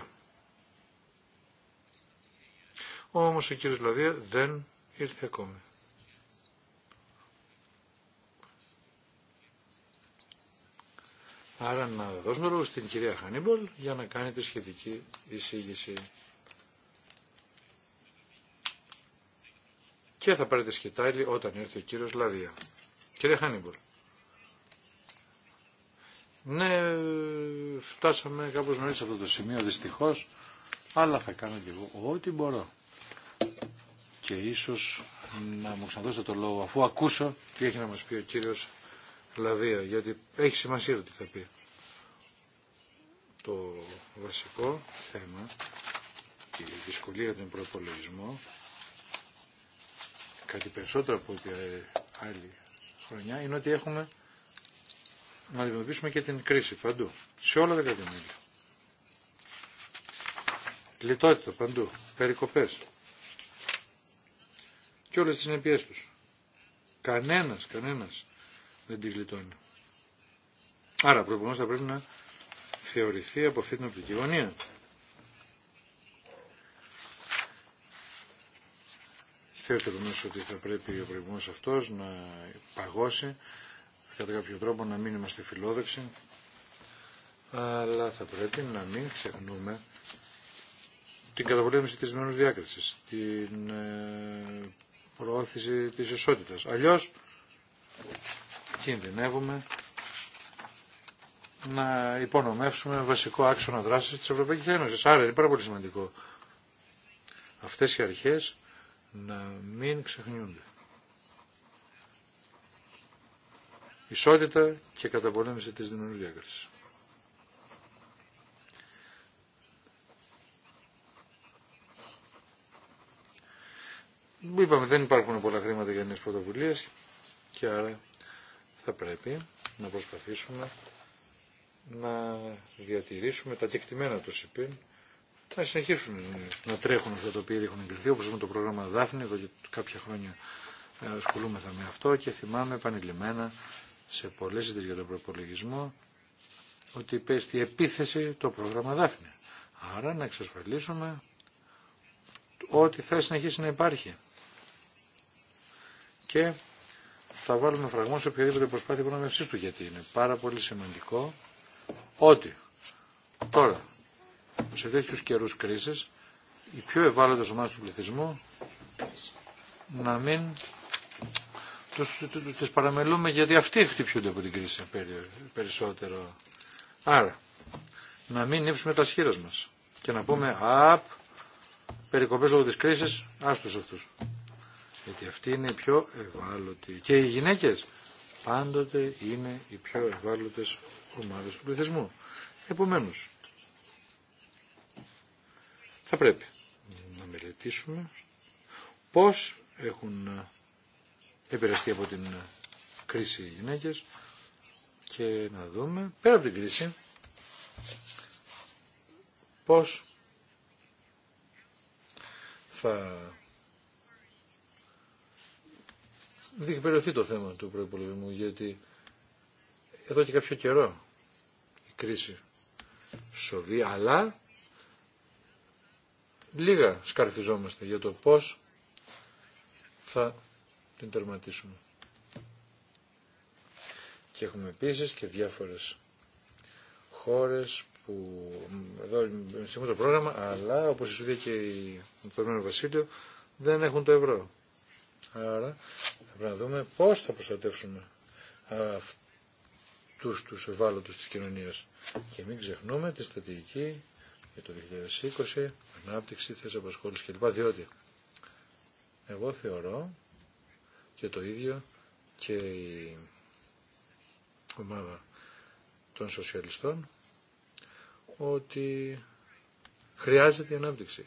Όμως ο κύριος Λαδία δεν ήρθε ακόμη. Άρα να δώσουμε λόγο στην κυρία Χανίμπολ για να κάνει τη σχετική εισήγηση. Και θα πάρετε σκητάλη όταν έρθει ο κύριος Λαδία. Κυρία Χάνιμπολ. Ναι, φτάσαμε κάπως νωρίς σε αυτό το σημείο δυστυχώς, αλλά θα κάνω και εγώ ό,τι μπορώ. Και ίσως να μου ξαναδώσετε το λόγο αφού ακούσω τι έχει να μας πει ο κύριος Λαβία, γιατί έχει σημασία το θα πει. Το βασικό θέμα και η δυσκολία του προπολογισμό, κάτι περισσότερο από ό,τι άλλη χρονιά είναι ότι έχουμε να αντιμετωπίσουμε και την κρίση παντού, σε όλα τα κατημέρια. Λιτότητα παντού, περικοπές και όλες τις συνεπιές τους. Κανένας, κανένας δεν τη γλιτώνει. Άρα προφανώ θα πρέπει να θεωρηθεί από αυτή την οπτική γωνία. Θεωρείται ότι θα πρέπει ο προηγούμενο αυτός να παγώσει κατά κάποιο τρόπο να μην είμαστε φιλόδοξοι αλλά θα πρέπει να μην ξεχνούμε την καταβολή της μενούς διάκρισης, την ε, προώθηση της ισότητας. Αλλιώς κινδυνεύουμε να υπονομεύσουμε βασικό άξονα δράση της Ευρωπαϊκής Ένωσης. Άρα είναι πάρα πολύ σημαντικό αυτές οι αρχές να μην ξεχνιούνται. Ισότητα και καταπολέμηση της δημιουργικής διάκρισης. Είπαμε δεν υπάρχουν πολλά χρήματα για νέες πρωτοβουλίες και άρα θα πρέπει να προσπαθήσουμε να διατηρήσουμε τα κεκτημένα του ΣΥΠΗΝ να συνεχίσουν να τρέχουν αυτά τα οποία έχουν εγκριθεί, όπως με το πρόγραμμα Δάφνη, εδώ και κάποια χρόνια ε, ασχολούμεθα με αυτό και θυμάμαι επανειλημμένα σε πολλές ζητές για τον προπολογισμό ότι υπέστη επίθεση το πρόγραμμα Δάφνη. Άρα να εξασφαλίσουμε ότι θα συνεχίσει να υπάρχει και θα βάλουμε φραγμό σε οποιαδήποτε προσπάθεια υπονομευσή του γιατί είναι πάρα πολύ σημαντικό ότι τώρα σε τέτοιου καιρού κρίση, οι πιο ευάλωτε ομάδε του πληθυσμού να μην τους, παραμελούμε γιατί αυτοί χτυπιούνται από την κρίση περισσότερο. Άρα, να μην νύψουμε τα σχήρα μας και να πούμε «Απ, περικοπές λόγω της κρίσης, άστος αυτούς» γιατί αυτοί είναι οι πιο ευάλωτοι. Και οι γυναίκες πάντοτε είναι οι πιο ευάλωτες ομάδες του πληθυσμού. Επομένως, θα πρέπει να μελετήσουμε πώς έχουν επηρεαστεί από την κρίση οι γυναίκες και να δούμε πέρα από την κρίση πώς θα διεκπαιρεωθεί το θέμα του προϋπολογισμού γιατί εδώ και κάποιο καιρό η κρίση σοβεί, αλλά λίγα σκαρφιζόμαστε για το πώς θα την τερματίσουμε. Και έχουμε επίσης και διάφορες χώρες που εδώ είναι το πρόγραμμα, αλλά όπως η Σουδία και η Ηνωμένο Βασίλειο δεν έχουν το ευρώ. Άρα πρέπει να δούμε πώς θα προστατεύσουμε αυτούς τους ευάλωτους της κοινωνίας. Και μην ξεχνούμε τη στρατηγική για το 2020, ανάπτυξη, θέση απασχόληση κλπ. Διότι εγώ θεωρώ και το ίδιο και η ομάδα των σοσιαλιστών ότι χρειάζεται η ανάπτυξη.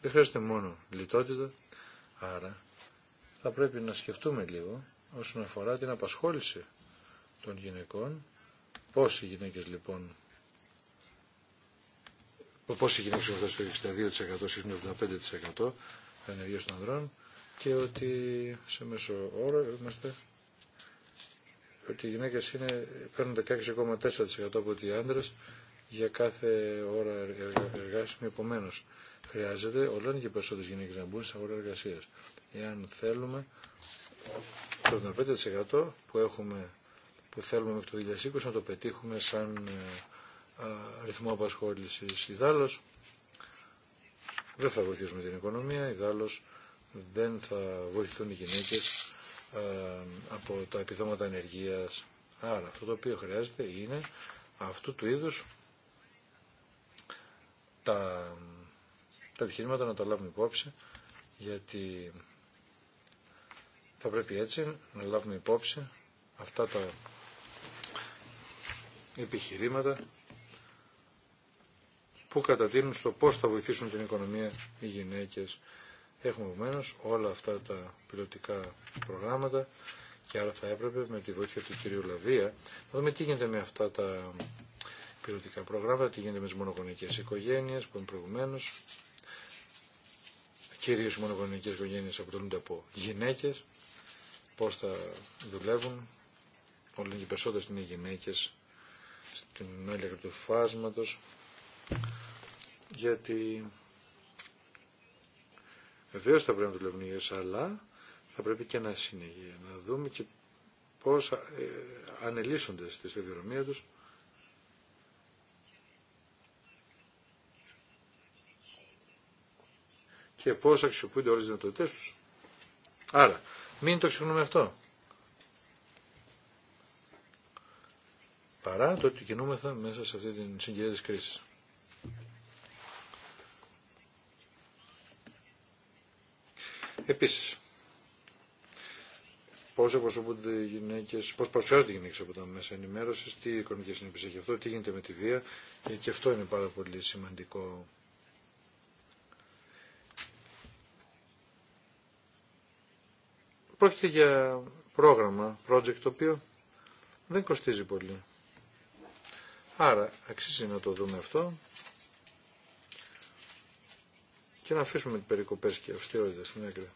Δεν χρειάζεται μόνο λιτότητα, άρα θα πρέπει να σκεφτούμε λίγο όσον αφορά την απασχόληση των γυναικών. Πώς οι γυναίκες λοιπόν, πώς γυναίκες έχουν στο 62% σύμφωνα 75% ενεργείας των ανδρών και ότι σε μέσο όρο είμαστε ότι οι γυναίκες είναι, παίρνουν 16,4% από ότι οι άντρες για κάθε ώρα εργάσιμη επομένως Χρειάζεται όλο και περισσότερε γυναίκε να μπουν στην αγορά εργασία. Εάν θέλουμε το 75% που, έχουμε, που θέλουμε μέχρι το 2020 να το πετύχουμε σαν ε, ε, ρυθμό απασχόληση. Ιδάλω δεν θα βοηθήσουμε την οικονομία, ιδάλω δεν θα βοηθούν οι γυναίκε ε, από τα επιδόματα ανεργία. Άρα αυτό το οποίο χρειάζεται είναι αυτού του είδους τα τα επιχειρήματα να τα λάβουμε υπόψη, γιατί θα πρέπει έτσι να λάβουμε υπόψη αυτά τα επιχειρήματα που κατατείνουν στο πώς θα βοηθήσουν την οικονομία οι γυναίκες. Έχουμε επομένω όλα αυτά τα πιλωτικά προγράμματα και άρα θα έπρεπε με τη βοήθεια του κυρίου Λαβία να δούμε τι γίνεται με αυτά τα πιλωτικά προγράμματα, τι γίνεται με τις μονογονικές οικογένειες που είναι προηγουμένως κυρίως μονογονικές οικογένειες αποτελούνται από γυναίκες, πώς θα δουλεύουν, όλοι και περισσότερες είναι οι γυναίκες στην άλλη του φάσματος, γιατί βεβαίω θα πρέπει να δουλεύουν οι αλλά θα πρέπει και να συνεχίσουμε να δούμε και πώς ε, ανελίσσονται στη σταδιοδρομία τους και πώς αξιοποιούνται όλες τις δυνατότητές τους. Άρα, μην το ξεχνούμε αυτό. Παρά το ότι κινούμεθα μέσα σε αυτή την συγκυρία της κρίσης. Επίσης, πώ εκπροσωπούνται οι γυναίκε, πώ παρουσιάζονται οι γυναίκε από τα μέσα ενημέρωση, τι οικονομικέ συνέπειες έχει αυτό, τι γίνεται με τη βία ε, και αυτό είναι πάρα πολύ σημαντικό. Πρόκειται για πρόγραμμα, project το οποίο δεν κοστίζει πολύ. Άρα αξίζει να το δούμε αυτό και να αφήσουμε τις περικοπές και αυστηρότητα στην άκρη.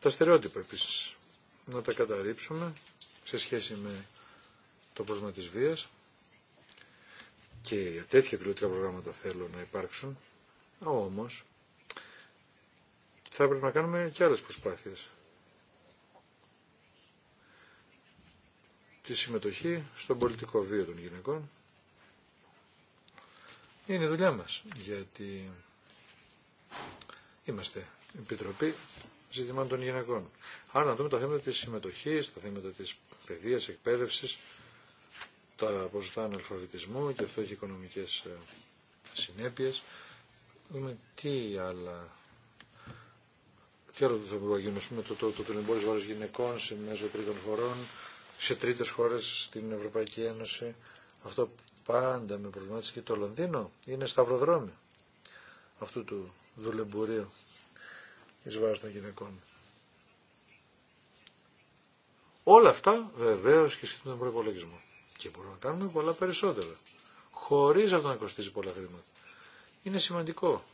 Τα στερεότυπα επίσης να τα καταρρύψουμε σε σχέση με το πρόβλημα της βίας και τέτοια πιλωτικά προγράμματα θέλω να υπάρξουν όμως θα έπρεπε να κάνουμε και άλλες προσπάθειες. Τη συμμετοχή στον πολιτικό βίο των γυναικών είναι η δουλειά μας, γιατί είμαστε Επιτροπή Ζητημάτων των Γυναικών. Άρα να δούμε τα θέματα της συμμετοχής, τα θέματα της παιδείας, εκπαίδευσης, τα ποσοστά αναλφαβητισμού και αυτό έχει οικονομικές ε, συνέπειες. τι άλλα τι άλλο θα μπορούμε να το, το, το τελεμπόριο βάρο γυναικών σε μέσω τρίτων χωρών, σε τρίτες χώρε στην Ευρωπαϊκή Ένωση. Αυτό πάντα με προβλημάτισε και το Λονδίνο είναι σταυροδρόμι αυτού του δουλεμπορίου ει βάρο των γυναικών. Όλα αυτά βεβαίω και σχετικά με τον προπολογισμό. Και μπορούμε να κάνουμε πολλά περισσότερα. χωρί αυτό να κοστίζει πολλά χρήματα. Είναι σημαντικό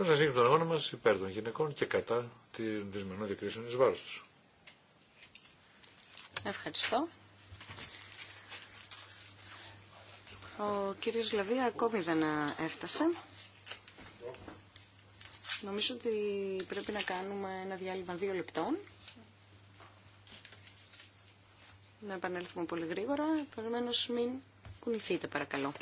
Θα σα δείξω τον αγώνα μας υπέρ των γυναικών και κατά την δυσμενών διακρίσεων τη βάρος του. Ευχαριστώ. Ο κύριο Λαβία ακόμη δεν ε, έφτασε. Νομίζω ότι πρέπει να κάνουμε ένα διάλειμμα δύο λεπτών. Να επανέλθουμε πολύ γρήγορα. Επομένω μην κουνηθείτε παρακαλώ.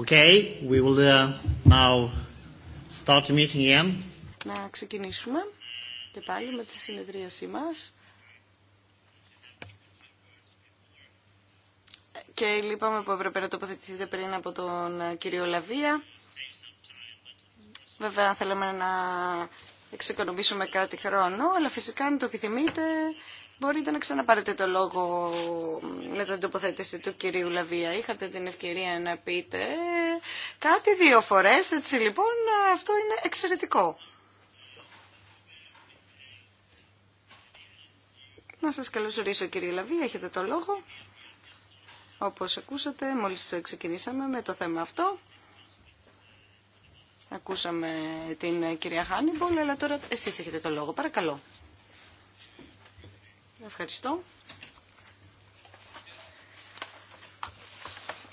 Okay, we will uh, now start the meeting again. Να ξεκινήσουμε και πάλι με τη συνεδρίασή μας. Και λείπαμε που έπρεπε να τοποθετηθείτε πριν από τον ε, κύριο Λαβία. Βέβαια θέλαμε να εξοικονομήσουμε κάτι χρόνο, αλλά φυσικά αν το επιθυμείτε Μπορείτε να ξαναπάρετε το λόγο με την τοποθέτηση του κυρίου Λαβία. Είχατε την ευκαιρία να πείτε κάτι δύο φορές, έτσι λοιπόν αυτό είναι εξαιρετικό. Να σας καλωσορίσω κύριε Λαβία, έχετε το λόγο. Όπως ακούσατε, μόλις ξεκινήσαμε με το θέμα αυτό. Ακούσαμε την κυρία Χάνιμπολ, αλλά τώρα εσείς έχετε το λόγο. Παρακαλώ. Ευχαριστώ.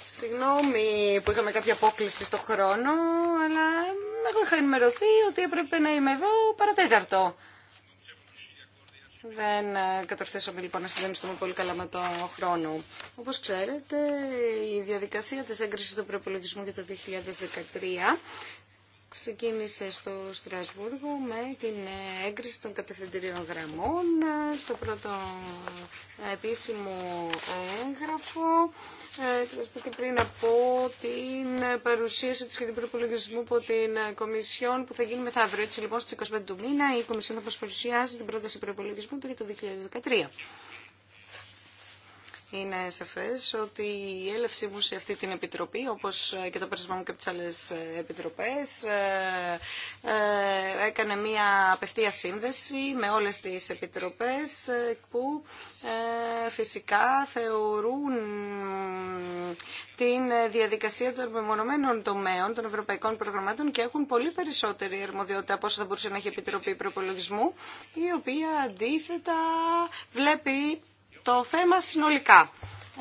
Συγγνώμη που είχαμε κάποια απόκληση στο χρόνο, αλλά εγώ είχα ενημερωθεί ότι έπρεπε να είμαι εδώ παρατέταρτο. Δεν καταρθέσαμε λοιπόν να συντονιστούμε πολύ καλά με το χρόνο. Όπως ξέρετε, η διαδικασία της έγκρισης του προπολογισμού για το 2013 ξεκίνησε στο Στρασβούργο με την έγκριση των κατευθυντηρίων γραμμών, το πρώτο επίσημο έγγραφο, ε, και πριν από την παρουσίαση του σχεδίου προπολογισμού από την Κομισιόν που θα γίνει μεθαύριο. Έτσι λοιπόν στις 25 του μήνα η Κομισιόν θα μας παρουσιάσει την πρόταση προπολογισμού του για το 2013. Είναι σαφέ ότι η έλευση μου σε αυτή την επιτροπή, όπως και το πέρασμα μου και από τι άλλε ε, επιτροπές, ε, ε, έκανε μία απευθεία σύνδεση με όλες τις επιτροπές που φυσικά θεωρούν την διαδικασία των μεμονωμένων τομέων των ευρωπαϊκών προγραμμάτων και έχουν πολύ περισσότερη αρμοδιότητα από όσο θα μπορούσε να έχει η Επιτροπή Προπολογισμού, η οποία αντίθετα βλέπει το θέμα συνολικά.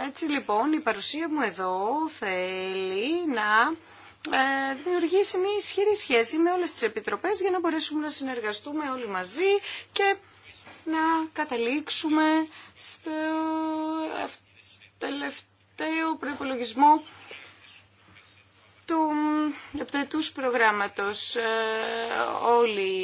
Έτσι λοιπόν η παρουσία μου εδώ θέλει να ε, δημιουργήσει μια ισχυρή σχέση με όλες τις επιτροπές για να μπορέσουμε να συνεργαστούμε όλοι μαζί και να καταλήξουμε στο τελευταίο προπολογισμό του επταετούς προγράμματος. Ε, όλοι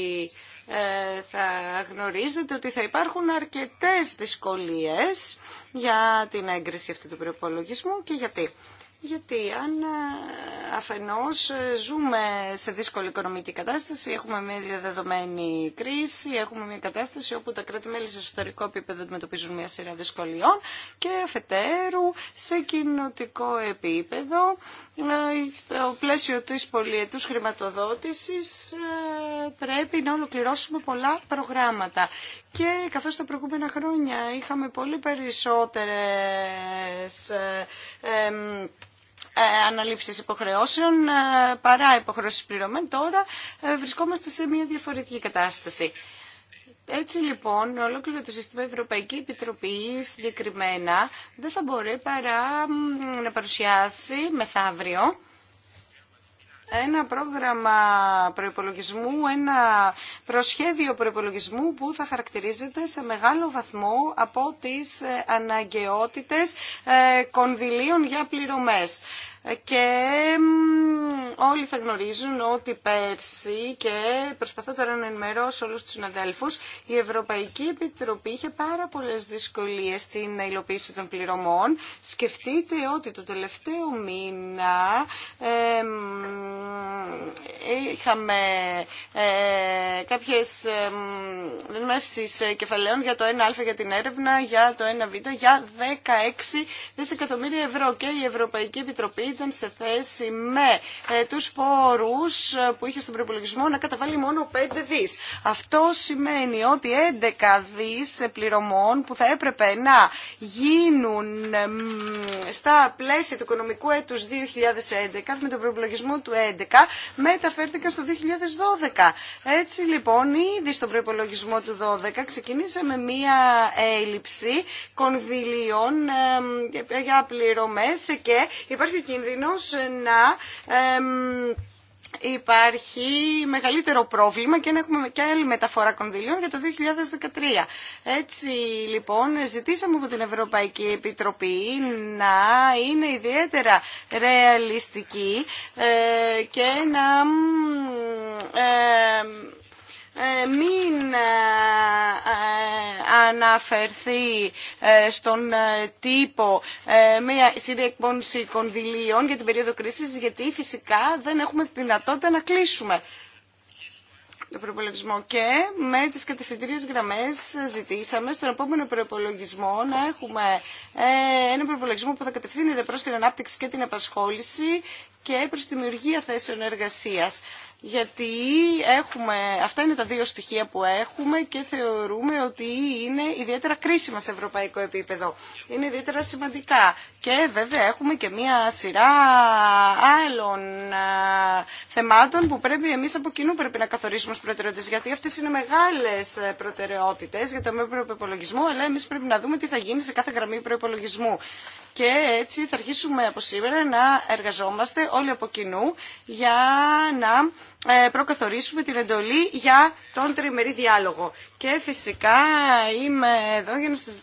ε, θα γνωρίζετε ότι θα υπάρχουν αρκετές δυσκολίες για την έγκριση αυτού του προπολογισμού και γιατί γιατί αν ε, αφενός ε, ζούμε σε δύσκολη οικονομική κατάσταση, έχουμε μια διαδεδομένη κρίση, έχουμε μια κατάσταση όπου τα κράτη-μέλη σε εσωτερικό επίπεδο αντιμετωπίζουν μια σειρά δυσκολιών και αφετέρου σε κοινοτικό επίπεδο, ε, στο πλαίσιο της πολιετούς χρηματοδότησης πρέπει να ολοκληρώσουμε πολλά προγράμματα. Και καθώς τα προηγούμενα χρόνια είχαμε πολύ περισσότερες ε, αναλήψεις υποχρεώσεων ε, παρά υποχρεώσεις πληρωμένων. Τώρα ε, βρισκόμαστε σε μια διαφορετική κατάσταση. Έτσι λοιπόν, ολόκληρο το σύστημα Ευρωπαϊκή Επιτροπή συγκεκριμένα δεν θα μπορεί παρά να παρουσιάσει μεθαύριο ένα πρόγραμμα προϋπολογισμού, ένα προσχέδιο προϋπολογισμού που θα χαρακτηρίζεται σε μεγάλο βαθμό από τις αναγκαιότητες ε, κονδυλίων για πληρωμές και όλοι θα γνωρίζουν ότι πέρσι και προσπαθώ τώρα να ενημερώσω όλους τους συναδέλφους η Ευρωπαϊκή Επιτροπή είχε πάρα πολλές δυσκολίες στην υλοποίηση των πληρωμών σκεφτείτε ότι το τελευταίο μήνα είχαμε ε, κάποιες δεσμεύσεις κεφαλαίων για το 1α για την έρευνα, για το 1β για 16 δισεκατομμύρια ευρώ και η Ευρωπαϊκή Επιτροπή ήταν σε θέση με ε, του πόρους ε, που είχε στον προπολογισμό να καταβάλει μόνο 5 δι. Αυτό σημαίνει ότι 11 δι πληρωμών που θα έπρεπε να γίνουν στα πλαίσια του οικονομικού έτου 2011 με τον προπολογισμό του 2011 μεταφέρθηκαν στο 2012. Έτσι λοιπόν ήδη στον προπολογισμό του 2012 ξεκινήσαμε μία έλλειψη κονδυλίων για πληρωμέ και υπάρχει κίνδυνος να υπάρχει μεγαλύτερο πρόβλημα και να έχουμε και άλλη μεταφορά κονδυλίων για το 2013. Έτσι λοιπόν ζητήσαμε από την Ευρωπαϊκή Επιτροπή να είναι ιδιαίτερα ρεαλιστική ε, και να ε, ε, μην ε, ε, αναφερθεί στον τύπο μια σειρά εκπόνηση κονδυλίων για την περίοδο κρίσης, γιατί φυσικά δεν έχουμε τη δυνατότητα να κλείσουμε το προπολογισμό και με τις κατευθυντήριες γραμμές ζητήσαμε στον επόμενο προπολογισμό να έχουμε ένα προπολογισμό που θα κατευθύνεται προς την ανάπτυξη και την απασχόληση και προς τη δημιουργία θέσεων εργασίας. Γιατί έχουμε, αυτά είναι τα δύο στοιχεία που έχουμε και θεωρούμε ότι είναι ιδιαίτερα κρίσιμα σε ευρωπαϊκό επίπεδο. Είναι ιδιαίτερα σημαντικά. Και βέβαια έχουμε και μία σειρά άλλων ε, θεμάτων που πρέπει εμείς από κοινού πρέπει να καθορίσουμε ως προτεραιότητες. Γιατί αυτές είναι μεγάλες ε, προτεραιότητες για το μέλλον προϋπολογισμού... αλλά εμείς πρέπει να δούμε τι θα γίνει σε κάθε γραμμή προπολογισμού. Και έτσι θα αρχίσουμε από σήμερα να εργαζόμαστε όλοι από κοινού για να ε, προκαθορίσουμε την εντολή για τον τριμερή διάλογο. Και φυσικά είμαι εδώ για να σας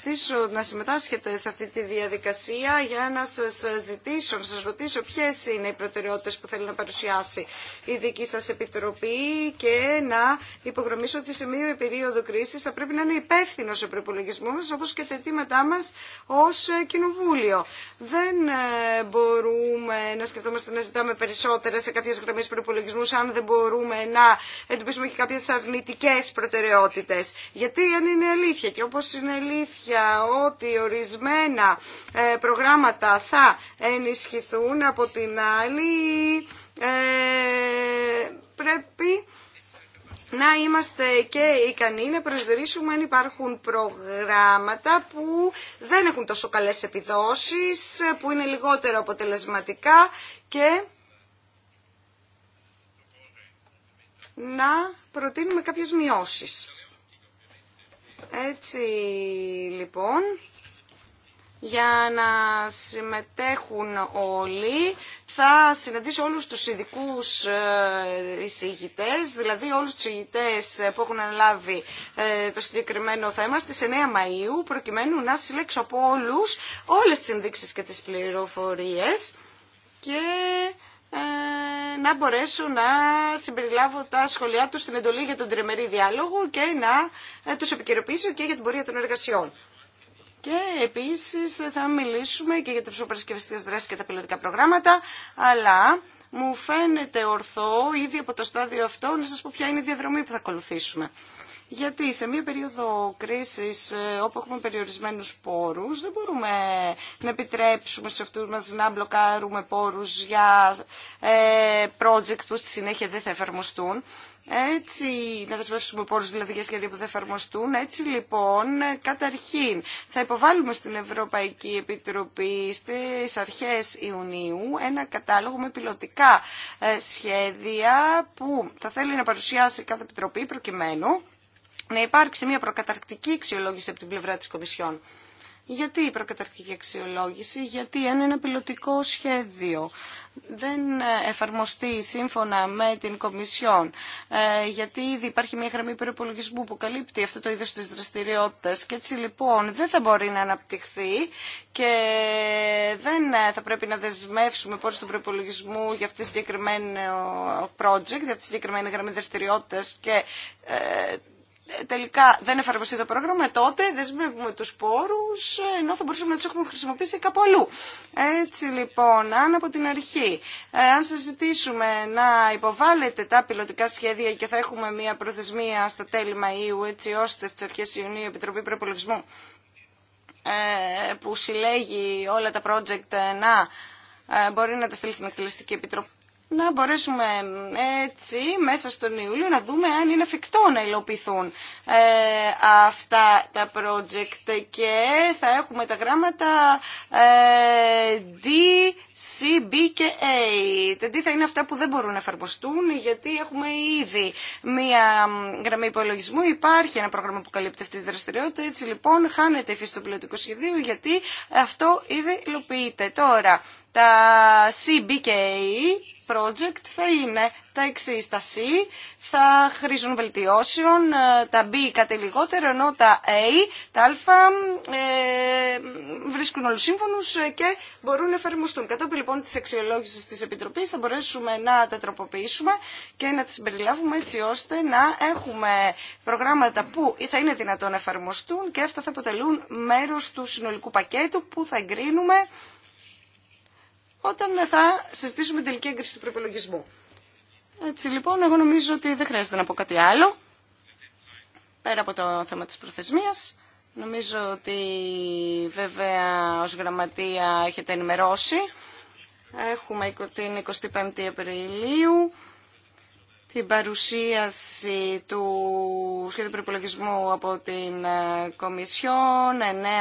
να συμμετάσχετε σε αυτή τη διαδικασία, για να σας ζητήσω, να σας ρωτήσω ποιες είναι οι προτεραιότητες που θέλει να παρουσιάσει η δική σας επιτροπή και να υπογραμμίσω ότι σε μία περίοδο κρίσης θα πρέπει να είναι υπεύθυνο ο προπολογισμό μας, όπως και τα αιτήματά μας ως κοινοβούλιο. Δεν ε, μπορούμε να σκεφτόμαστε να ζητάμε περισσότερα σε κάποιες γραμμές προπολογισμού αν δεν μπορούμε να εντοπίσουμε και κάποιες αρνητικές προτεραιότητες. Γιατί αν είναι αλήθεια και όπως είναι αλήθεια ότι ορισμένα ε, προγράμματα θα ενισχυθούν από την άλλη ε, πρέπει να είμαστε και ικανοί να προσδιορίσουμε αν υπάρχουν προγράμματα που δεν έχουν τόσο καλές επιδόσεις, που είναι λιγότερο αποτελεσματικά και να προτείνουμε κάποιες μειώσεις. Έτσι λοιπόν, για να συμμετέχουν όλοι, θα συναντήσω όλους τους ειδικού ε, εισηγητές, δηλαδή όλους τους εισηγητές που έχουν αναλάβει ε, το συγκεκριμένο θέμα στις 9 Μαΐου, προκειμένου να συλλέξω από όλους όλες τις ενδείξεις και τις πληροφορίες και ε, να μπορέσω να συμπεριλάβω τα σχολιά τους στην εντολή για τον τριμερή διάλογο και να ε, τους επικαιροποιήσω και για την πορεία των εργασιών. Και επίσης θα μιλήσουμε και για τις προσκευαστικές δράσεις και τα πιλωτικά προγράμματα, αλλά μου φαίνεται ορθό ήδη από το στάδιο αυτό να σας πω ποια είναι η διαδρομή που θα ακολουθήσουμε. Γιατί σε μια περίοδο κρίσης ε, όπου έχουμε περιορισμένους πόρους δεν μπορούμε να επιτρέψουμε σε αυτού μα να μπλοκάρουμε πόρους για ε, project που στη συνέχεια δεν θα εφαρμοστούν. Έτσι, να δεσμεύσουμε πόρου δηλαδή για σχέδια που δεν εφαρμοστούν. Έτσι λοιπόν, καταρχήν, θα υποβάλουμε στην Ευρωπαϊκή Επιτροπή στι αρχέ Ιουνίου ένα κατάλογο με πιλωτικά ε, σχέδια που θα θέλει να παρουσιάσει κάθε επιτροπή προκειμένου να υπάρξει μια προκαταρκτική αξιολόγηση από την πλευρά της Κομισιόν. Γιατί η προκαταρκτική αξιολόγηση, γιατί αν ένα πιλωτικό σχέδιο δεν εφαρμοστεί σύμφωνα με την Κομισιόν, ε, γιατί ήδη υπάρχει μια γραμμή προπολογισμού που καλύπτει αυτό το είδος της δραστηριότητας και έτσι λοιπόν δεν θα μπορεί να αναπτυχθεί και δεν θα πρέπει να δεσμεύσουμε πόρους του προπολογισμού για αυτή τη συγκεκριμένη project, για τη συγκεκριμένη γραμμή δραστηριότητα και ε, τελικά δεν εφαρμοστεί το πρόγραμμα, τότε δεσμεύουμε του πόρου, ενώ θα μπορούσαμε να του έχουμε χρησιμοποιήσει κάπου αλλού. Έτσι λοιπόν, αν από την αρχή, ε, αν σας ζητήσουμε να υποβάλλετε τα πιλωτικά σχέδια και θα έχουμε μια προθεσμία στα τέλη Μαΐου, έτσι ώστε στις αρχέ Ιουνίου η Επιτροπή Προπολογισμού ε, που συλλέγει όλα τα project ε, να μπορεί να τα στείλει στην Εκτελεστική Επιτροπή να μπορέσουμε έτσι μέσα στον Ιούλιο να δούμε αν είναι εφικτό να υλοποιηθούν ε, αυτά τα project και θα έχουμε τα γράμματα ε, D, C, B και A. Τα D θα είναι αυτά που δεν μπορούν να εφαρμοστούν γιατί έχουμε ήδη μία γραμμή υπολογισμού. Υπάρχει ένα πρόγραμμα που καλύπτει αυτή τη δραστηριότητα. Έτσι λοιπόν χάνεται η φύση του πιλωτικού σχεδίου γιατί αυτό ήδη υλοποιείται. Τώρα, τα CBKE project θα είναι τα εξή. Τα C θα χρήζουν βελτιώσεων, ε, τα B κάτι λιγότερο, ενώ τα A, τα Α ε, βρίσκουν όλου σύμφωνους ε, και μπορούν να εφαρμοστούν. Κατόπιν λοιπόν της αξιολόγησης της Επιτροπής θα μπορέσουμε να τα τροποποιήσουμε και να τις συμπεριλάβουμε έτσι ώστε να έχουμε προγράμματα που θα είναι δυνατόν να εφαρμοστούν και αυτά θα αποτελούν μέρος του συνολικού πακέτου που θα εγκρίνουμε όταν θα συζητήσουμε την τελική έγκριση του προπολογισμού. Έτσι λοιπόν, εγώ νομίζω ότι δεν χρειάζεται να πω κάτι άλλο, πέρα από το θέμα της προθεσμίας. Νομίζω ότι βέβαια ως γραμματεία έχετε ενημερώσει. Έχουμε την 25η Απριλίου την παρουσίαση του σχέδιου προπολογισμού από την ε, Κομισιόν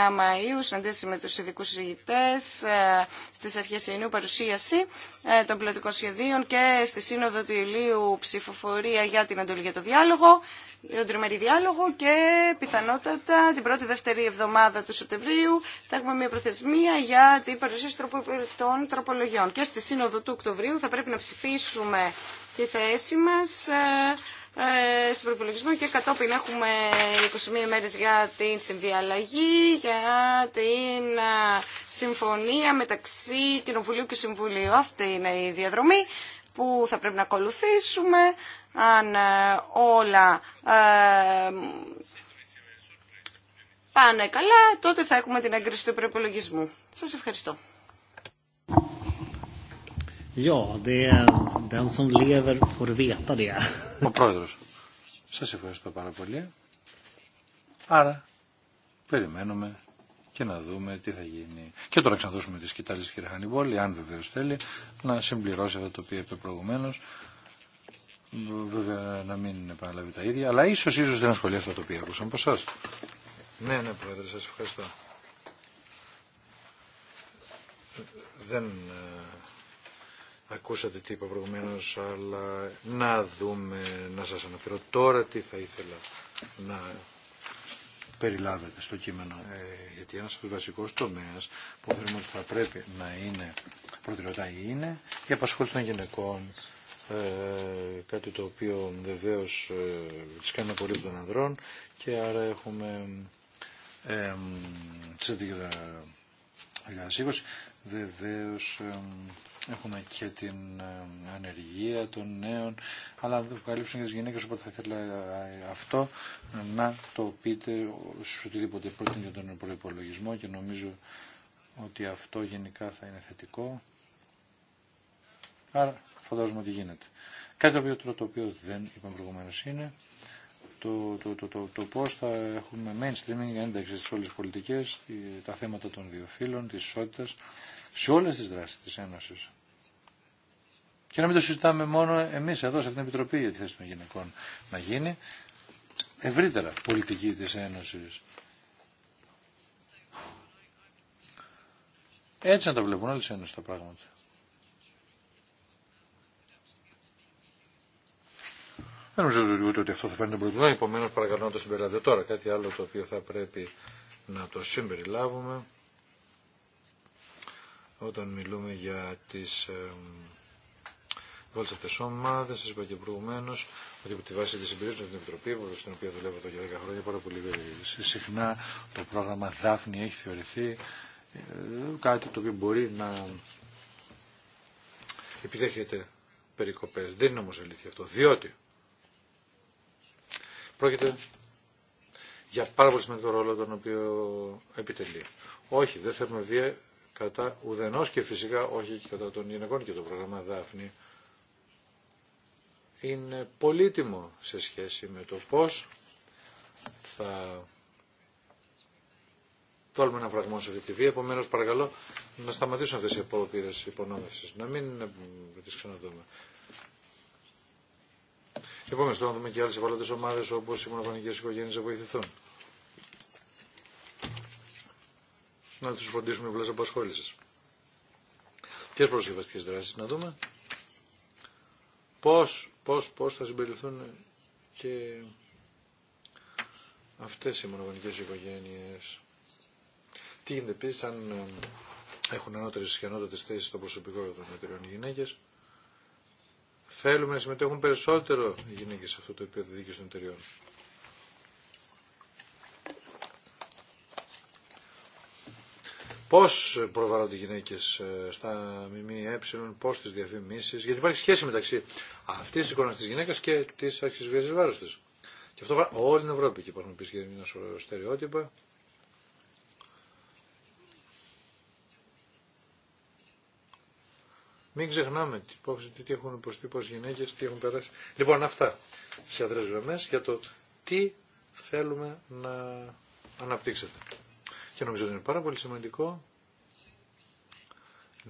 9 Μαΐου, συναντήση με τους ειδικούς συζητητές ε, στις αρχές Ιουνίου, παρουσίαση ε, των πιλωτικών σχεδίων και στη Σύνοδο του Ηλίου ψηφοφορία για την αντολή για το διάλογο, τον τριμερή διάλογο και πιθανότατα την πρώτη-δεύτερη εβδομάδα του Σεπτεμβρίου θα έχουμε μια προθεσμία για την παρουσίαση των τροπολογιών. Και στη Σύνοδο του Οκτωβρίου θα πρέπει να ψηφίσουμε τη θέση μας ε, ε, στον προπολογισμό και κατόπιν έχουμε 21 μέρες για την συνδιαλλαγή, για την ε, συμφωνία μεταξύ Κοινοβουλίου και Συμβουλίου. Αυτή είναι η διαδρομή που θα πρέπει να ακολουθήσουμε αν όλα πάνε καλά, τότε θα έχουμε την έγκριση του προπολογισμού. Σας ευχαριστώ. Ja, det är den som lever får veta det. Ο πρόεδρος. Σας ευχαριστώ πάρα πολύ. Άρα, περιμένουμε και να δούμε τι θα γίνει. Και τώρα ξαναδώσουμε τη σκητάλη τη κυρία Χανιβόλη, αν βεβαίω θέλει, να συμπληρώσει αυτό το οποίο είπε προηγουμένω. Βέβαια να μην επαναλάβει τα ίδια, αλλά ίσω ίσως δεν ασχολεί αυτά τα οποία ακούσαμε από εσά. Ναι, ναι, πρόεδρε, σα ευχαριστώ. Δεν ε, Ακούσατε τι είπα προηγουμένω, αλλά να δούμε, να σας αναφέρω τώρα τι θα ήθελα να περιλάβετε στο κείμενο. Ε, γιατί ένας από τους βασικούς τομέας που θέλουμε ότι θα πρέπει να είναι προτεραιότητα είναι η απασχόληση των γυναικών. Ε, κάτι το οποίο βεβαίως ε, τις κάνει απολύτω των ανδρών και άρα έχουμε ε, τη 2020 βεβαίως Έχουμε και την ε, ανεργία των νέων, αλλά αν δεν καλύψουν και τις γυναίκες, οπότε θα ήθελα ε, αυτό να το πείτε σε οτιδήποτε πρότεινε για τον προπολογισμό και νομίζω ότι αυτό γενικά θα είναι θετικό. Άρα φαντάζομαι ότι γίνεται. Κάτι το οποίο, δεν είπαμε προηγουμένω είναι το, το, το, το, το θα έχουμε mainstreaming ένταξη στι όλε τι πολιτικέ, ε, τα θέματα των δύο φύλων, τη ισότητα σε όλες τις δράσεις της Ένωσης. Και να μην το συζητάμε μόνο εμείς εδώ σε αυτήν την Επιτροπή για τη θέση των γυναικών να γίνει ευρύτερα πολιτική της Ένωσης. Έτσι να τα βλέπουν όλες οι Ένωσες τα πράγματα. Δεν νομίζω ότι αυτό θα φέρνει τον πρωτοβουλίο, επομένω παρακαλώ να το συμπεριλάβετε τώρα. Κάτι άλλο το οποίο θα πρέπει να το συμπεριλάβουμε όταν μιλούμε για τις όλες αυτές τις ομάδες, σας είπα και προηγουμένω, ότι από τη βάση της εμπειρίας με την Επιτροπή, στην οποία δουλεύω εδώ για 10 χρόνια πάρα πολύ συχνά, το πρόγραμμα Δάφνη έχει θεωρηθεί ε, κάτι το οποίο μπορεί να επιδέχεται περικοπές. Δεν είναι όμως αλήθεια αυτό, διότι πρόκειται για πάρα πολύ σημαντικό ρόλο τον οποίο επιτελεί. Όχι, δεν θέλουμε βία κατά ουδενός και φυσικά όχι κατά των γυναικών και το πρόγραμμα Δάφνη είναι πολύτιμο σε σχέση με το πώς θα βάλουμε να φραγμό σε αυτή τη βία. Επομένως παρακαλώ να σταματήσουν αυτές οι απόπειρες υπονόμευσης, να μην ε, τις ξαναδούμε. Επομένως, τώρα να δούμε και άλλες ευάλωτες ομάδες όπως οι μονοφανικές οικογένειες να βοηθηθούν. να τους φροντίσουμε με πολλές Τι Ποιες προσκευαστικές δράσεις να δούμε. Πώς, πώς, πώς θα συμπεριληφθούν και αυτές οι μονογονικές οικογένειες. Τι γίνεται επίση αν ε, έχουν ανώτερες και ανώτατε θέσει στο προσωπικό των εταιρεών οι γυναίκε, Θέλουμε να συμμετέχουν περισσότερο οι γυναίκες σε αυτό το επίπεδο διοίκηση των εταιρεών. πώς προβάλλονται οι γυναίκες ε, στα ΜΜΕ, πώς τις διαφημίσεις, γιατί υπάρχει σχέση μεταξύ αυτής της εικόνα τη γυναίκας και της άρχης βίας βάρος της. Και αυτό όλη την Ευρώπη και υπάρχουν επίσης και στερεότυπα. Μην ξεχνάμε τι, υπόψη, τι έχουν υποστεί οι γυναίκες, τι έχουν περάσει. Λοιπόν αυτά σε αδρές γραμμές για το τι θέλουμε να αναπτύξετε. Και νομίζω ότι είναι πάρα πολύ σημαντικό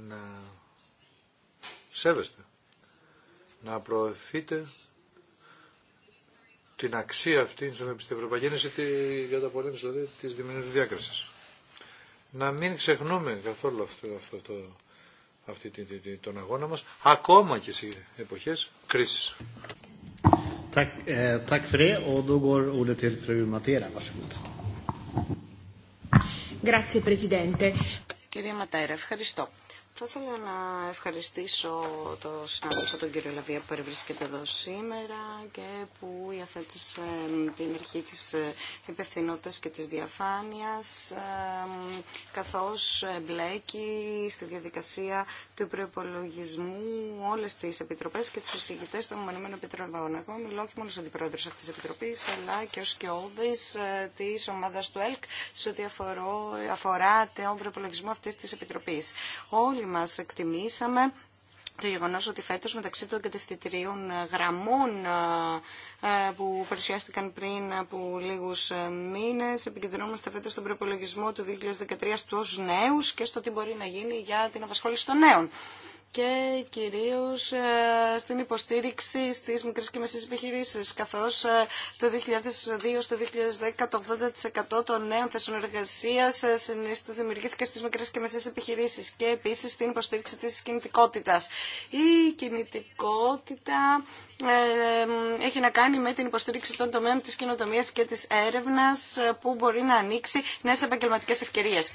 να σέβεστε, να προωθείτε την αξία αυτή στην Ευρωπαϊκή για τα καταπολέμηση δηλαδή, της διμηνής διάκρισης. Να μην ξεχνούμε καθόλου αυτό, αυτό το, αυτή, τον αγώνα μας, ακόμα και σε εποχές κρίσης. Tack, eh, tack för det och då går ordet till fru Matera, varsågod. Grazie, Presidente. Κυρία Ματέρα, ευχαριστώ. Θα ήθελα να ευχαριστήσω το συνάδελφο τον κύριο Λαβία που παρευρίσκεται εδώ σήμερα και που υιοθέτησε την αρχή της ε, υπευθυνότητας και της διαφάνειας καθώς μπλέκει στη διαδικασία του προπολογισμού όλες τις επιτροπές και τους εισηγητές των Μονομένων Επιτροπών. Εγώ μιλώ όχι μόνο ως αντιπρόεδρος αυτής της επιτροπής αλλά και ως κοιόδης ε, της ομάδας του ΕΛΚ σε ό,τι αφορά τον προπολογισμό αυτής της επιτροπής όλοι μας εκτιμήσαμε το γεγονό ότι φέτο μεταξύ των κατευθυντηρίων γραμμών ε, που παρουσιάστηκαν πριν από λίγου ε, μήνε, επικεντρωνόμαστε φέτο στον προπολογισμό του 2013 στου νέου και στο τι μπορεί να γίνει για την απασχόληση των νέων και κυρίως ε, στην υποστήριξη στις μικρές και μεσές επιχειρήσεις, καθώς ε, το 2002 στο 2010 το 80% των νέων θέσεων εργασία ε, δημιουργήθηκε στις μικρές και μεσές επιχειρήσεις και επίσης στην υποστήριξη της κινητικότητας. Η κινητικότητα έχει να κάνει με την υποστήριξη των τομέων της κοινοτομίας και της έρευνας που μπορεί να ανοίξει νέες επαγγελματικές ευκαιρίες.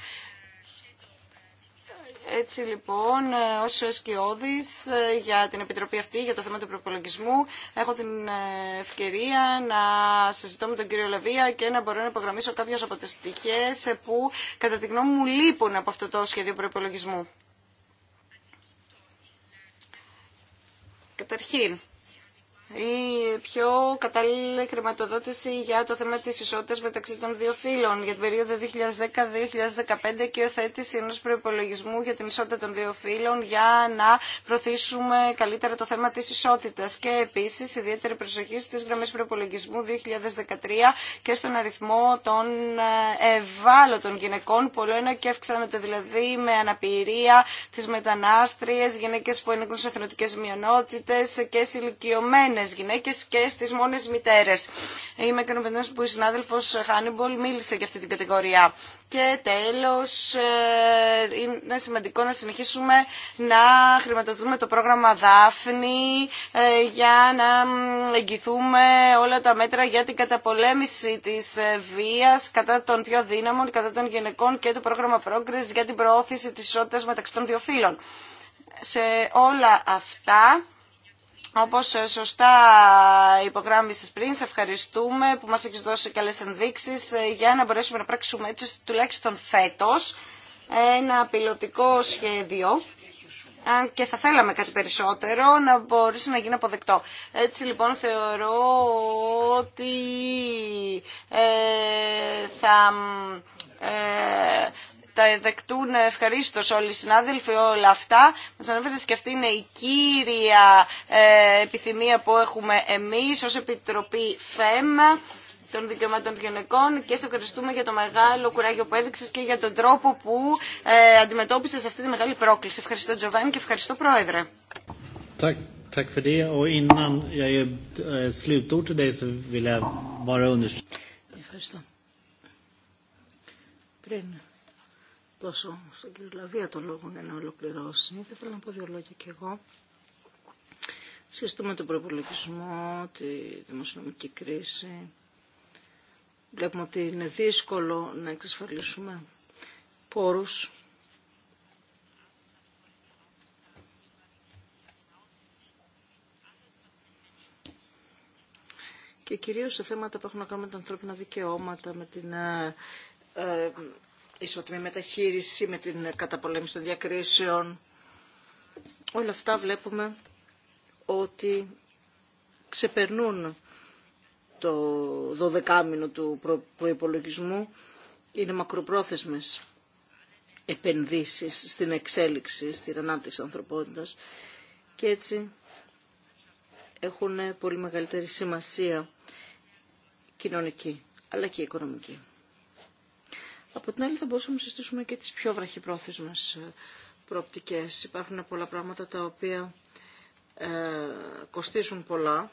Έτσι λοιπόν, ε, ω σκιώδη ε, για την Επιτροπή αυτή, για το θέμα του προπολογισμού, έχω την ε, ευκαιρία να συζητώ με τον κύριο Λαβία και να μπορώ να υπογραμμίσω κάποιε από τι πτυχέ που κατά τη γνώμη μου λείπουν από αυτό το σχέδιο προπολογισμού. Καταρχήν, η πιο κατάλληλη χρηματοδότηση για το θέμα της ισότητας μεταξύ των δύο φύλων για την περίοδο 2010-2015 και οθέτηση ενός προϋπολογισμού για την ισότητα των δύο φύλων για να προωθήσουμε καλύτερα το θέμα της ισότητας και επίσης ιδιαίτερη προσοχή στις γραμμές προϋπολογισμού 2013 και στον αριθμό των ε, ευάλωτων γυναικών που ένα και αυξάνονται δηλαδή με αναπηρία, τις μετανάστριες, γυναίκες που ενήκουν σε εθνοτικές μειονότητες και σε μόνες γυναίκες και στις μόνες μητέρες. Είμαι ικανοποιημένος που η συνάδελφος Χάνιμπολ μίλησε για αυτή την κατηγορία. Και τέλος, ε, είναι σημαντικό να συνεχίσουμε να χρηματοδοτούμε το πρόγραμμα Δάφνη ε, για να εγγυθούμε όλα τα μέτρα για την καταπολέμηση της ε, βίας κατά των πιο δύναμων, κατά των γυναικών και το πρόγραμμα Progress για την προώθηση της ισότητας μεταξύ των δύο φύλων. Σε όλα αυτά όπως ε, σωστά υπογράμμισες πριν, σε ευχαριστούμε που μας έχεις δώσει καλές ενδείξεις ε, για να μπορέσουμε να πράξουμε έτσι τουλάχιστον φέτος ε, ένα πιλωτικό σχέδιο αν και θα θέλαμε κάτι περισσότερο, να μπορούσε να γίνει αποδεκτό. Έτσι λοιπόν θεωρώ ότι θα τα δεκτούν ευχαρίστω όλοι οι συνάδελφοι όλα αυτά. Μα αναφέρετε και αυτή είναι η κύρια ε, επιθυμία που έχουμε εμεί ω Επιτροπή ΦΕΜ των δικαιωμάτων των γυναικών και σε ευχαριστούμε για το μεγάλο κουράγιο που έδειξες και για τον τρόπο που ε, αντιμετώπισες αυτή τη μεγάλη πρόκληση. Ευχαριστώ Τζοβάνι και ευχαριστώ Πρόεδρε. Ευχαριστώ δώσω στον κύριο Λαβία το λόγο για να ολοκληρώσει. Θα ήθελα να πω δύο λόγια κι εγώ. Συστούμε τον προπολογισμό, τη δημοσιονομική κρίση. Βλέπουμε ότι είναι δύσκολο να εξασφαλίσουμε πόρους και κυρίως σε θέματα που έχουν να κάνουν με τα ανθρώπινα δικαιώματα, με την ε, ε, ισότιμη μεταχείριση, με την καταπολέμηση των διακρίσεων. Όλα αυτά βλέπουμε ότι ξεπερνούν το 12 του προϋπολογισμού. Είναι μακροπρόθεσμες επενδύσεις στην εξέλιξη, στην ανάπτυξη ανθρωπότητας και έτσι έχουν πολύ μεγαλύτερη σημασία κοινωνική αλλά και οικονομική. Από την άλλη θα μπορούσαμε να συστήσουμε και τις πιο βραχυπρόθεσμες ε, προοπτικές. Υπάρχουν πολλά πράγματα τα οποία ε, κοστίζουν πολλά.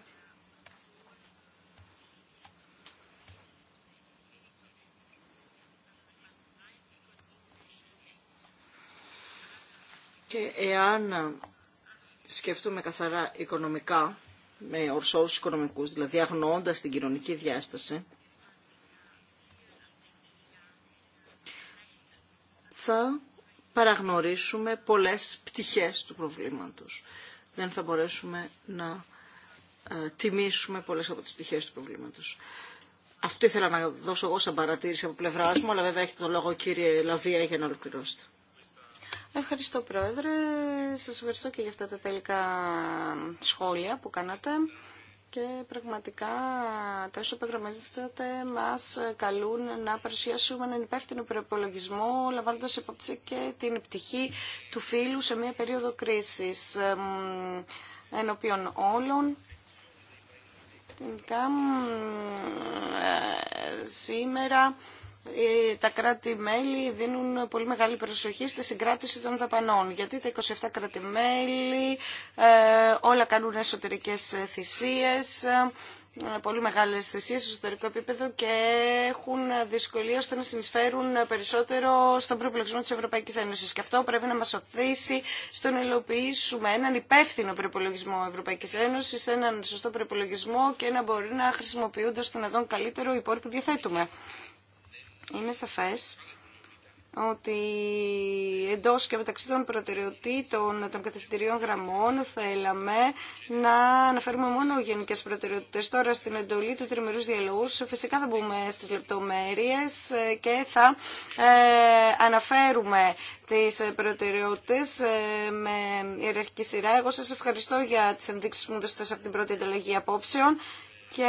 Και εάν ε, σκεφτούμε καθαρά οικονομικά, με ορσόρους οικονομικούς, δηλαδή αγνοώντας την κοινωνική διάσταση, θα παραγνωρίσουμε πολλές πτυχές του προβλήματος. Δεν θα μπορέσουμε να ε, τιμήσουμε πολλές από τις πτυχές του προβλήματος. Αυτό ήθελα να δώσω εγώ σαν παρατήρηση από πλευρά μου, αλλά βέβαια έχετε το λόγο κύριε Λαβία για να ολοκληρώσετε. Ευχαριστώ Πρόεδρε, σας ευχαριστώ και για αυτά τα τελικά σχόλια που κάνατε και πραγματικά τα όσα προγραμματίζεται μας καλούν να παρουσιάσουμε έναν υπεύθυνο προπολογισμό λαμβάνοντα υπόψη και την πτυχή του φίλου σε μια περίοδο κρίσης ενώπιον όλων. Τελικά ε, σήμερα ε, τα κράτη-μέλη δίνουν πολύ μεγάλη προσοχή στη συγκράτηση των δαπανών, γιατί τα 27 κράτη-μέλη ε, όλα κάνουν εσωτερικές θυσίες, ε, πολύ μεγάλες θυσίες στο εσωτερικό επίπεδο και έχουν δυσκολία ώστε να συνεισφέρουν περισσότερο στον προπολογισμό της Ευρωπαϊκής Ένωσης. Και αυτό πρέπει να μας οθήσει στο να υλοποιήσουμε έναν υπεύθυνο προπολογισμό Ευρωπαϊκής Ένωσης, έναν σωστό προπολογισμό και να μπορεί να χρησιμοποιούνται στον εδόν καλύτερο υπόρρο που διαθέτουμε. Είναι σαφές ότι εντός και μεταξύ των προτεραιοτήτων των κατευθυντηριών γραμμών θέλαμε να αναφέρουμε μόνο γενικές προτεραιότητες. Τώρα στην εντολή του τριμερούς διαλόγου φυσικά θα μπούμε στις λεπτομέρειες και θα ε, αναφέρουμε τις προτεραιότητες ε, με ιεραρχική σειρά. Εγώ σας ευχαριστώ για τις ενδείξεις που μου δώσατε από την πρώτη ανταλλαγή απόψεων και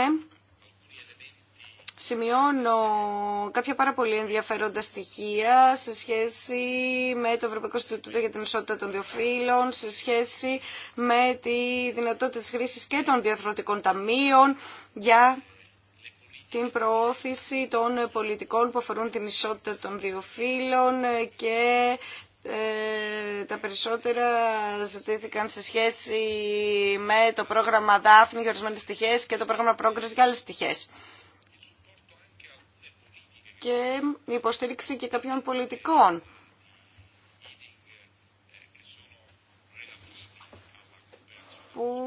σημειώνω κάποια πάρα πολύ ενδιαφέροντα στοιχεία σε σχέση με το Ευρωπαϊκό Συντητούτο για την Ισότητα των Διοφύλων, σε σχέση με τη δυνατότητα της χρήσης και των διαθροτικών ταμείων για την προώθηση των πολιτικών που αφορούν την ισότητα των διοφύλων και ε, τα περισσότερα ζητήθηκαν σε σχέση με το πρόγραμμα Δάφνη για ορισμένε πτυχέ και το πρόγραμμα Progress για άλλε πτυχέ και υποστήριξη και κάποιων πολιτικών. που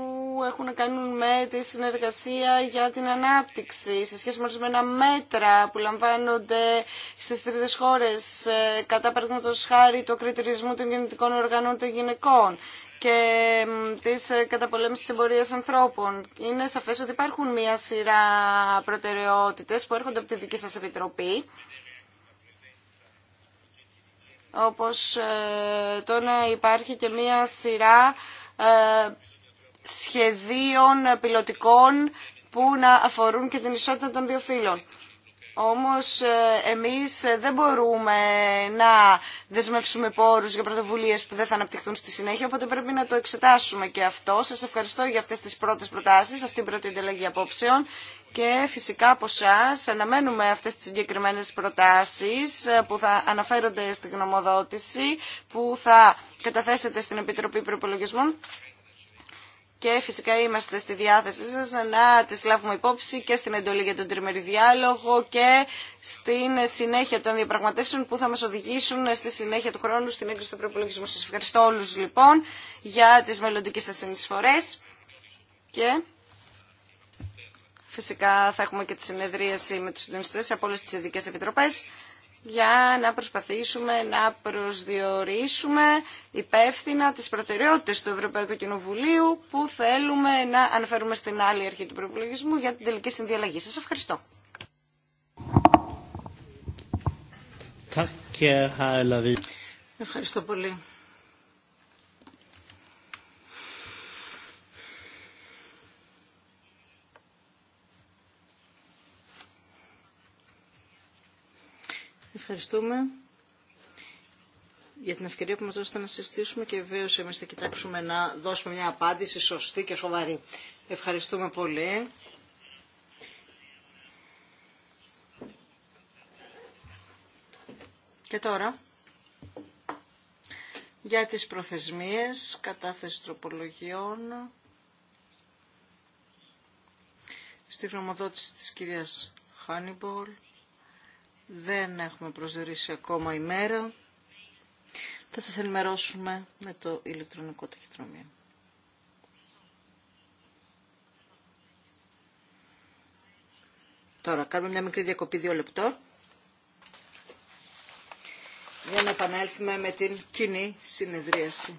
έχουν να κάνουν με τη συνεργασία για την ανάπτυξη σε σχέση με ορισμένα μέτρα που λαμβάνονται στις τρίτες χώρες ε, κατά παραδείγματος χάρη του ακριτηρισμού των γεννητικών οργανών των γυναικών και τη ε, καταπολέμησης τη εμπορία ανθρώπων. Είναι σαφέ ότι υπάρχουν μία σειρά προτεραιότητε που έρχονται από τη δική σα Επιτροπή όπως ε, το να υπάρχει και μία σειρά ε, σχεδίων πιλωτικών που να αφορούν και την ισότητα των δύο φύλων. Όμως ε, εμείς ε, δεν μπορούμε να δεσμεύσουμε πόρους για πρωτοβουλίες που δεν θα αναπτυχθούν στη συνέχεια, οπότε πρέπει να το εξετάσουμε και αυτό. Σας ευχαριστώ για αυτές τις πρώτες προτάσεις, αυτή την πρώτη ενταλλαγή απόψεων και φυσικά από εσά αναμένουμε αυτές τις συγκεκριμένες προτάσεις ε, που θα αναφέρονται στη γνωμοδότηση που θα καταθέσετε στην Επιτροπή Προπολογισμών και φυσικά είμαστε στη διάθεσή σας να τις λάβουμε υπόψη και στην εντολή για τον τριμερή διάλογο και στην συνέχεια των διαπραγματεύσεων που θα μας οδηγήσουν στη συνέχεια του χρόνου στην έγκριση του προπολογισμού. Σας ευχαριστώ όλους λοιπόν για τις μελλοντικές σας συνεισφορές και φυσικά θα έχουμε και τη συνεδρίαση με τους συντονιστές από όλες τις ειδικές επιτροπές για να προσπαθήσουμε να προσδιορίσουμε υπεύθυνα τις προτεραιότητες του Ευρωπαϊκού Κοινοβουλίου που θέλουμε να αναφέρουμε στην άλλη αρχή του προπολογισμού για την τελική συνδιαλλαγή. Σας ευχαριστώ. Ευχαριστώ πολύ. Ευχαριστούμε για την ευκαιρία που μας δώσετε να συζητήσουμε και βεβαίω εμείς θα κοιτάξουμε να δώσουμε μια απάντηση σωστή και σοβαρή. Ευχαριστούμε πολύ. Και τώρα, για τις προθεσμίες κατάθεση τροπολογιών στη γνωμοδότηση της κυρίας Χάνιμπολ δεν έχουμε προσδιορίσει ακόμα ημέρα. Θα σας ενημερώσουμε με το ηλεκτρονικό ταχυδρομείο. Τώρα κάνουμε μια μικρή διακοπή δύο λεπτό, για να επανέλθουμε με την κοινή συνεδρίαση.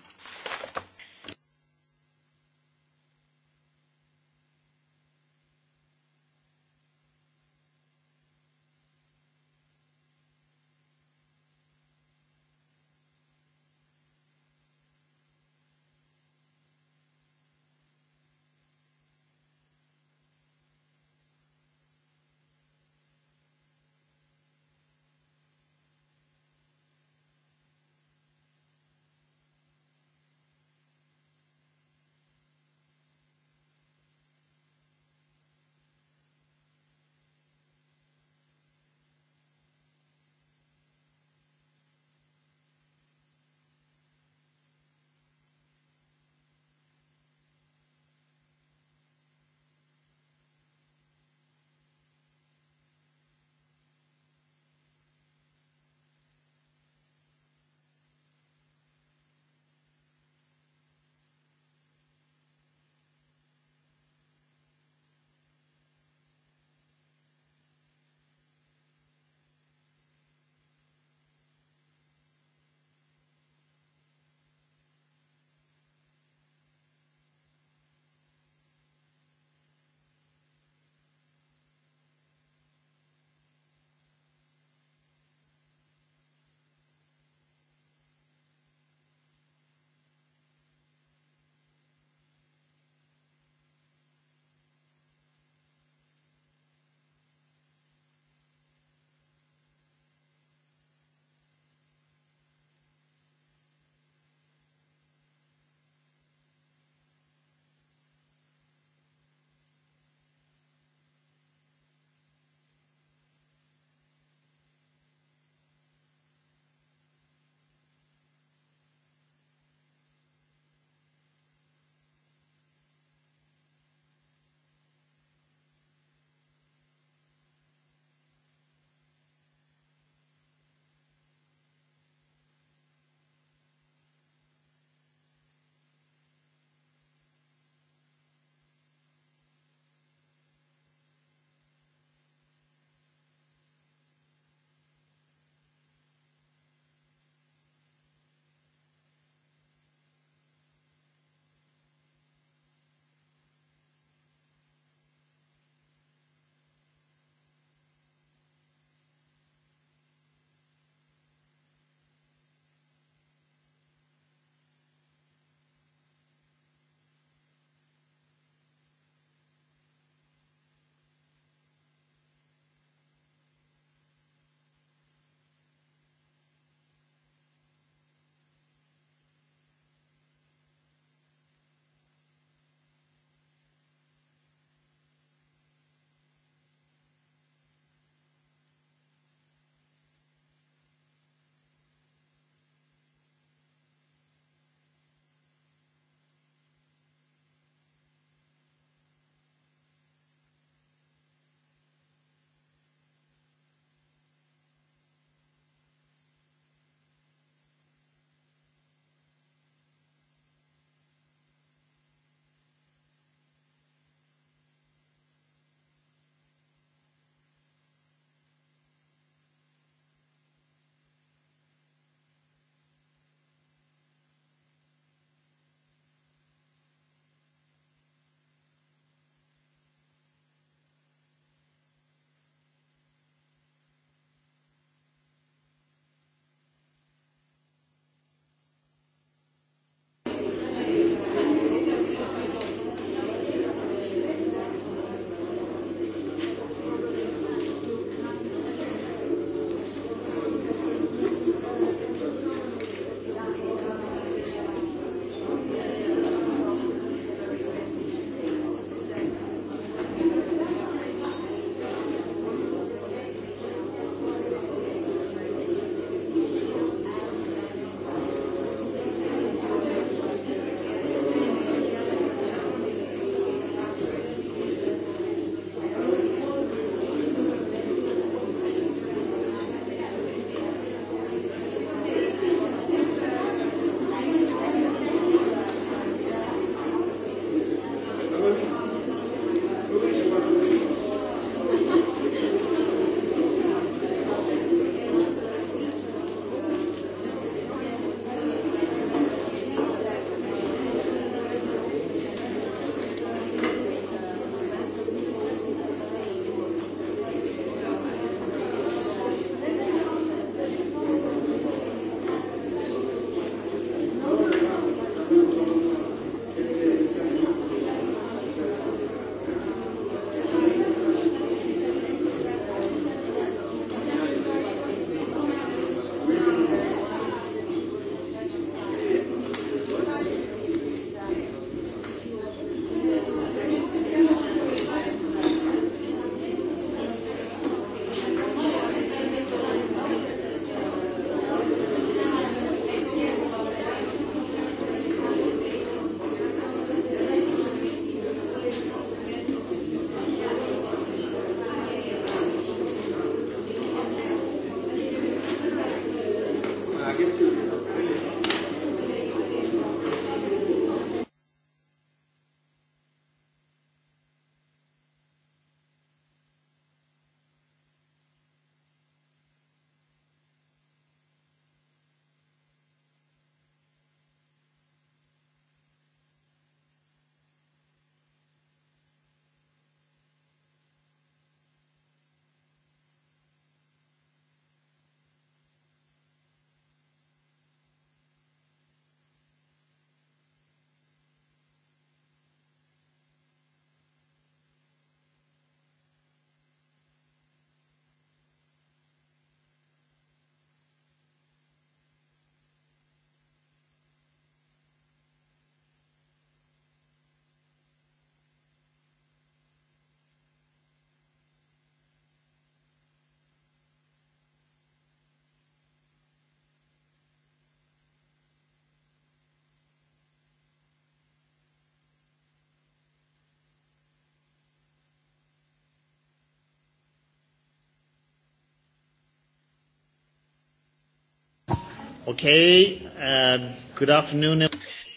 Okay. Um, good afternoon.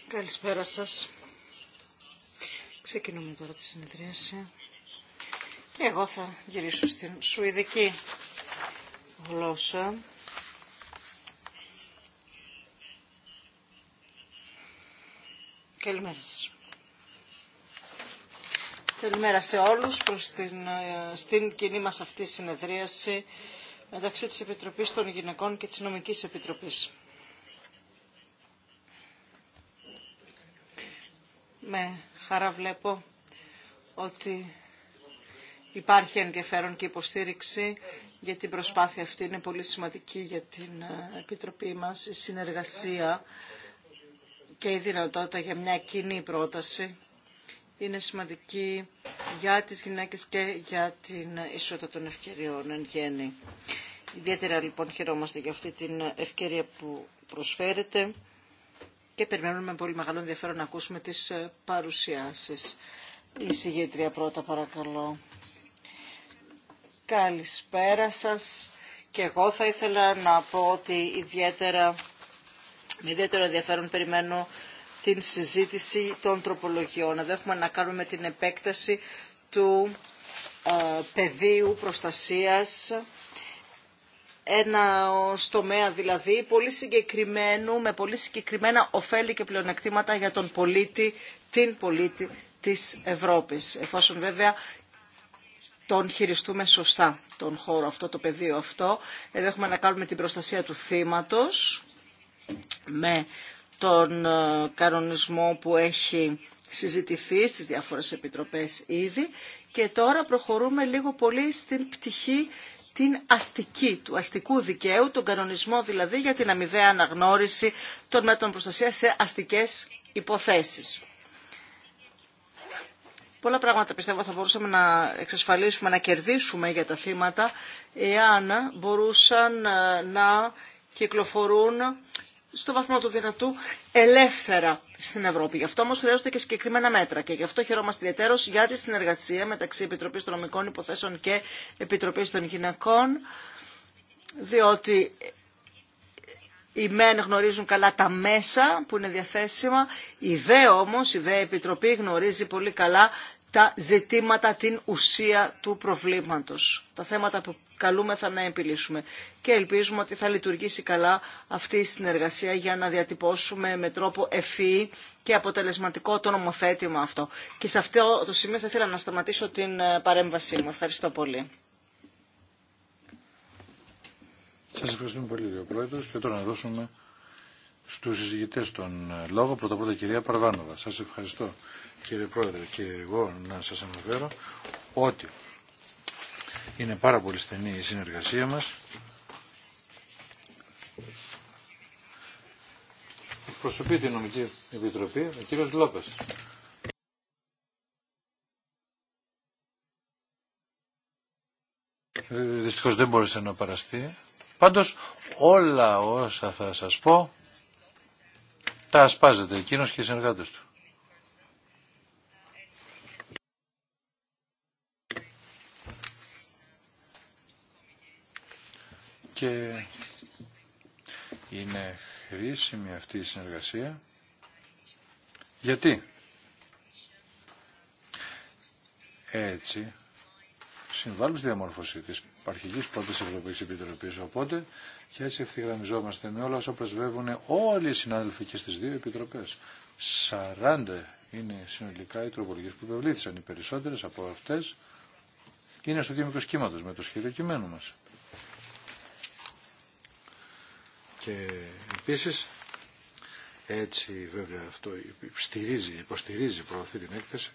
Καλησπέρα σας. Ξεκινούμε τώρα τη συνεδρίαση. Και εγώ θα γυρίσω στην σουηδική γλώσσα. Καλημέρα σας. Καλημέρα σε όλους προς την, ε, στην κοινή μας αυτή συνεδρίαση μεταξύ της Επιτροπής των Γυναικών και της Νομικής Επιτροπής. Με χαρά βλέπω ότι υπάρχει ενδιαφέρον και υποστήριξη για την προσπάθεια αυτή. Είναι πολύ σημαντική για την ε, Επιτροπή μας η συνεργασία και η δυνατότητα για μια κοινή πρόταση είναι σημαντική για τις γυναίκες και για την ισότητα των ευκαιριών εν γέννη. Ιδιαίτερα λοιπόν χαιρόμαστε για αυτή την ευκαιρία που προσφέρεται και περιμένουμε με πολύ μεγάλο ενδιαφέρον να ακούσουμε τις παρουσιάσεις. Η συγγετρία πρώτα παρακαλώ. Καλησπέρα σας. Και εγώ θα ήθελα να πω ότι ιδιαίτερα, με ιδιαίτερο ενδιαφέρον περιμένω την συζήτηση των τροπολογιών. Εδώ έχουμε να κάνουμε την επέκταση του ε, πεδίου προστασίας ένα τομέα δηλαδή πολύ συγκεκριμένου, με πολύ συγκεκριμένα ωφέλη και πλεονεκτήματα για τον πολίτη, την πολίτη της Ευρώπης. Εφόσον βέβαια τον χειριστούμε σωστά τον χώρο αυτό, το πεδίο αυτό. Εδώ έχουμε να κάνουμε την προστασία του θύματος με τον ε, κανονισμό που έχει συζητηθεί στις διάφορες επιτροπές ήδη και τώρα προχωρούμε λίγο πολύ στην πτυχή την αστική, του αστικού δικαίου, τον κανονισμό δηλαδή για την αμοιβαία αναγνώριση των μέτρων προστασίας σε αστικές υποθέσεις. Πολλά πράγματα πιστεύω θα μπορούσαμε να εξασφαλίσουμε, να κερδίσουμε για τα θύματα εάν μπορούσαν ε, να κυκλοφορούν στο βαθμό του δυνατού ελεύθερα στην Ευρώπη. Γι' αυτό όμω χρειάζονται και συγκεκριμένα μέτρα και γι' αυτό χαιρόμαστε ιδιαίτερω για τη συνεργασία μεταξύ Επιτροπή των Νομικών Υποθέσεων και Επιτροπή των Γυναικών, διότι οι μεν γνωρίζουν καλά τα μέσα που είναι διαθέσιμα, η δε όμως, η δε επιτροπή γνωρίζει πολύ καλά τα ζητήματα, την ουσία του προβλήματος. Τα θέματα που θα να επιλύσουμε. Και ελπίζουμε ότι θα λειτουργήσει καλά αυτή η συνεργασία για να διατυπώσουμε με τρόπο ευφύ και αποτελεσματικό το νομοθέτημα αυτό. Και σε αυτό το σημείο θα ήθελα να σταματήσω την ε, παρέμβασή μου. Ευχαριστώ πολύ. Σας ευχαριστούμε πολύ, κύριε Πρόεδρος. Και τώρα να δώσουμε στους συζητητές τον ε, λόγο. Πρώτα πρώτα κυρία Παρβάνοβα, σας ευχαριστώ κύριε Πρόεδρε και εγώ να σας αναφέρω ότι είναι πάρα πολύ στενή η συνεργασία μας. Προσωπεί την Νομική Επιτροπή ο κύριος Λόπες. Δυστυχώς δεν μπόρεσε να παραστεί. Πάντως όλα όσα θα σας πω τα ασπάζεται εκείνος και οι συνεργάτες του. Και είναι χρήσιμη αυτή η συνεργασία. Γιατί έτσι συμβάλλουν στη διαμόρφωση τη αρχική πρώτη Ευρωπαϊκή Επιτροπή. Οπότε και έτσι ευθυγραμμιζόμαστε με όλα όσα πρεσβεύουν όλοι οι συνάδελφοι και στι δύο επιτροπέ. 40 είναι συνολικά οι τροπολογίε που υπευλήθησαν. Οι περισσότερε από αυτέ είναι στο δίμηκο σχήματο με το σχέδιο κειμένου μα. Και επίση έτσι βέβαια αυτό υποστηρίζει υποστηρίζει, προωθεί την έκθεση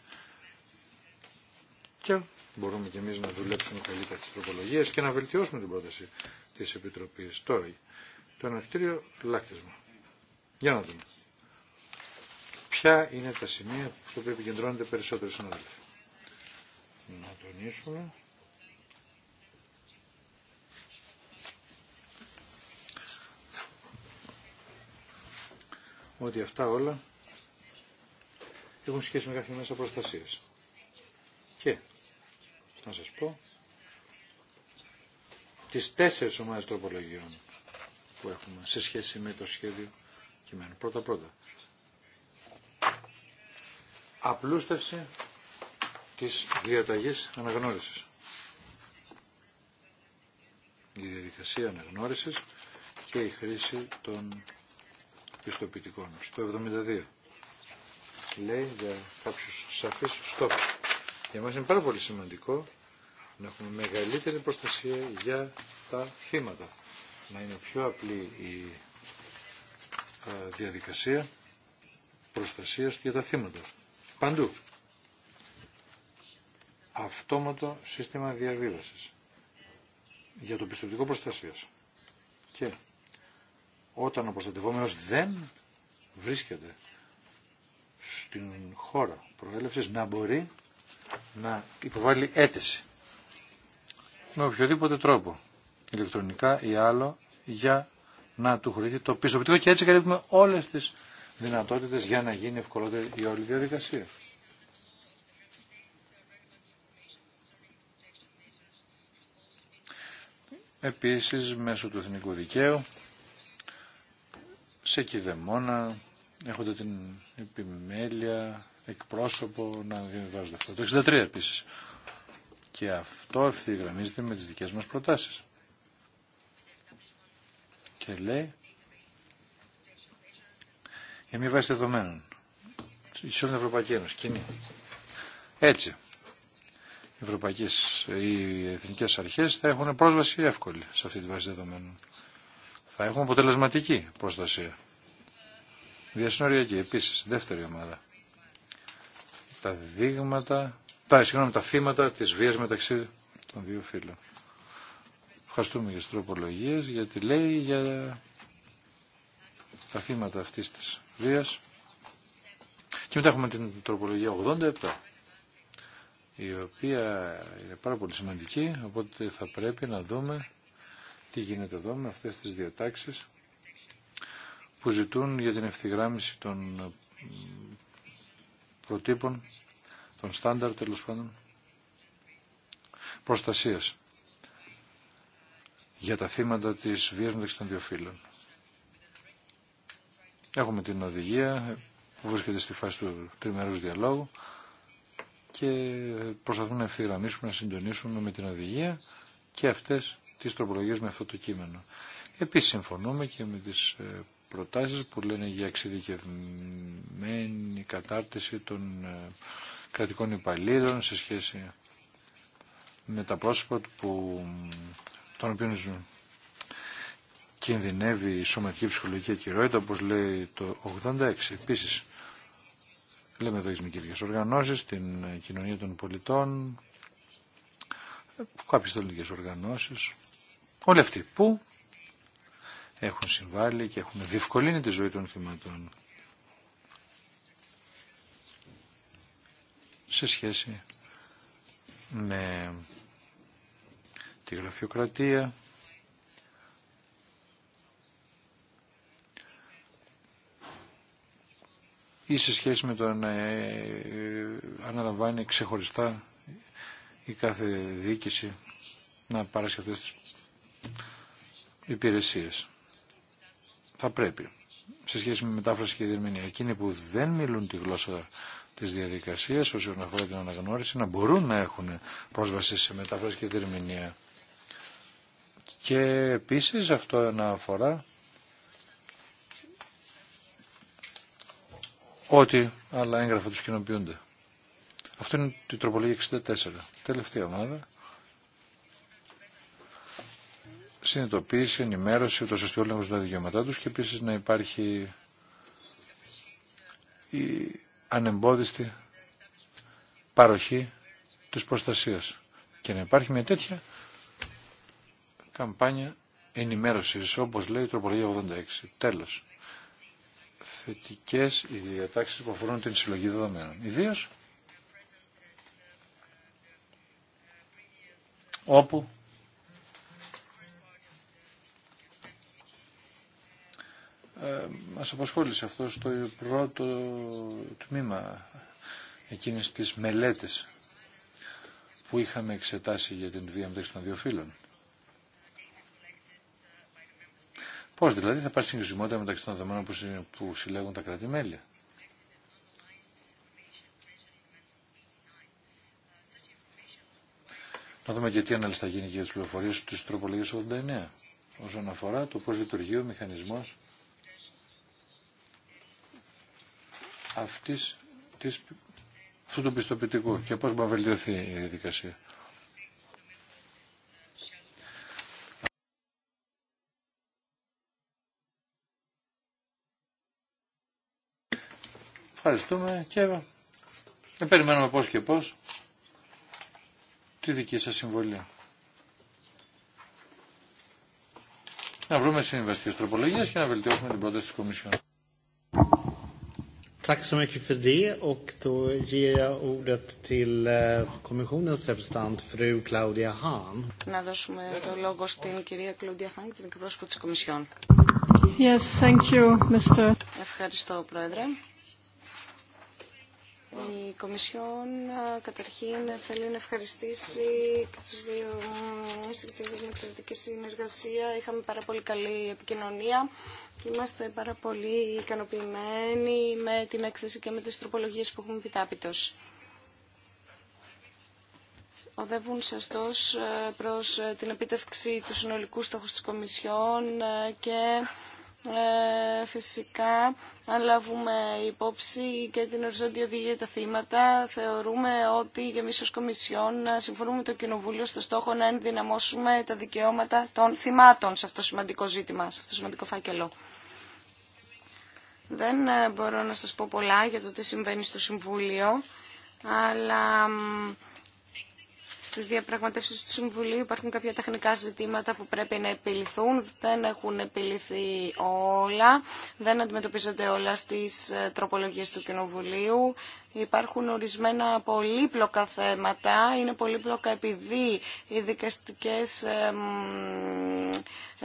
και μπορούμε και εμείς να δουλέψουμε καλύτερα τις τροπολογίες και να βελτιώσουμε την πρόταση της Επιτροπής. Τώρα, το ανακτήριο λάκτισμα. Για να δούμε. Ποια είναι τα σημεία στο οποίο επικεντρώνονται περισσότεροι συνάδελφοι. Να τονίσουμε. Ότι αυτά όλα έχουν σχέση με κάποια μέσα προστασίας. Και να σας πω τις τέσσερις ομάδες τροπολογιών που έχουμε σε σχέση με το σχέδιο κειμένου. Πρώτα πρώτα. Απλούστευση της διαταγής αναγνώρισης. Η διαδικασία αναγνώρισης και η χρήση των πιστοποιητικών. Στο 72 λέει για κάποιους σαφείς στόχους. Για μας είναι πάρα πολύ σημαντικό να έχουμε μεγαλύτερη προστασία για τα θύματα. Να είναι πιο απλή η ε, διαδικασία προστασίας για τα θύματα. Παντού. Αυτόματο σύστημα διαβίβασης για το πιστοτικό προστασίας. Και όταν ο προστατευόμενος δεν βρίσκεται στην χώρα προέλευσης να μπορεί να υποβάλει αίτηση με οποιοδήποτε τρόπο, ηλεκτρονικά ή άλλο, για να του χωρίζει το πιστοποιητικό και έτσι καλύπτουμε όλες τις δυνατότητες για να γίνει ευκολότερη η όλη διαδικασία. Επίσης, μέσω του εθνικού δικαίου, σε κηδεμόνα, έχονται την επιμέλεια, εκπρόσωπο να διαβάζεται αυτό. Το 63 επίση. Και αυτό ευθυγραμμίζεται με τι δικέ μα προτάσει. Και λέει για μια βάση δεδομένων σε την Ευρωπαϊκή Ένωση, κοινή. Έτσι, οι, ευρωπαϊκέ οι εθνικές αρχές θα έχουν πρόσβαση εύκολη σε αυτή τη βάση δεδομένων. Θα έχουν αποτελεσματική προστασία. Διασυνοριακή επίση, δεύτερη ομάδα τα δείγματα, τα, συγγνώμη, τα θύματα της βίας μεταξύ των δύο φίλων. Ευχαριστούμε για τις τροπολογίες, γιατί λέει για τα θύματα αυτής της βίας. Και μετά έχουμε την τροπολογία 87, η οποία είναι πάρα πολύ σημαντική, οπότε θα πρέπει να δούμε τι γίνεται εδώ με αυτές τις διατάξεις που ζητούν για την ευθυγράμμιση των προτύπων, των στάνταρ τέλο πάντων, προστασίας για τα θύματα της βίας μεταξύ των δύο φύλων. Έχουμε την οδηγία που βρίσκεται στη φάση του τριμερού διαλόγου και προσπαθούμε να ευθυγραμμίσουμε, να συντονίσουμε με την οδηγία και αυτές τις τροπολογίες με αυτό το κείμενο. Επίσης συμφωνούμε και με τις ε, προτάσεις που λένε για εξειδικευμένη κατάρτιση των ε, κρατικών υπαλλήλων σε σχέση με τα πρόσωπα που, των οποίων κινδυνεύει η σωματική ψυχολογική ακυρότητα, όπως λέει το 86. Επίσης, λέμε εδώ τις οργανώσεις, την κοινωνία των πολιτών, κάποιες θελοντικές οργανώσεις, όλοι αυτοί που έχουν συμβάλει και έχουν διευκολύνει τη ζωή των θυματών σε σχέση με τη γραφειοκρατία ή σε σχέση με το να ε, αναλαμβάνει ξεχωριστά η κάθε διοίκηση να σε αυτές τις υπηρεσίες θα πρέπει σε σχέση με μετάφραση και διερμηνία. Εκείνοι που δεν μιλούν τη γλώσσα της διαδικασίας όσον αφορά την αναγνώριση να μπορούν να έχουν πρόσβαση σε μετάφραση και διερμηνία. Και επίσης αυτό να αφορά ότι άλλα έγγραφα τους κοινοποιούνται. Αυτό είναι η τροπολογία 64. Τελευταία ομάδα συνειδητοποίηση, ενημέρωση, ούτως ώστε όλοι να έχουν τα δικαιώματά τους και επίσης να υπάρχει η ανεμπόδιστη παροχή της προστασίας και να υπάρχει μια τέτοια καμπάνια ενημέρωσης, όπως λέει η τροπολογία 86. Τέλος, θετικές οι διατάξεις που αφορούν την συλλογή δεδομένων. Ιδίως όπου Ε, μας απασχόλησε αυτό στο πρώτο τμήμα εκείνες τις μελέτες που είχαμε εξετάσει για την βία μεταξύ των δύο φύλων. Πώς δηλαδή θα πάρει συγκρισιμότητα μεταξύ των δεδομένων που συλλέγουν τα κράτη-μέλη. Να δούμε και τι ανάλυση θα γίνει για τις πληροφορίες της τροπολογίας 89 όσον αφορά το πώς λειτουργεί ο μηχανισμός αυτής, της, αυτού του πιστοποιητικού και πώς μπορεί να βελτιωθεί η διαδικασία. Ευχαριστούμε και περιμένουμε πώς και πώς τη δική σας συμβολή. Να βρούμε συμβαστικές τροπολογίες και να βελτιώσουμε την πρόταση της Κομισιόν. Tack så mycket för det och då ger jag ordet till eh, kommissionens representant fru Claudia Hahn. Να δώσουμε το λόγο στην κυρία Claudia Hahn, την εκπρόσωπο της Κομισιόν. Yes, thank you, Mr. Ευχαριστώ, Πρόεδρε. Η Κομισιόν ε, καταρχήν θέλει να ευχαριστήσει και τους δύο συγκεκριτές για την εξαιρετική συνεργασία. Είχαμε πάρα πολύ καλή επικοινωνία Είμαστε πάρα πολύ ικανοποιημένοι με την έκθεση και με τις τροπολογίες που έχουμε επιτάπητος. Οδεύουν σαστός ε, προς ε, την επίτευξη του συνολικού στόχου της Κομισιόν ε, και ε, φυσικά, αν λάβουμε υπόψη και την οριζόντια οδηγία τα θύματα, θεωρούμε ότι για εμείς ως Κομισιόν συμφωνούμε με το Κοινοβούλιο στο στόχο να ενδυναμώσουμε τα δικαιώματα των θυμάτων σε αυτό το σημαντικό ζήτημα, σε αυτό το σημαντικό φάκελο. Δεν ε, μπορώ να σας πω πολλά για το τι συμβαίνει στο Συμβούλιο, αλλά στις διαπραγματεύσει του Συμβουλίου υπάρχουν κάποια τεχνικά ζητήματα που πρέπει να επιληθούν. Δεν έχουν επιληθεί όλα, δεν αντιμετωπίζονται όλα στις ε, τροπολογίες του Κοινοβουλίου. Υπάρχουν ορισμένα πολύπλοκα θέματα. Είναι πολύπλοκα επειδή οι δικαστικές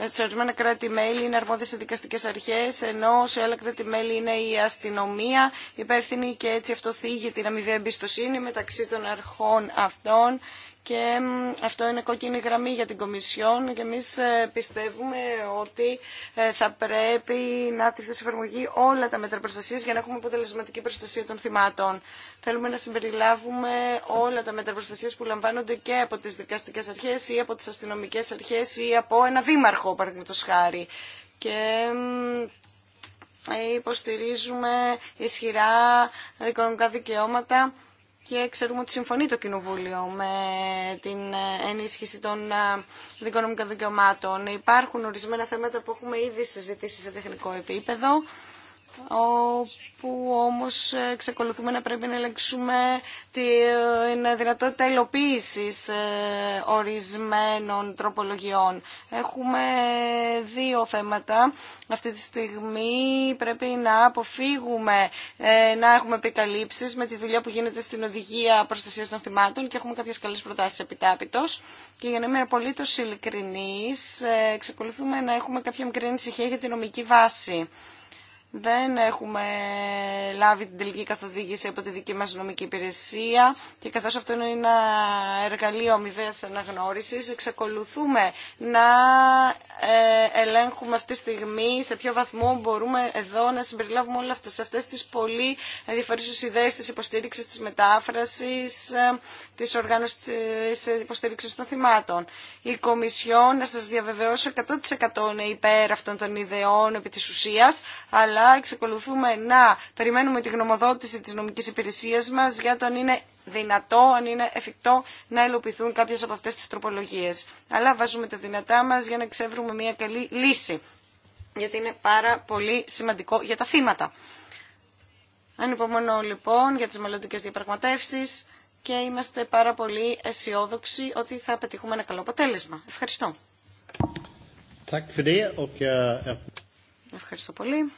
σε ορισμένα κράτη-μέλη είναι αρμόδιες οι δικαστικές αρχές, ενώ σε άλλα κράτη-μέλη είναι η αστυνομία υπεύθυνη και έτσι αυτό θίγει την αμοιβή εμπιστοσύνη μεταξύ των αρχών αυτών και αυτό είναι κόκκινη γραμμή για την Κομισιόν και εμείς ε, πιστεύουμε ότι ε, θα πρέπει να τη σε εφαρμογή όλα τα μέτρα προστασίας για να έχουμε αποτελεσματική προστασία των θυμάτων. Θέλουμε να συμπεριλάβουμε όλα τα μέτρα προστασίας που λαμβάνονται και από τις δικαστικές αρχές ή από τις αστυνομικές αρχές ή από ένα δήμαρχο, παραδείγματο χάρη. Και υποστηρίζουμε ισχυρά οικονομικά δικαιώματα και ξέρουμε ότι συμφωνεί το Κοινοβούλιο με την ενίσχυση των δικονομικών ε, δικαιωμάτων. Υπάρχουν ορισμένα θέματα που έχουμε ήδη συζητήσει σε τεχνικό επίπεδο όπου όμως εξακολουθούμε να πρέπει να ελεγξούμε την δυνατότητα υλοποίηση ε, ορισμένων τροπολογιών. Έχουμε δύο θέματα. Αυτή τη στιγμή πρέπει να αποφύγουμε ε, να έχουμε επικαλύψει με τη δουλειά που γίνεται στην Οδηγία προστασία των Θυμάτων και έχουμε κάποιες καλές προτάσεις επιτάπητος. Και για να είμαι απολύτω ειλικρινής, ε, εξακολουθούμε να έχουμε κάποια μικρή ανησυχία για τη νομική βάση δεν έχουμε λάβει την τελική καθοδήγηση από τη δική μας νομική υπηρεσία και καθώς αυτό είναι ένα εργαλείο αμοιβαίας αναγνώρισης, εξακολουθούμε να ε, ελέγχουμε αυτή τη στιγμή σε ποιο βαθμό μπορούμε εδώ να συμπεριλάβουμε όλες αυτές, αυτές τις πολύ ενδιαφέρουσες ιδέες της υποστήριξης της μετάφρασης, Τη οργάνωση Υποστήριξη υποστήριξης των θυμάτων. Η Κομισιόν, να σα διαβεβαιώσω, 100% είναι υπέρ αυτών των ιδεών επί τη ουσία, αλλά εξακολουθούμε να περιμένουμε τη γνωμοδότηση τη νομική υπηρεσία μα για το αν είναι δυνατό, αν είναι εφικτό να υλοποιηθούν κάποιε από αυτέ τι τροπολογίε. Αλλά βάζουμε τα δυνατά μα για να ξεύρουμε μια καλή λύση, γιατί είναι πάρα πολύ σημαντικό για τα θύματα. Ανυπομονώ λοιπόν για τις μελλοντικές διαπραγματεύσεις και είμαστε πάρα πολύ αισιόδοξοι ότι θα πετύχουμε ένα καλό αποτέλεσμα. Ευχαριστώ. Eh, Ευχαριστώ πολύ.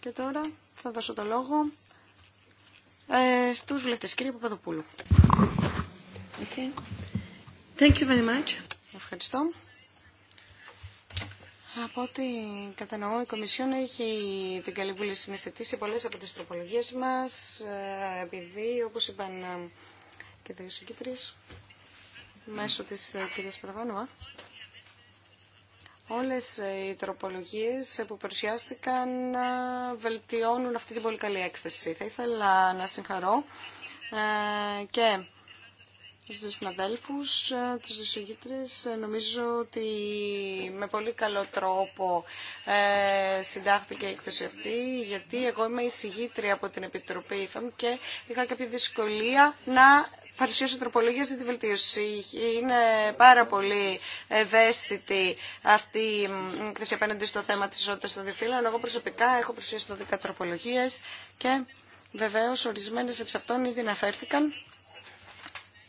Και τώρα θα δώσω το λόγο ε, στους βουλευτές. Κύριε Παπαδοπούλου. Thank you very much. Ευχαριστώ. Από ό,τι κατανοώ, η Κομισιόν έχει την καλή βούληση συναισθητήσει πολλές από τι τροπολογίε μας, ε, επειδή, όπω είπαν ε, και τα συγκεκριτές, μέσω της ε, κυρίας Παραβάνουα, όλες οι τροπολογίε που παρουσιάστηκαν βελτιώνουν αυτή την πολύ καλή έκθεση. Θα ήθελα να συγχαρώ και στους συναδέλφους, ε, τους δοσογήτρες. Ε, νομίζω ότι με πολύ καλό τρόπο ε, συντάχθηκε η έκθεση αυτή, γιατί εγώ είμαι εισηγήτρια από την Επιτροπή ΙΦΑΜ και είχα κάποια δυσκολία να παρουσιάσω τροπολογία για τη βελτίωση. Είναι πάρα πολύ ευαίσθητη αυτή η έκθεση απέναντι στο θέμα της ισότητας των διφύλων. Εγώ προσωπικά έχω παρουσιάσει 12 τροπολογίες και βεβαίως ορισμένες εξ αυτών ήδη αναφέρθηκαν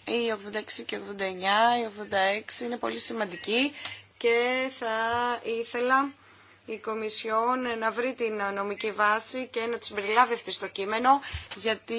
η 86 και 89, η 86 είναι πολύ σημαντική και θα ήθελα η Κομισιόν να βρει την νομική βάση και να τις περιλάβει αυτή στο κείμενο γιατί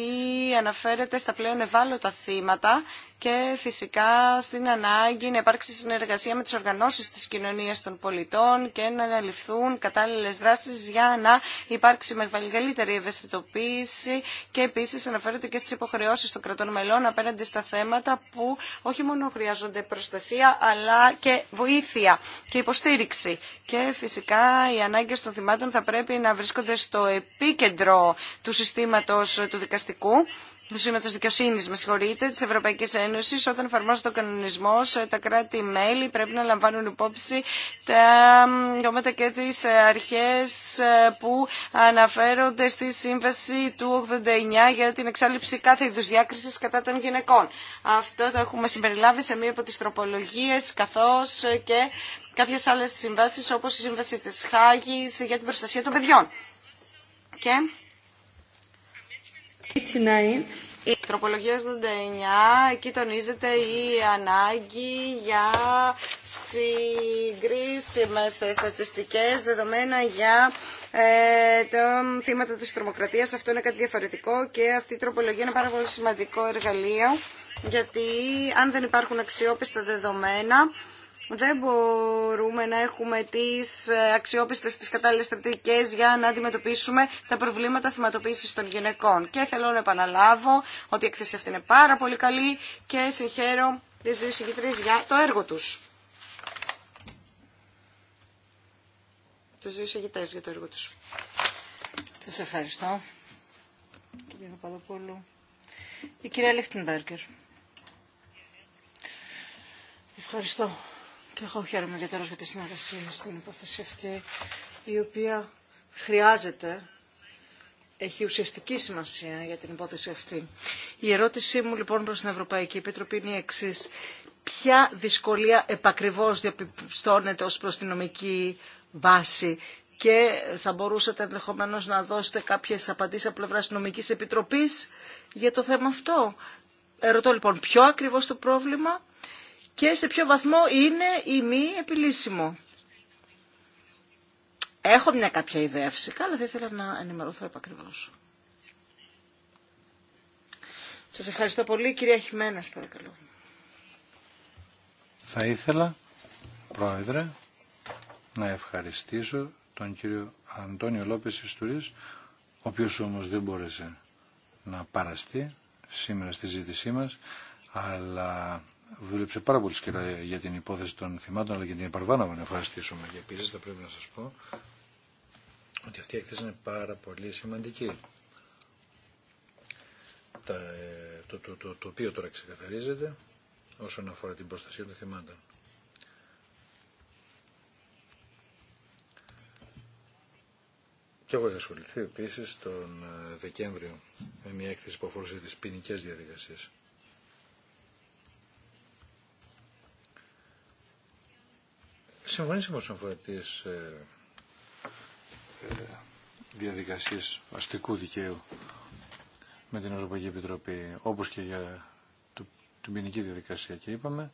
αναφέρεται στα πλέον ευάλωτα θύματα και φυσικά στην ανάγκη να υπάρξει συνεργασία με τις οργανώσεις της κοινωνίας των πολιτών και να αναλυφθούν κατάλληλες δράσεις για να υπάρξει μεγαλύτερη ευαισθητοποίηση και επίσης αναφέρεται και στις υποχρεώσεις των κρατών μελών απέναντι στα θέματα που όχι μόνο χρειάζονται προστασία αλλά και βοήθεια και υποστήριξη. Και φυσικά οι ανάγκες των θυμάτων θα πρέπει να βρίσκονται στο επίκεντρο του συστήματος του δικαστικού Σύμματο Δικαιοσύνη, με συγχωρείτε, τη Ευρωπαϊκή Ένωση, όταν εφαρμόζεται ο κανονισμό, τα κράτη-μέλη πρέπει να λαμβάνουν υπόψη τα κόμματα και τι ε, αρχέ ε, που αναφέρονται στη Σύμβαση του 89 για την εξάλληψη κάθε είδου διάκριση κατά των γυναικών. Αυτό το έχουμε συμπεριλάβει σε μία από τι τροπολογίε, καθώ ε, και κάποιε άλλε συμβάσει, όπω η Σύμβαση τη Χάγη για την προστασία των παιδιών. Και η τροπολογία 89, εκεί τονίζεται η ανάγκη για συγκρίσιμες στατιστικές δεδομένα για ε, τα θύματα της τρομοκρατίας. Αυτό είναι κάτι διαφορετικό και αυτή η τροπολογία είναι πάρα πολύ σημαντικό εργαλείο γιατί αν δεν υπάρχουν αξιόπιστα δεδομένα δεν μπορούμε να έχουμε τις ε, αξιόπιστες, τις κατάλληλες στρατηγικές για να αντιμετωπίσουμε τα προβλήματα θυματοποίησης των γυναικών. Και θέλω να επαναλάβω ότι η εκθέση αυτή είναι πάρα πολύ καλή και συγχαίρω τις δύο συγκεκριτές για το έργο τους. Τους δύο συγκεκριτές για το έργο τους. Σας ευχαριστώ. Η κυρία Λίχτενμπέργκερ. Ευχαριστώ. Και εγώ χαίρομαι ιδιαίτερα για τη συνεργασία μα στην υπόθεση αυτή, η οποία χρειάζεται, έχει ουσιαστική σημασία για την υπόθεση αυτή. Η ερώτησή μου λοιπόν προ την Ευρωπαϊκή Επιτροπή είναι η εξή. Ποια δυσκολία επακριβώς διαπιστώνεται ως προς την νομική βάση και θα μπορούσατε ενδεχομένως να δώσετε κάποιες απαντήσεις από πλευράς νομικής επιτροπής για το θέμα αυτό. Ερωτώ λοιπόν ποιο ακριβώς το πρόβλημα και σε ποιο βαθμό είναι ή μη επιλύσιμο. Έχω μια κάποια ιδέα φυσικά, αλλά θα ήθελα να ενημερωθώ επακριβώς. Σας ευχαριστώ πολύ. Κυρία Χιμένας, παρακαλώ. Θα ήθελα, Πρόεδρε, να ευχαριστήσω τον κύριο Αντώνιο Λόπες Ιστούρης, ο οποίος όμως δεν μπόρεσε να παραστεί σήμερα στη ζήτησή μας, αλλά δούλεψε πάρα πολύ σκληρά για την υπόθεση των θυμάτων αλλά και την επαρβάναβα να ευχαριστήσουμε. Και επίση θα πρέπει να σας πω ότι αυτή η έκθεση είναι πάρα πολύ σημαντική. Τα, ε, το, το, το, το οποίο τώρα ξεκαθαρίζεται όσον αφορά την προστασία των θυμάτων. Και εγώ είχα ασχοληθεί επίση τον ε, Δεκέμβριο με μια έκθεση που αφορούσε τι ποινικέ διαδικασίε. συμφωνήσαμε όσον αφορά τι ε, ε, διαδικασίε αστικού δικαίου με την Ευρωπαϊκή Επιτροπή, όπως και για το, την ποινική διαδικασία. Και είπαμε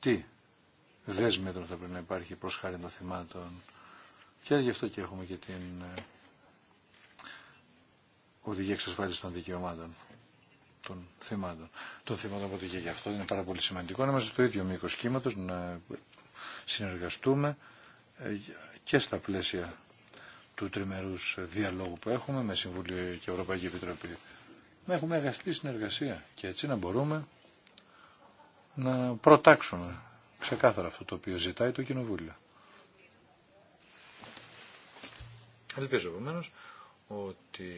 τι δέσμετρο θα πρέπει να υπάρχει προς χάρη των θυμάτων. Και γι' αυτό και έχουμε και την ε, οδηγία εξασφάλιση των δικαιωμάτων των θυμάτων. Των θυμάτων από Γι' αυτό είναι πάρα πολύ σημαντικό να είμαστε στο ίδιο μήκο κύματο, να συνεργαστούμε ε, και στα πλαίσια του τριμερού διαλόγου που έχουμε με Συμβούλιο και Ευρωπαϊκή Επιτροπή. Να έχουμε εργαστή συνεργασία και έτσι να μπορούμε να προτάξουμε ξεκάθαρα αυτό το οποίο ζητάει το Κοινοβούλιο. Ελπίζω επομένω ότι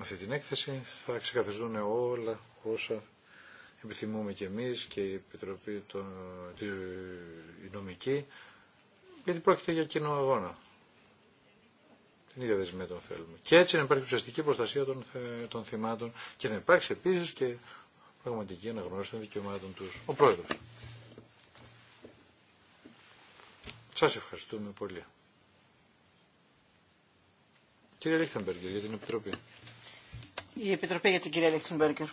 με αυτή την έκθεση θα ξεκαθαριστούν όλα όσα επιθυμούμε και εμείς και η Επιτροπή το, η νομική γιατί πρόκειται για κοινό αγώνα. Την ίδια δεσμεία τον θέλουμε. Και έτσι να υπάρχει ουσιαστική προστασία των, των θυμάτων και να υπάρξει επίσης και πραγματική αναγνώριση των δικαιωμάτων τους. Ο Πρόεδρος. Σας ευχαριστούμε πολύ. Κύριε Λίχτεμπεργκερ για την Επιτροπή. Η Επιτροπή για την κυρία Λεχτινμπέργκερ.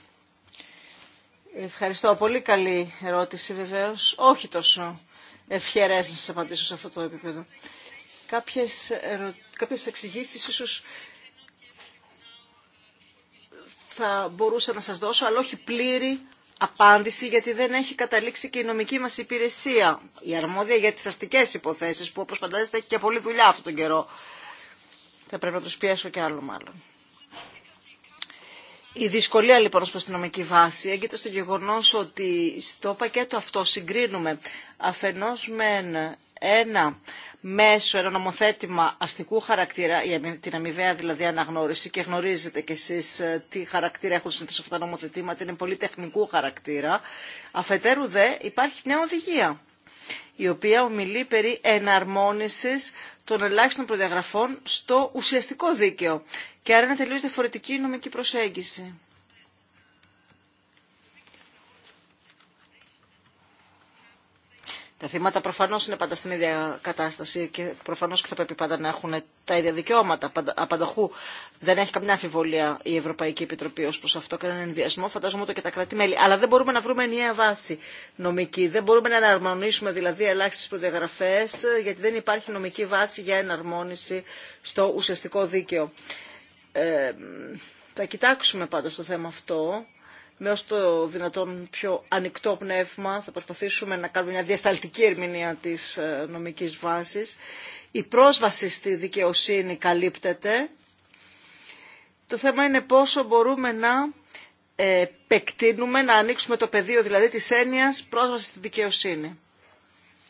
Ευχαριστώ. Πολύ καλή ερώτηση βεβαίως. Όχι τόσο ευχέρέ να σα απαντήσω σε αυτό το επίπεδο. Κάποιες, εξηγήσει Κάποιες ίσως θα μπορούσα να σας δώσω, αλλά όχι πλήρη απάντηση, γιατί δεν έχει καταλήξει και η νομική μας υπηρεσία. Η αρμόδια για τις αστικές υποθέσεις, που όπως φαντάζεστε έχει και πολλή δουλειά αυτόν τον καιρό. Θα πρέπει να τους πιέσω και άλλο μάλλον. Η δυσκολία λοιπόν ως προς την νομική βάση έγκυται στο γεγονός ότι στο πακέτο αυτό συγκρίνουμε αφενός με ένα μέσο, ένα νομοθέτημα αστικού χαρακτήρα, την αμοιβαία δηλαδή αναγνώριση και γνωρίζετε κι εσείς ε, τι χαρακτήρα έχουν συνήθως αυτά τα νομοθετήματα, είναι πολύ τεχνικού χαρακτήρα. Αφετέρου δε υπάρχει μια οδηγία η οποία ομιλεί περί εναρμόνισης των ελάχιστων προδιαγραφών στο ουσιαστικό δίκαιο. Και άρα είναι τελείως διαφορετική νομική προσέγγιση. Τα θύματα προφανώς είναι πάντα στην ίδια κατάσταση και προφανώς και θα πρέπει πάντα να έχουν τα ίδια δικαιώματα. Απανταχού δεν έχει καμιά αμφιβολία η Ευρωπαϊκή Επιτροπή ως προς αυτό, κανέναν ενδιασμό, φαντάζομαι το και τα κράτη-μέλη. Αλλά δεν μπορούμε να βρούμε ενιαία βάση νομική, δεν μπορούμε να εναρμονίσουμε δηλαδή ελάχιστες προδιαγραφές, γιατί δεν υπάρχει νομική βάση για εναρμόνιση στο ουσιαστικό δίκαιο. Ε, θα κοιτάξουμε πάντως το θέμα αυτό με όσο το δυνατόν πιο ανοιχτό πνεύμα. Θα προσπαθήσουμε να κάνουμε μια διασταλτική ερμηνεία της ε, νομικής βάσης. Η πρόσβαση στη δικαιοσύνη καλύπτεται. Το θέμα είναι πόσο μπορούμε να ε, επεκτείνουμε, να ανοίξουμε το πεδίο δηλαδή της έννοιας πρόσβαση στη δικαιοσύνη.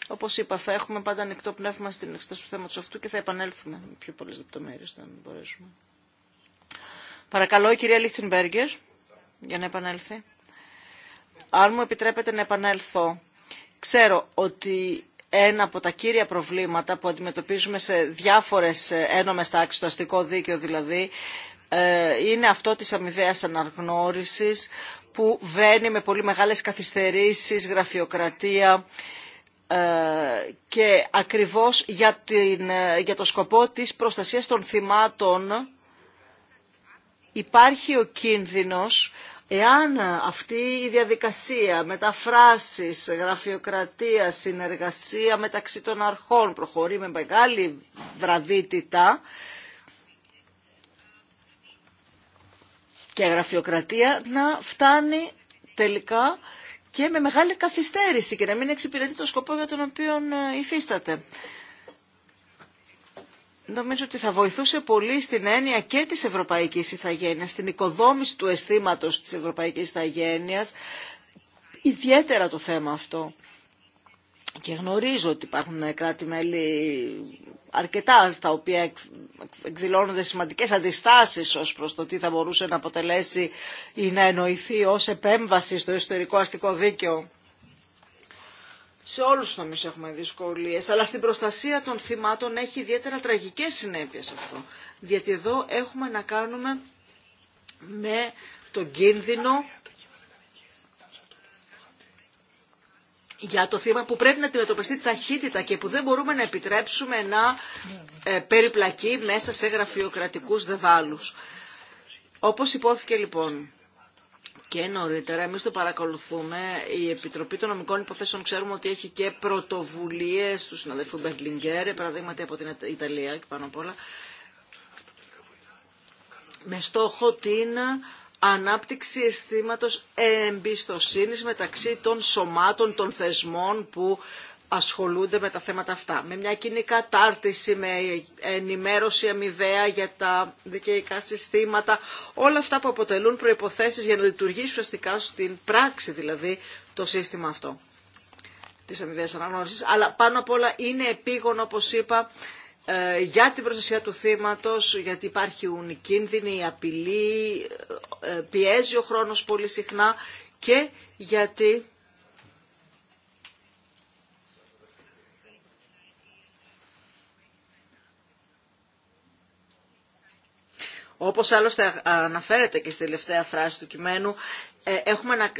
Όπως είπα, θα έχουμε πάντα ανοιχτό πνεύμα στην εξετάσταση του θέματος αυτού και θα επανέλθουμε με πιο πολλές λεπτομέρειες αν μπορέσουμε. Παρακαλώ, η κυρία Λίχτενμπέργκερ για να επανέλθει. Αν μου επιτρέπετε να επανέλθω, ξέρω ότι ένα από τα κύρια προβλήματα που αντιμετωπίζουμε σε διάφορες ένομες τάξεις, το αστικό δίκαιο δηλαδή, ε, είναι αυτό της αμοιβαίας αναγνώρισης που βαίνει με πολύ μεγάλες καθυστερήσεις, γραφειοκρατία ε, και ακριβώς για, την, ε, για το σκοπό της προστασίας των θυμάτων υπάρχει ο κίνδυνος Εάν αυτή η διαδικασία μεταφράσεις, γραφειοκρατία, συνεργασία μεταξύ των αρχών προχωρεί με μεγάλη βραδύτητα και γραφειοκρατία να φτάνει τελικά και με μεγάλη καθυστέρηση και να μην εξυπηρετεί το σκοπό για τον οποίο ε, υφίσταται νομίζω ότι θα βοηθούσε πολύ στην έννοια και της ευρωπαϊκής ηθαγένειας, στην οικοδόμηση του αισθήματο της ευρωπαϊκής ηθαγένειας, ιδιαίτερα το θέμα αυτό. Και γνωρίζω ότι υπάρχουν κράτη-μέλη αρκετά στα οποία εκδηλώνονται σημαντικές αντιστάσεις ως προς το τι θα μπορούσε να αποτελέσει ή να εννοηθεί ως επέμβαση στο ιστορικό αστικό δίκαιο. Σε όλους τους τομείς έχουμε δυσκολίες, αλλά στην προστασία των θυμάτων έχει ιδιαίτερα τραγικές συνέπειες αυτό. Διότι εδώ έχουμε να κάνουμε με τον κίνδυνο για το θύμα που πρέπει να αντιμετωπιστεί ταχύτητα και που δεν μπορούμε να επιτρέψουμε να ε, περιπλακεί μέσα σε γραφειοκρατικούς δεβάλους. Όπως υπόθηκε λοιπόν, και νωρίτερα. Εμείς το παρακολουθούμε. Η Επιτροπή των Νομικών Υποθέσεων ξέρουμε ότι έχει και πρωτοβουλίες του συναδελφού Μπερντλιγκέρε, παραδείγματι από την Ιταλία και πάνω απ' όλα, με στόχο την ανάπτυξη αισθήματος εμπιστοσύνης μεταξύ των σωμάτων, των θεσμών που ασχολούνται με τα θέματα αυτά. Με μια κοινή κατάρτιση, με ενημέρωση αμοιβαία για τα δικαιϊκά συστήματα, όλα αυτά που αποτελούν προϋποθέσεις για να λειτουργήσει ουσιαστικά στην πράξη δηλαδή το σύστημα αυτό της αμοιβαίας αναγνώρισης. Αλλά πάνω απ' όλα είναι επίγον όπως είπα ε, για την προστασία του θύματος, γιατί υπάρχουν κίνδυνοι, απειλή, ε, πιέζει ο χρόνος πολύ συχνά και γιατί Όπως άλλωστε αναφέρεται και στη τελευταία φράση του κειμένου, ε, έχουμε να, ε,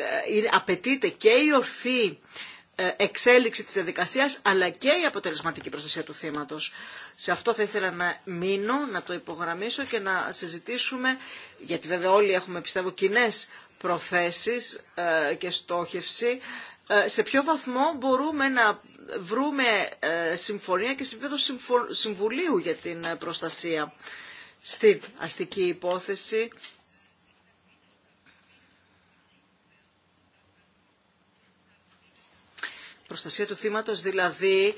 απαιτείται και η ορθή ε, εξέλιξη της διαδικασίας αλλά και η αποτελεσματική προστασία του θύματος. Σε αυτό θα ήθελα να μείνω, να το υπογραμμίσω και να συζητήσουμε, γιατί βέβαια όλοι έχουμε πιστεύω κοινέ προθέσεις και στόχευση, σε ποιο βαθμό μπορούμε να βρούμε συμφωνία και σε επίπεδο Συμβουλίου για την προστασία στην αστική υπόθεση. Προστασία του θύματος δηλαδή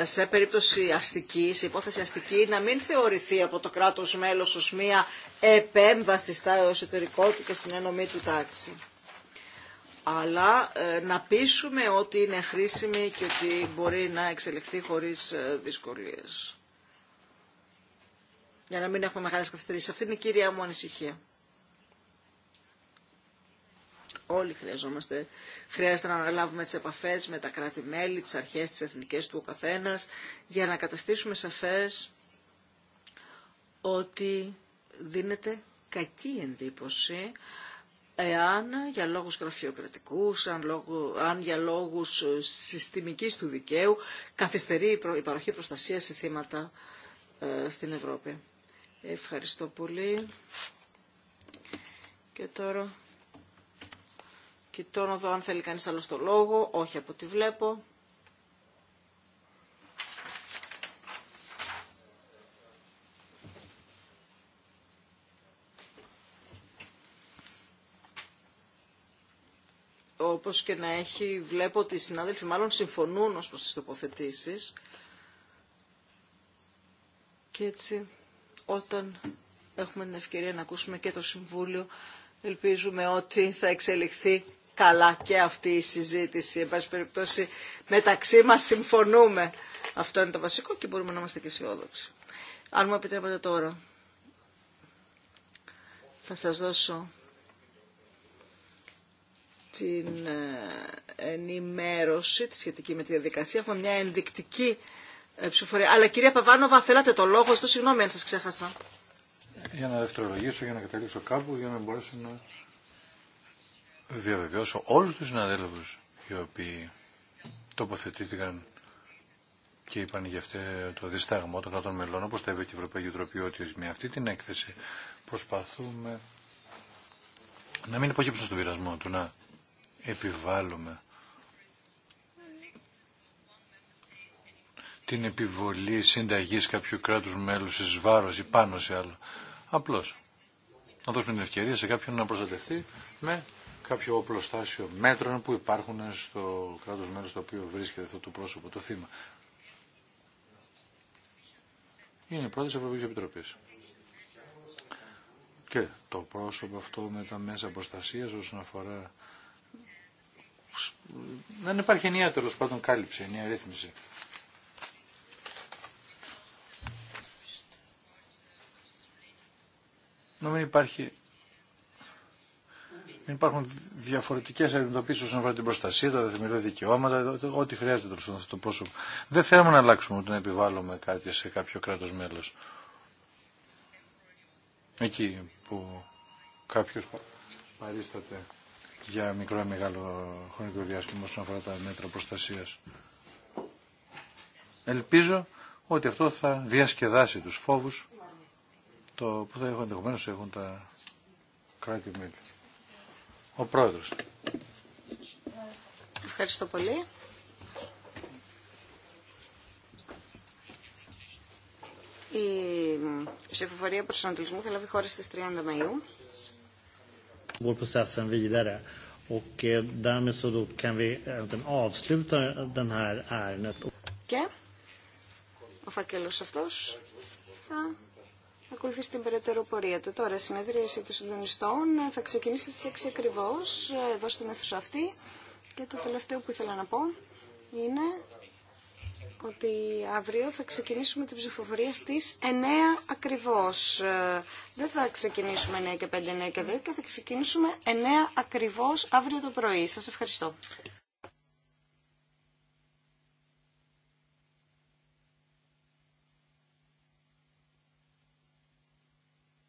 ε, σε περίπτωση αστική, σε υπόθεση αστική, να μην θεωρηθεί από το κράτος μέλος ως μία επέμβαση στα εσωτερικό του και στην ένωμή του τάξη. Αλλά ε, να πείσουμε ότι είναι χρήσιμη και ότι μπορεί να εξελιχθεί χωρίς ε, δυσκολίες για να μην έχουμε μεγάλες καθυστερήσεις. Αυτή είναι η κυρία μου ανησυχία. Όλοι χρειαζόμαστε. Χρειάζεται να αναλάβουμε τις επαφές με τα κράτη-μέλη, τις αρχές, τις εθνικές του ο καθένας, για να καταστήσουμε σαφές ότι δίνεται κακή εντύπωση εάν για λόγους γραφειοκρατικούς, αν, λόγου, αν για λόγους συστημικής του δικαίου καθυστερεί η παροχή προστασίας σε θύματα ε, στην Ευρώπη. Ευχαριστώ πολύ. Και τώρα κοιτώ να δω αν θέλει κανείς άλλο το λόγο. Όχι από ό,τι βλέπω. όπως και να έχει, βλέπω ότι οι συνάδελφοι μάλλον συμφωνούν ως προς τις τοποθετήσεις. Και έτσι όταν έχουμε την ευκαιρία να ακούσουμε και το Συμβούλιο. Ελπίζουμε ότι θα εξελιχθεί καλά και αυτή η συζήτηση. Εν πάση περιπτώσει, μεταξύ μας συμφωνούμε. Αυτό είναι το βασικό και μπορούμε να είμαστε και αισιόδοξοι. Αν μου επιτρέπετε τώρα, θα σας δώσω την ε, ενημέρωση τη σχετική με τη διαδικασία. Έχουμε μια ενδεικτική ε, ψηφοφορία. Αλλά κυρία Παβάνοβα, θέλατε το λόγο, στο συγγνώμη αν σας ξέχασα. Για να δευτερολογήσω, για να καταλήξω κάπου, για να μπορέσω να διαβεβαιώσω όλου του συναδέλφου οι οποίοι τοποθετήθηκαν και είπαν για αυτό το διστάγμο, των κρατών μελών, όπω τα είπε και η Ευρωπαϊκή Τροπή, ότι με αυτή την έκθεση προσπαθούμε να μην υποκύψουν στον πειρασμό του να επιβάλλουμε την επιβολή συνταγής κάποιου κράτους μέλους εις βάρος ή πάνω σε άλλο. Απλώς. Να δώσουμε την ευκαιρία σε κάποιον να προστατευτεί με κάποιο οπλοστάσιο μέτρων που υπάρχουν στο κράτος μέλος το οποίο βρίσκεται αυτό το πρόσωπο, το θύμα. Είναι της Ευρωπαϊκής Επιτροπής. Και το πρόσωπο αυτό με τα μέσα προστασίας όσον αφορά... Δεν υπάρχει ενιαία τέλο πάντων κάλυψη, ενιαία ρύθμιση. να μην υπάρχει υπάρχουν διαφορετικέ αντιμετωπίσει όσον αφορά την προστασία, τα δεθμιλή δικαιώματα, ό,τι χρειάζεται το αυτό το πρόσωπο. Δεν θέλουμε να αλλάξουμε ούτε να επιβάλλουμε κάτι σε κάποιο κράτο μέλο. Εκεί που κάποιο παρίσταται για μικρό ή μεγάλο χρονικό διάστημα όσον αφορά τα μέτρα προστασία. Ελπίζω ότι αυτό θα διασκεδάσει του φόβου το που θα έχουν ενδεχομένω έχουν τα κράτη-μέλη. Ο πρόεδρος. Ευχαριστώ πολύ. Η ψηφοφορία προσανατολισμού θα λάβει χώρα στις 30 Μαΐου. Vår processen vidare och eh, därmed så då kan vi även eh, avsluta den här ärendet. Και ο φακελός αυτός θα ακολουθήσει την περαιτέρω πορεία του. Τώρα, η συνεδρίαση των συντονιστών ε, θα ξεκινήσει στις 6 ακριβώ ε, εδώ στην αίθουσα αυτή. Και το τελευταίο που ήθελα να πω είναι ότι αύριο θα ξεκινήσουμε την ψηφοφορία στις 9 ακριβώς. Ε, δεν θα ξεκινήσουμε 9 και 5, 9 και 10, θα ξεκινήσουμε 9 ακριβώς αύριο το πρωί. Σας ευχαριστώ.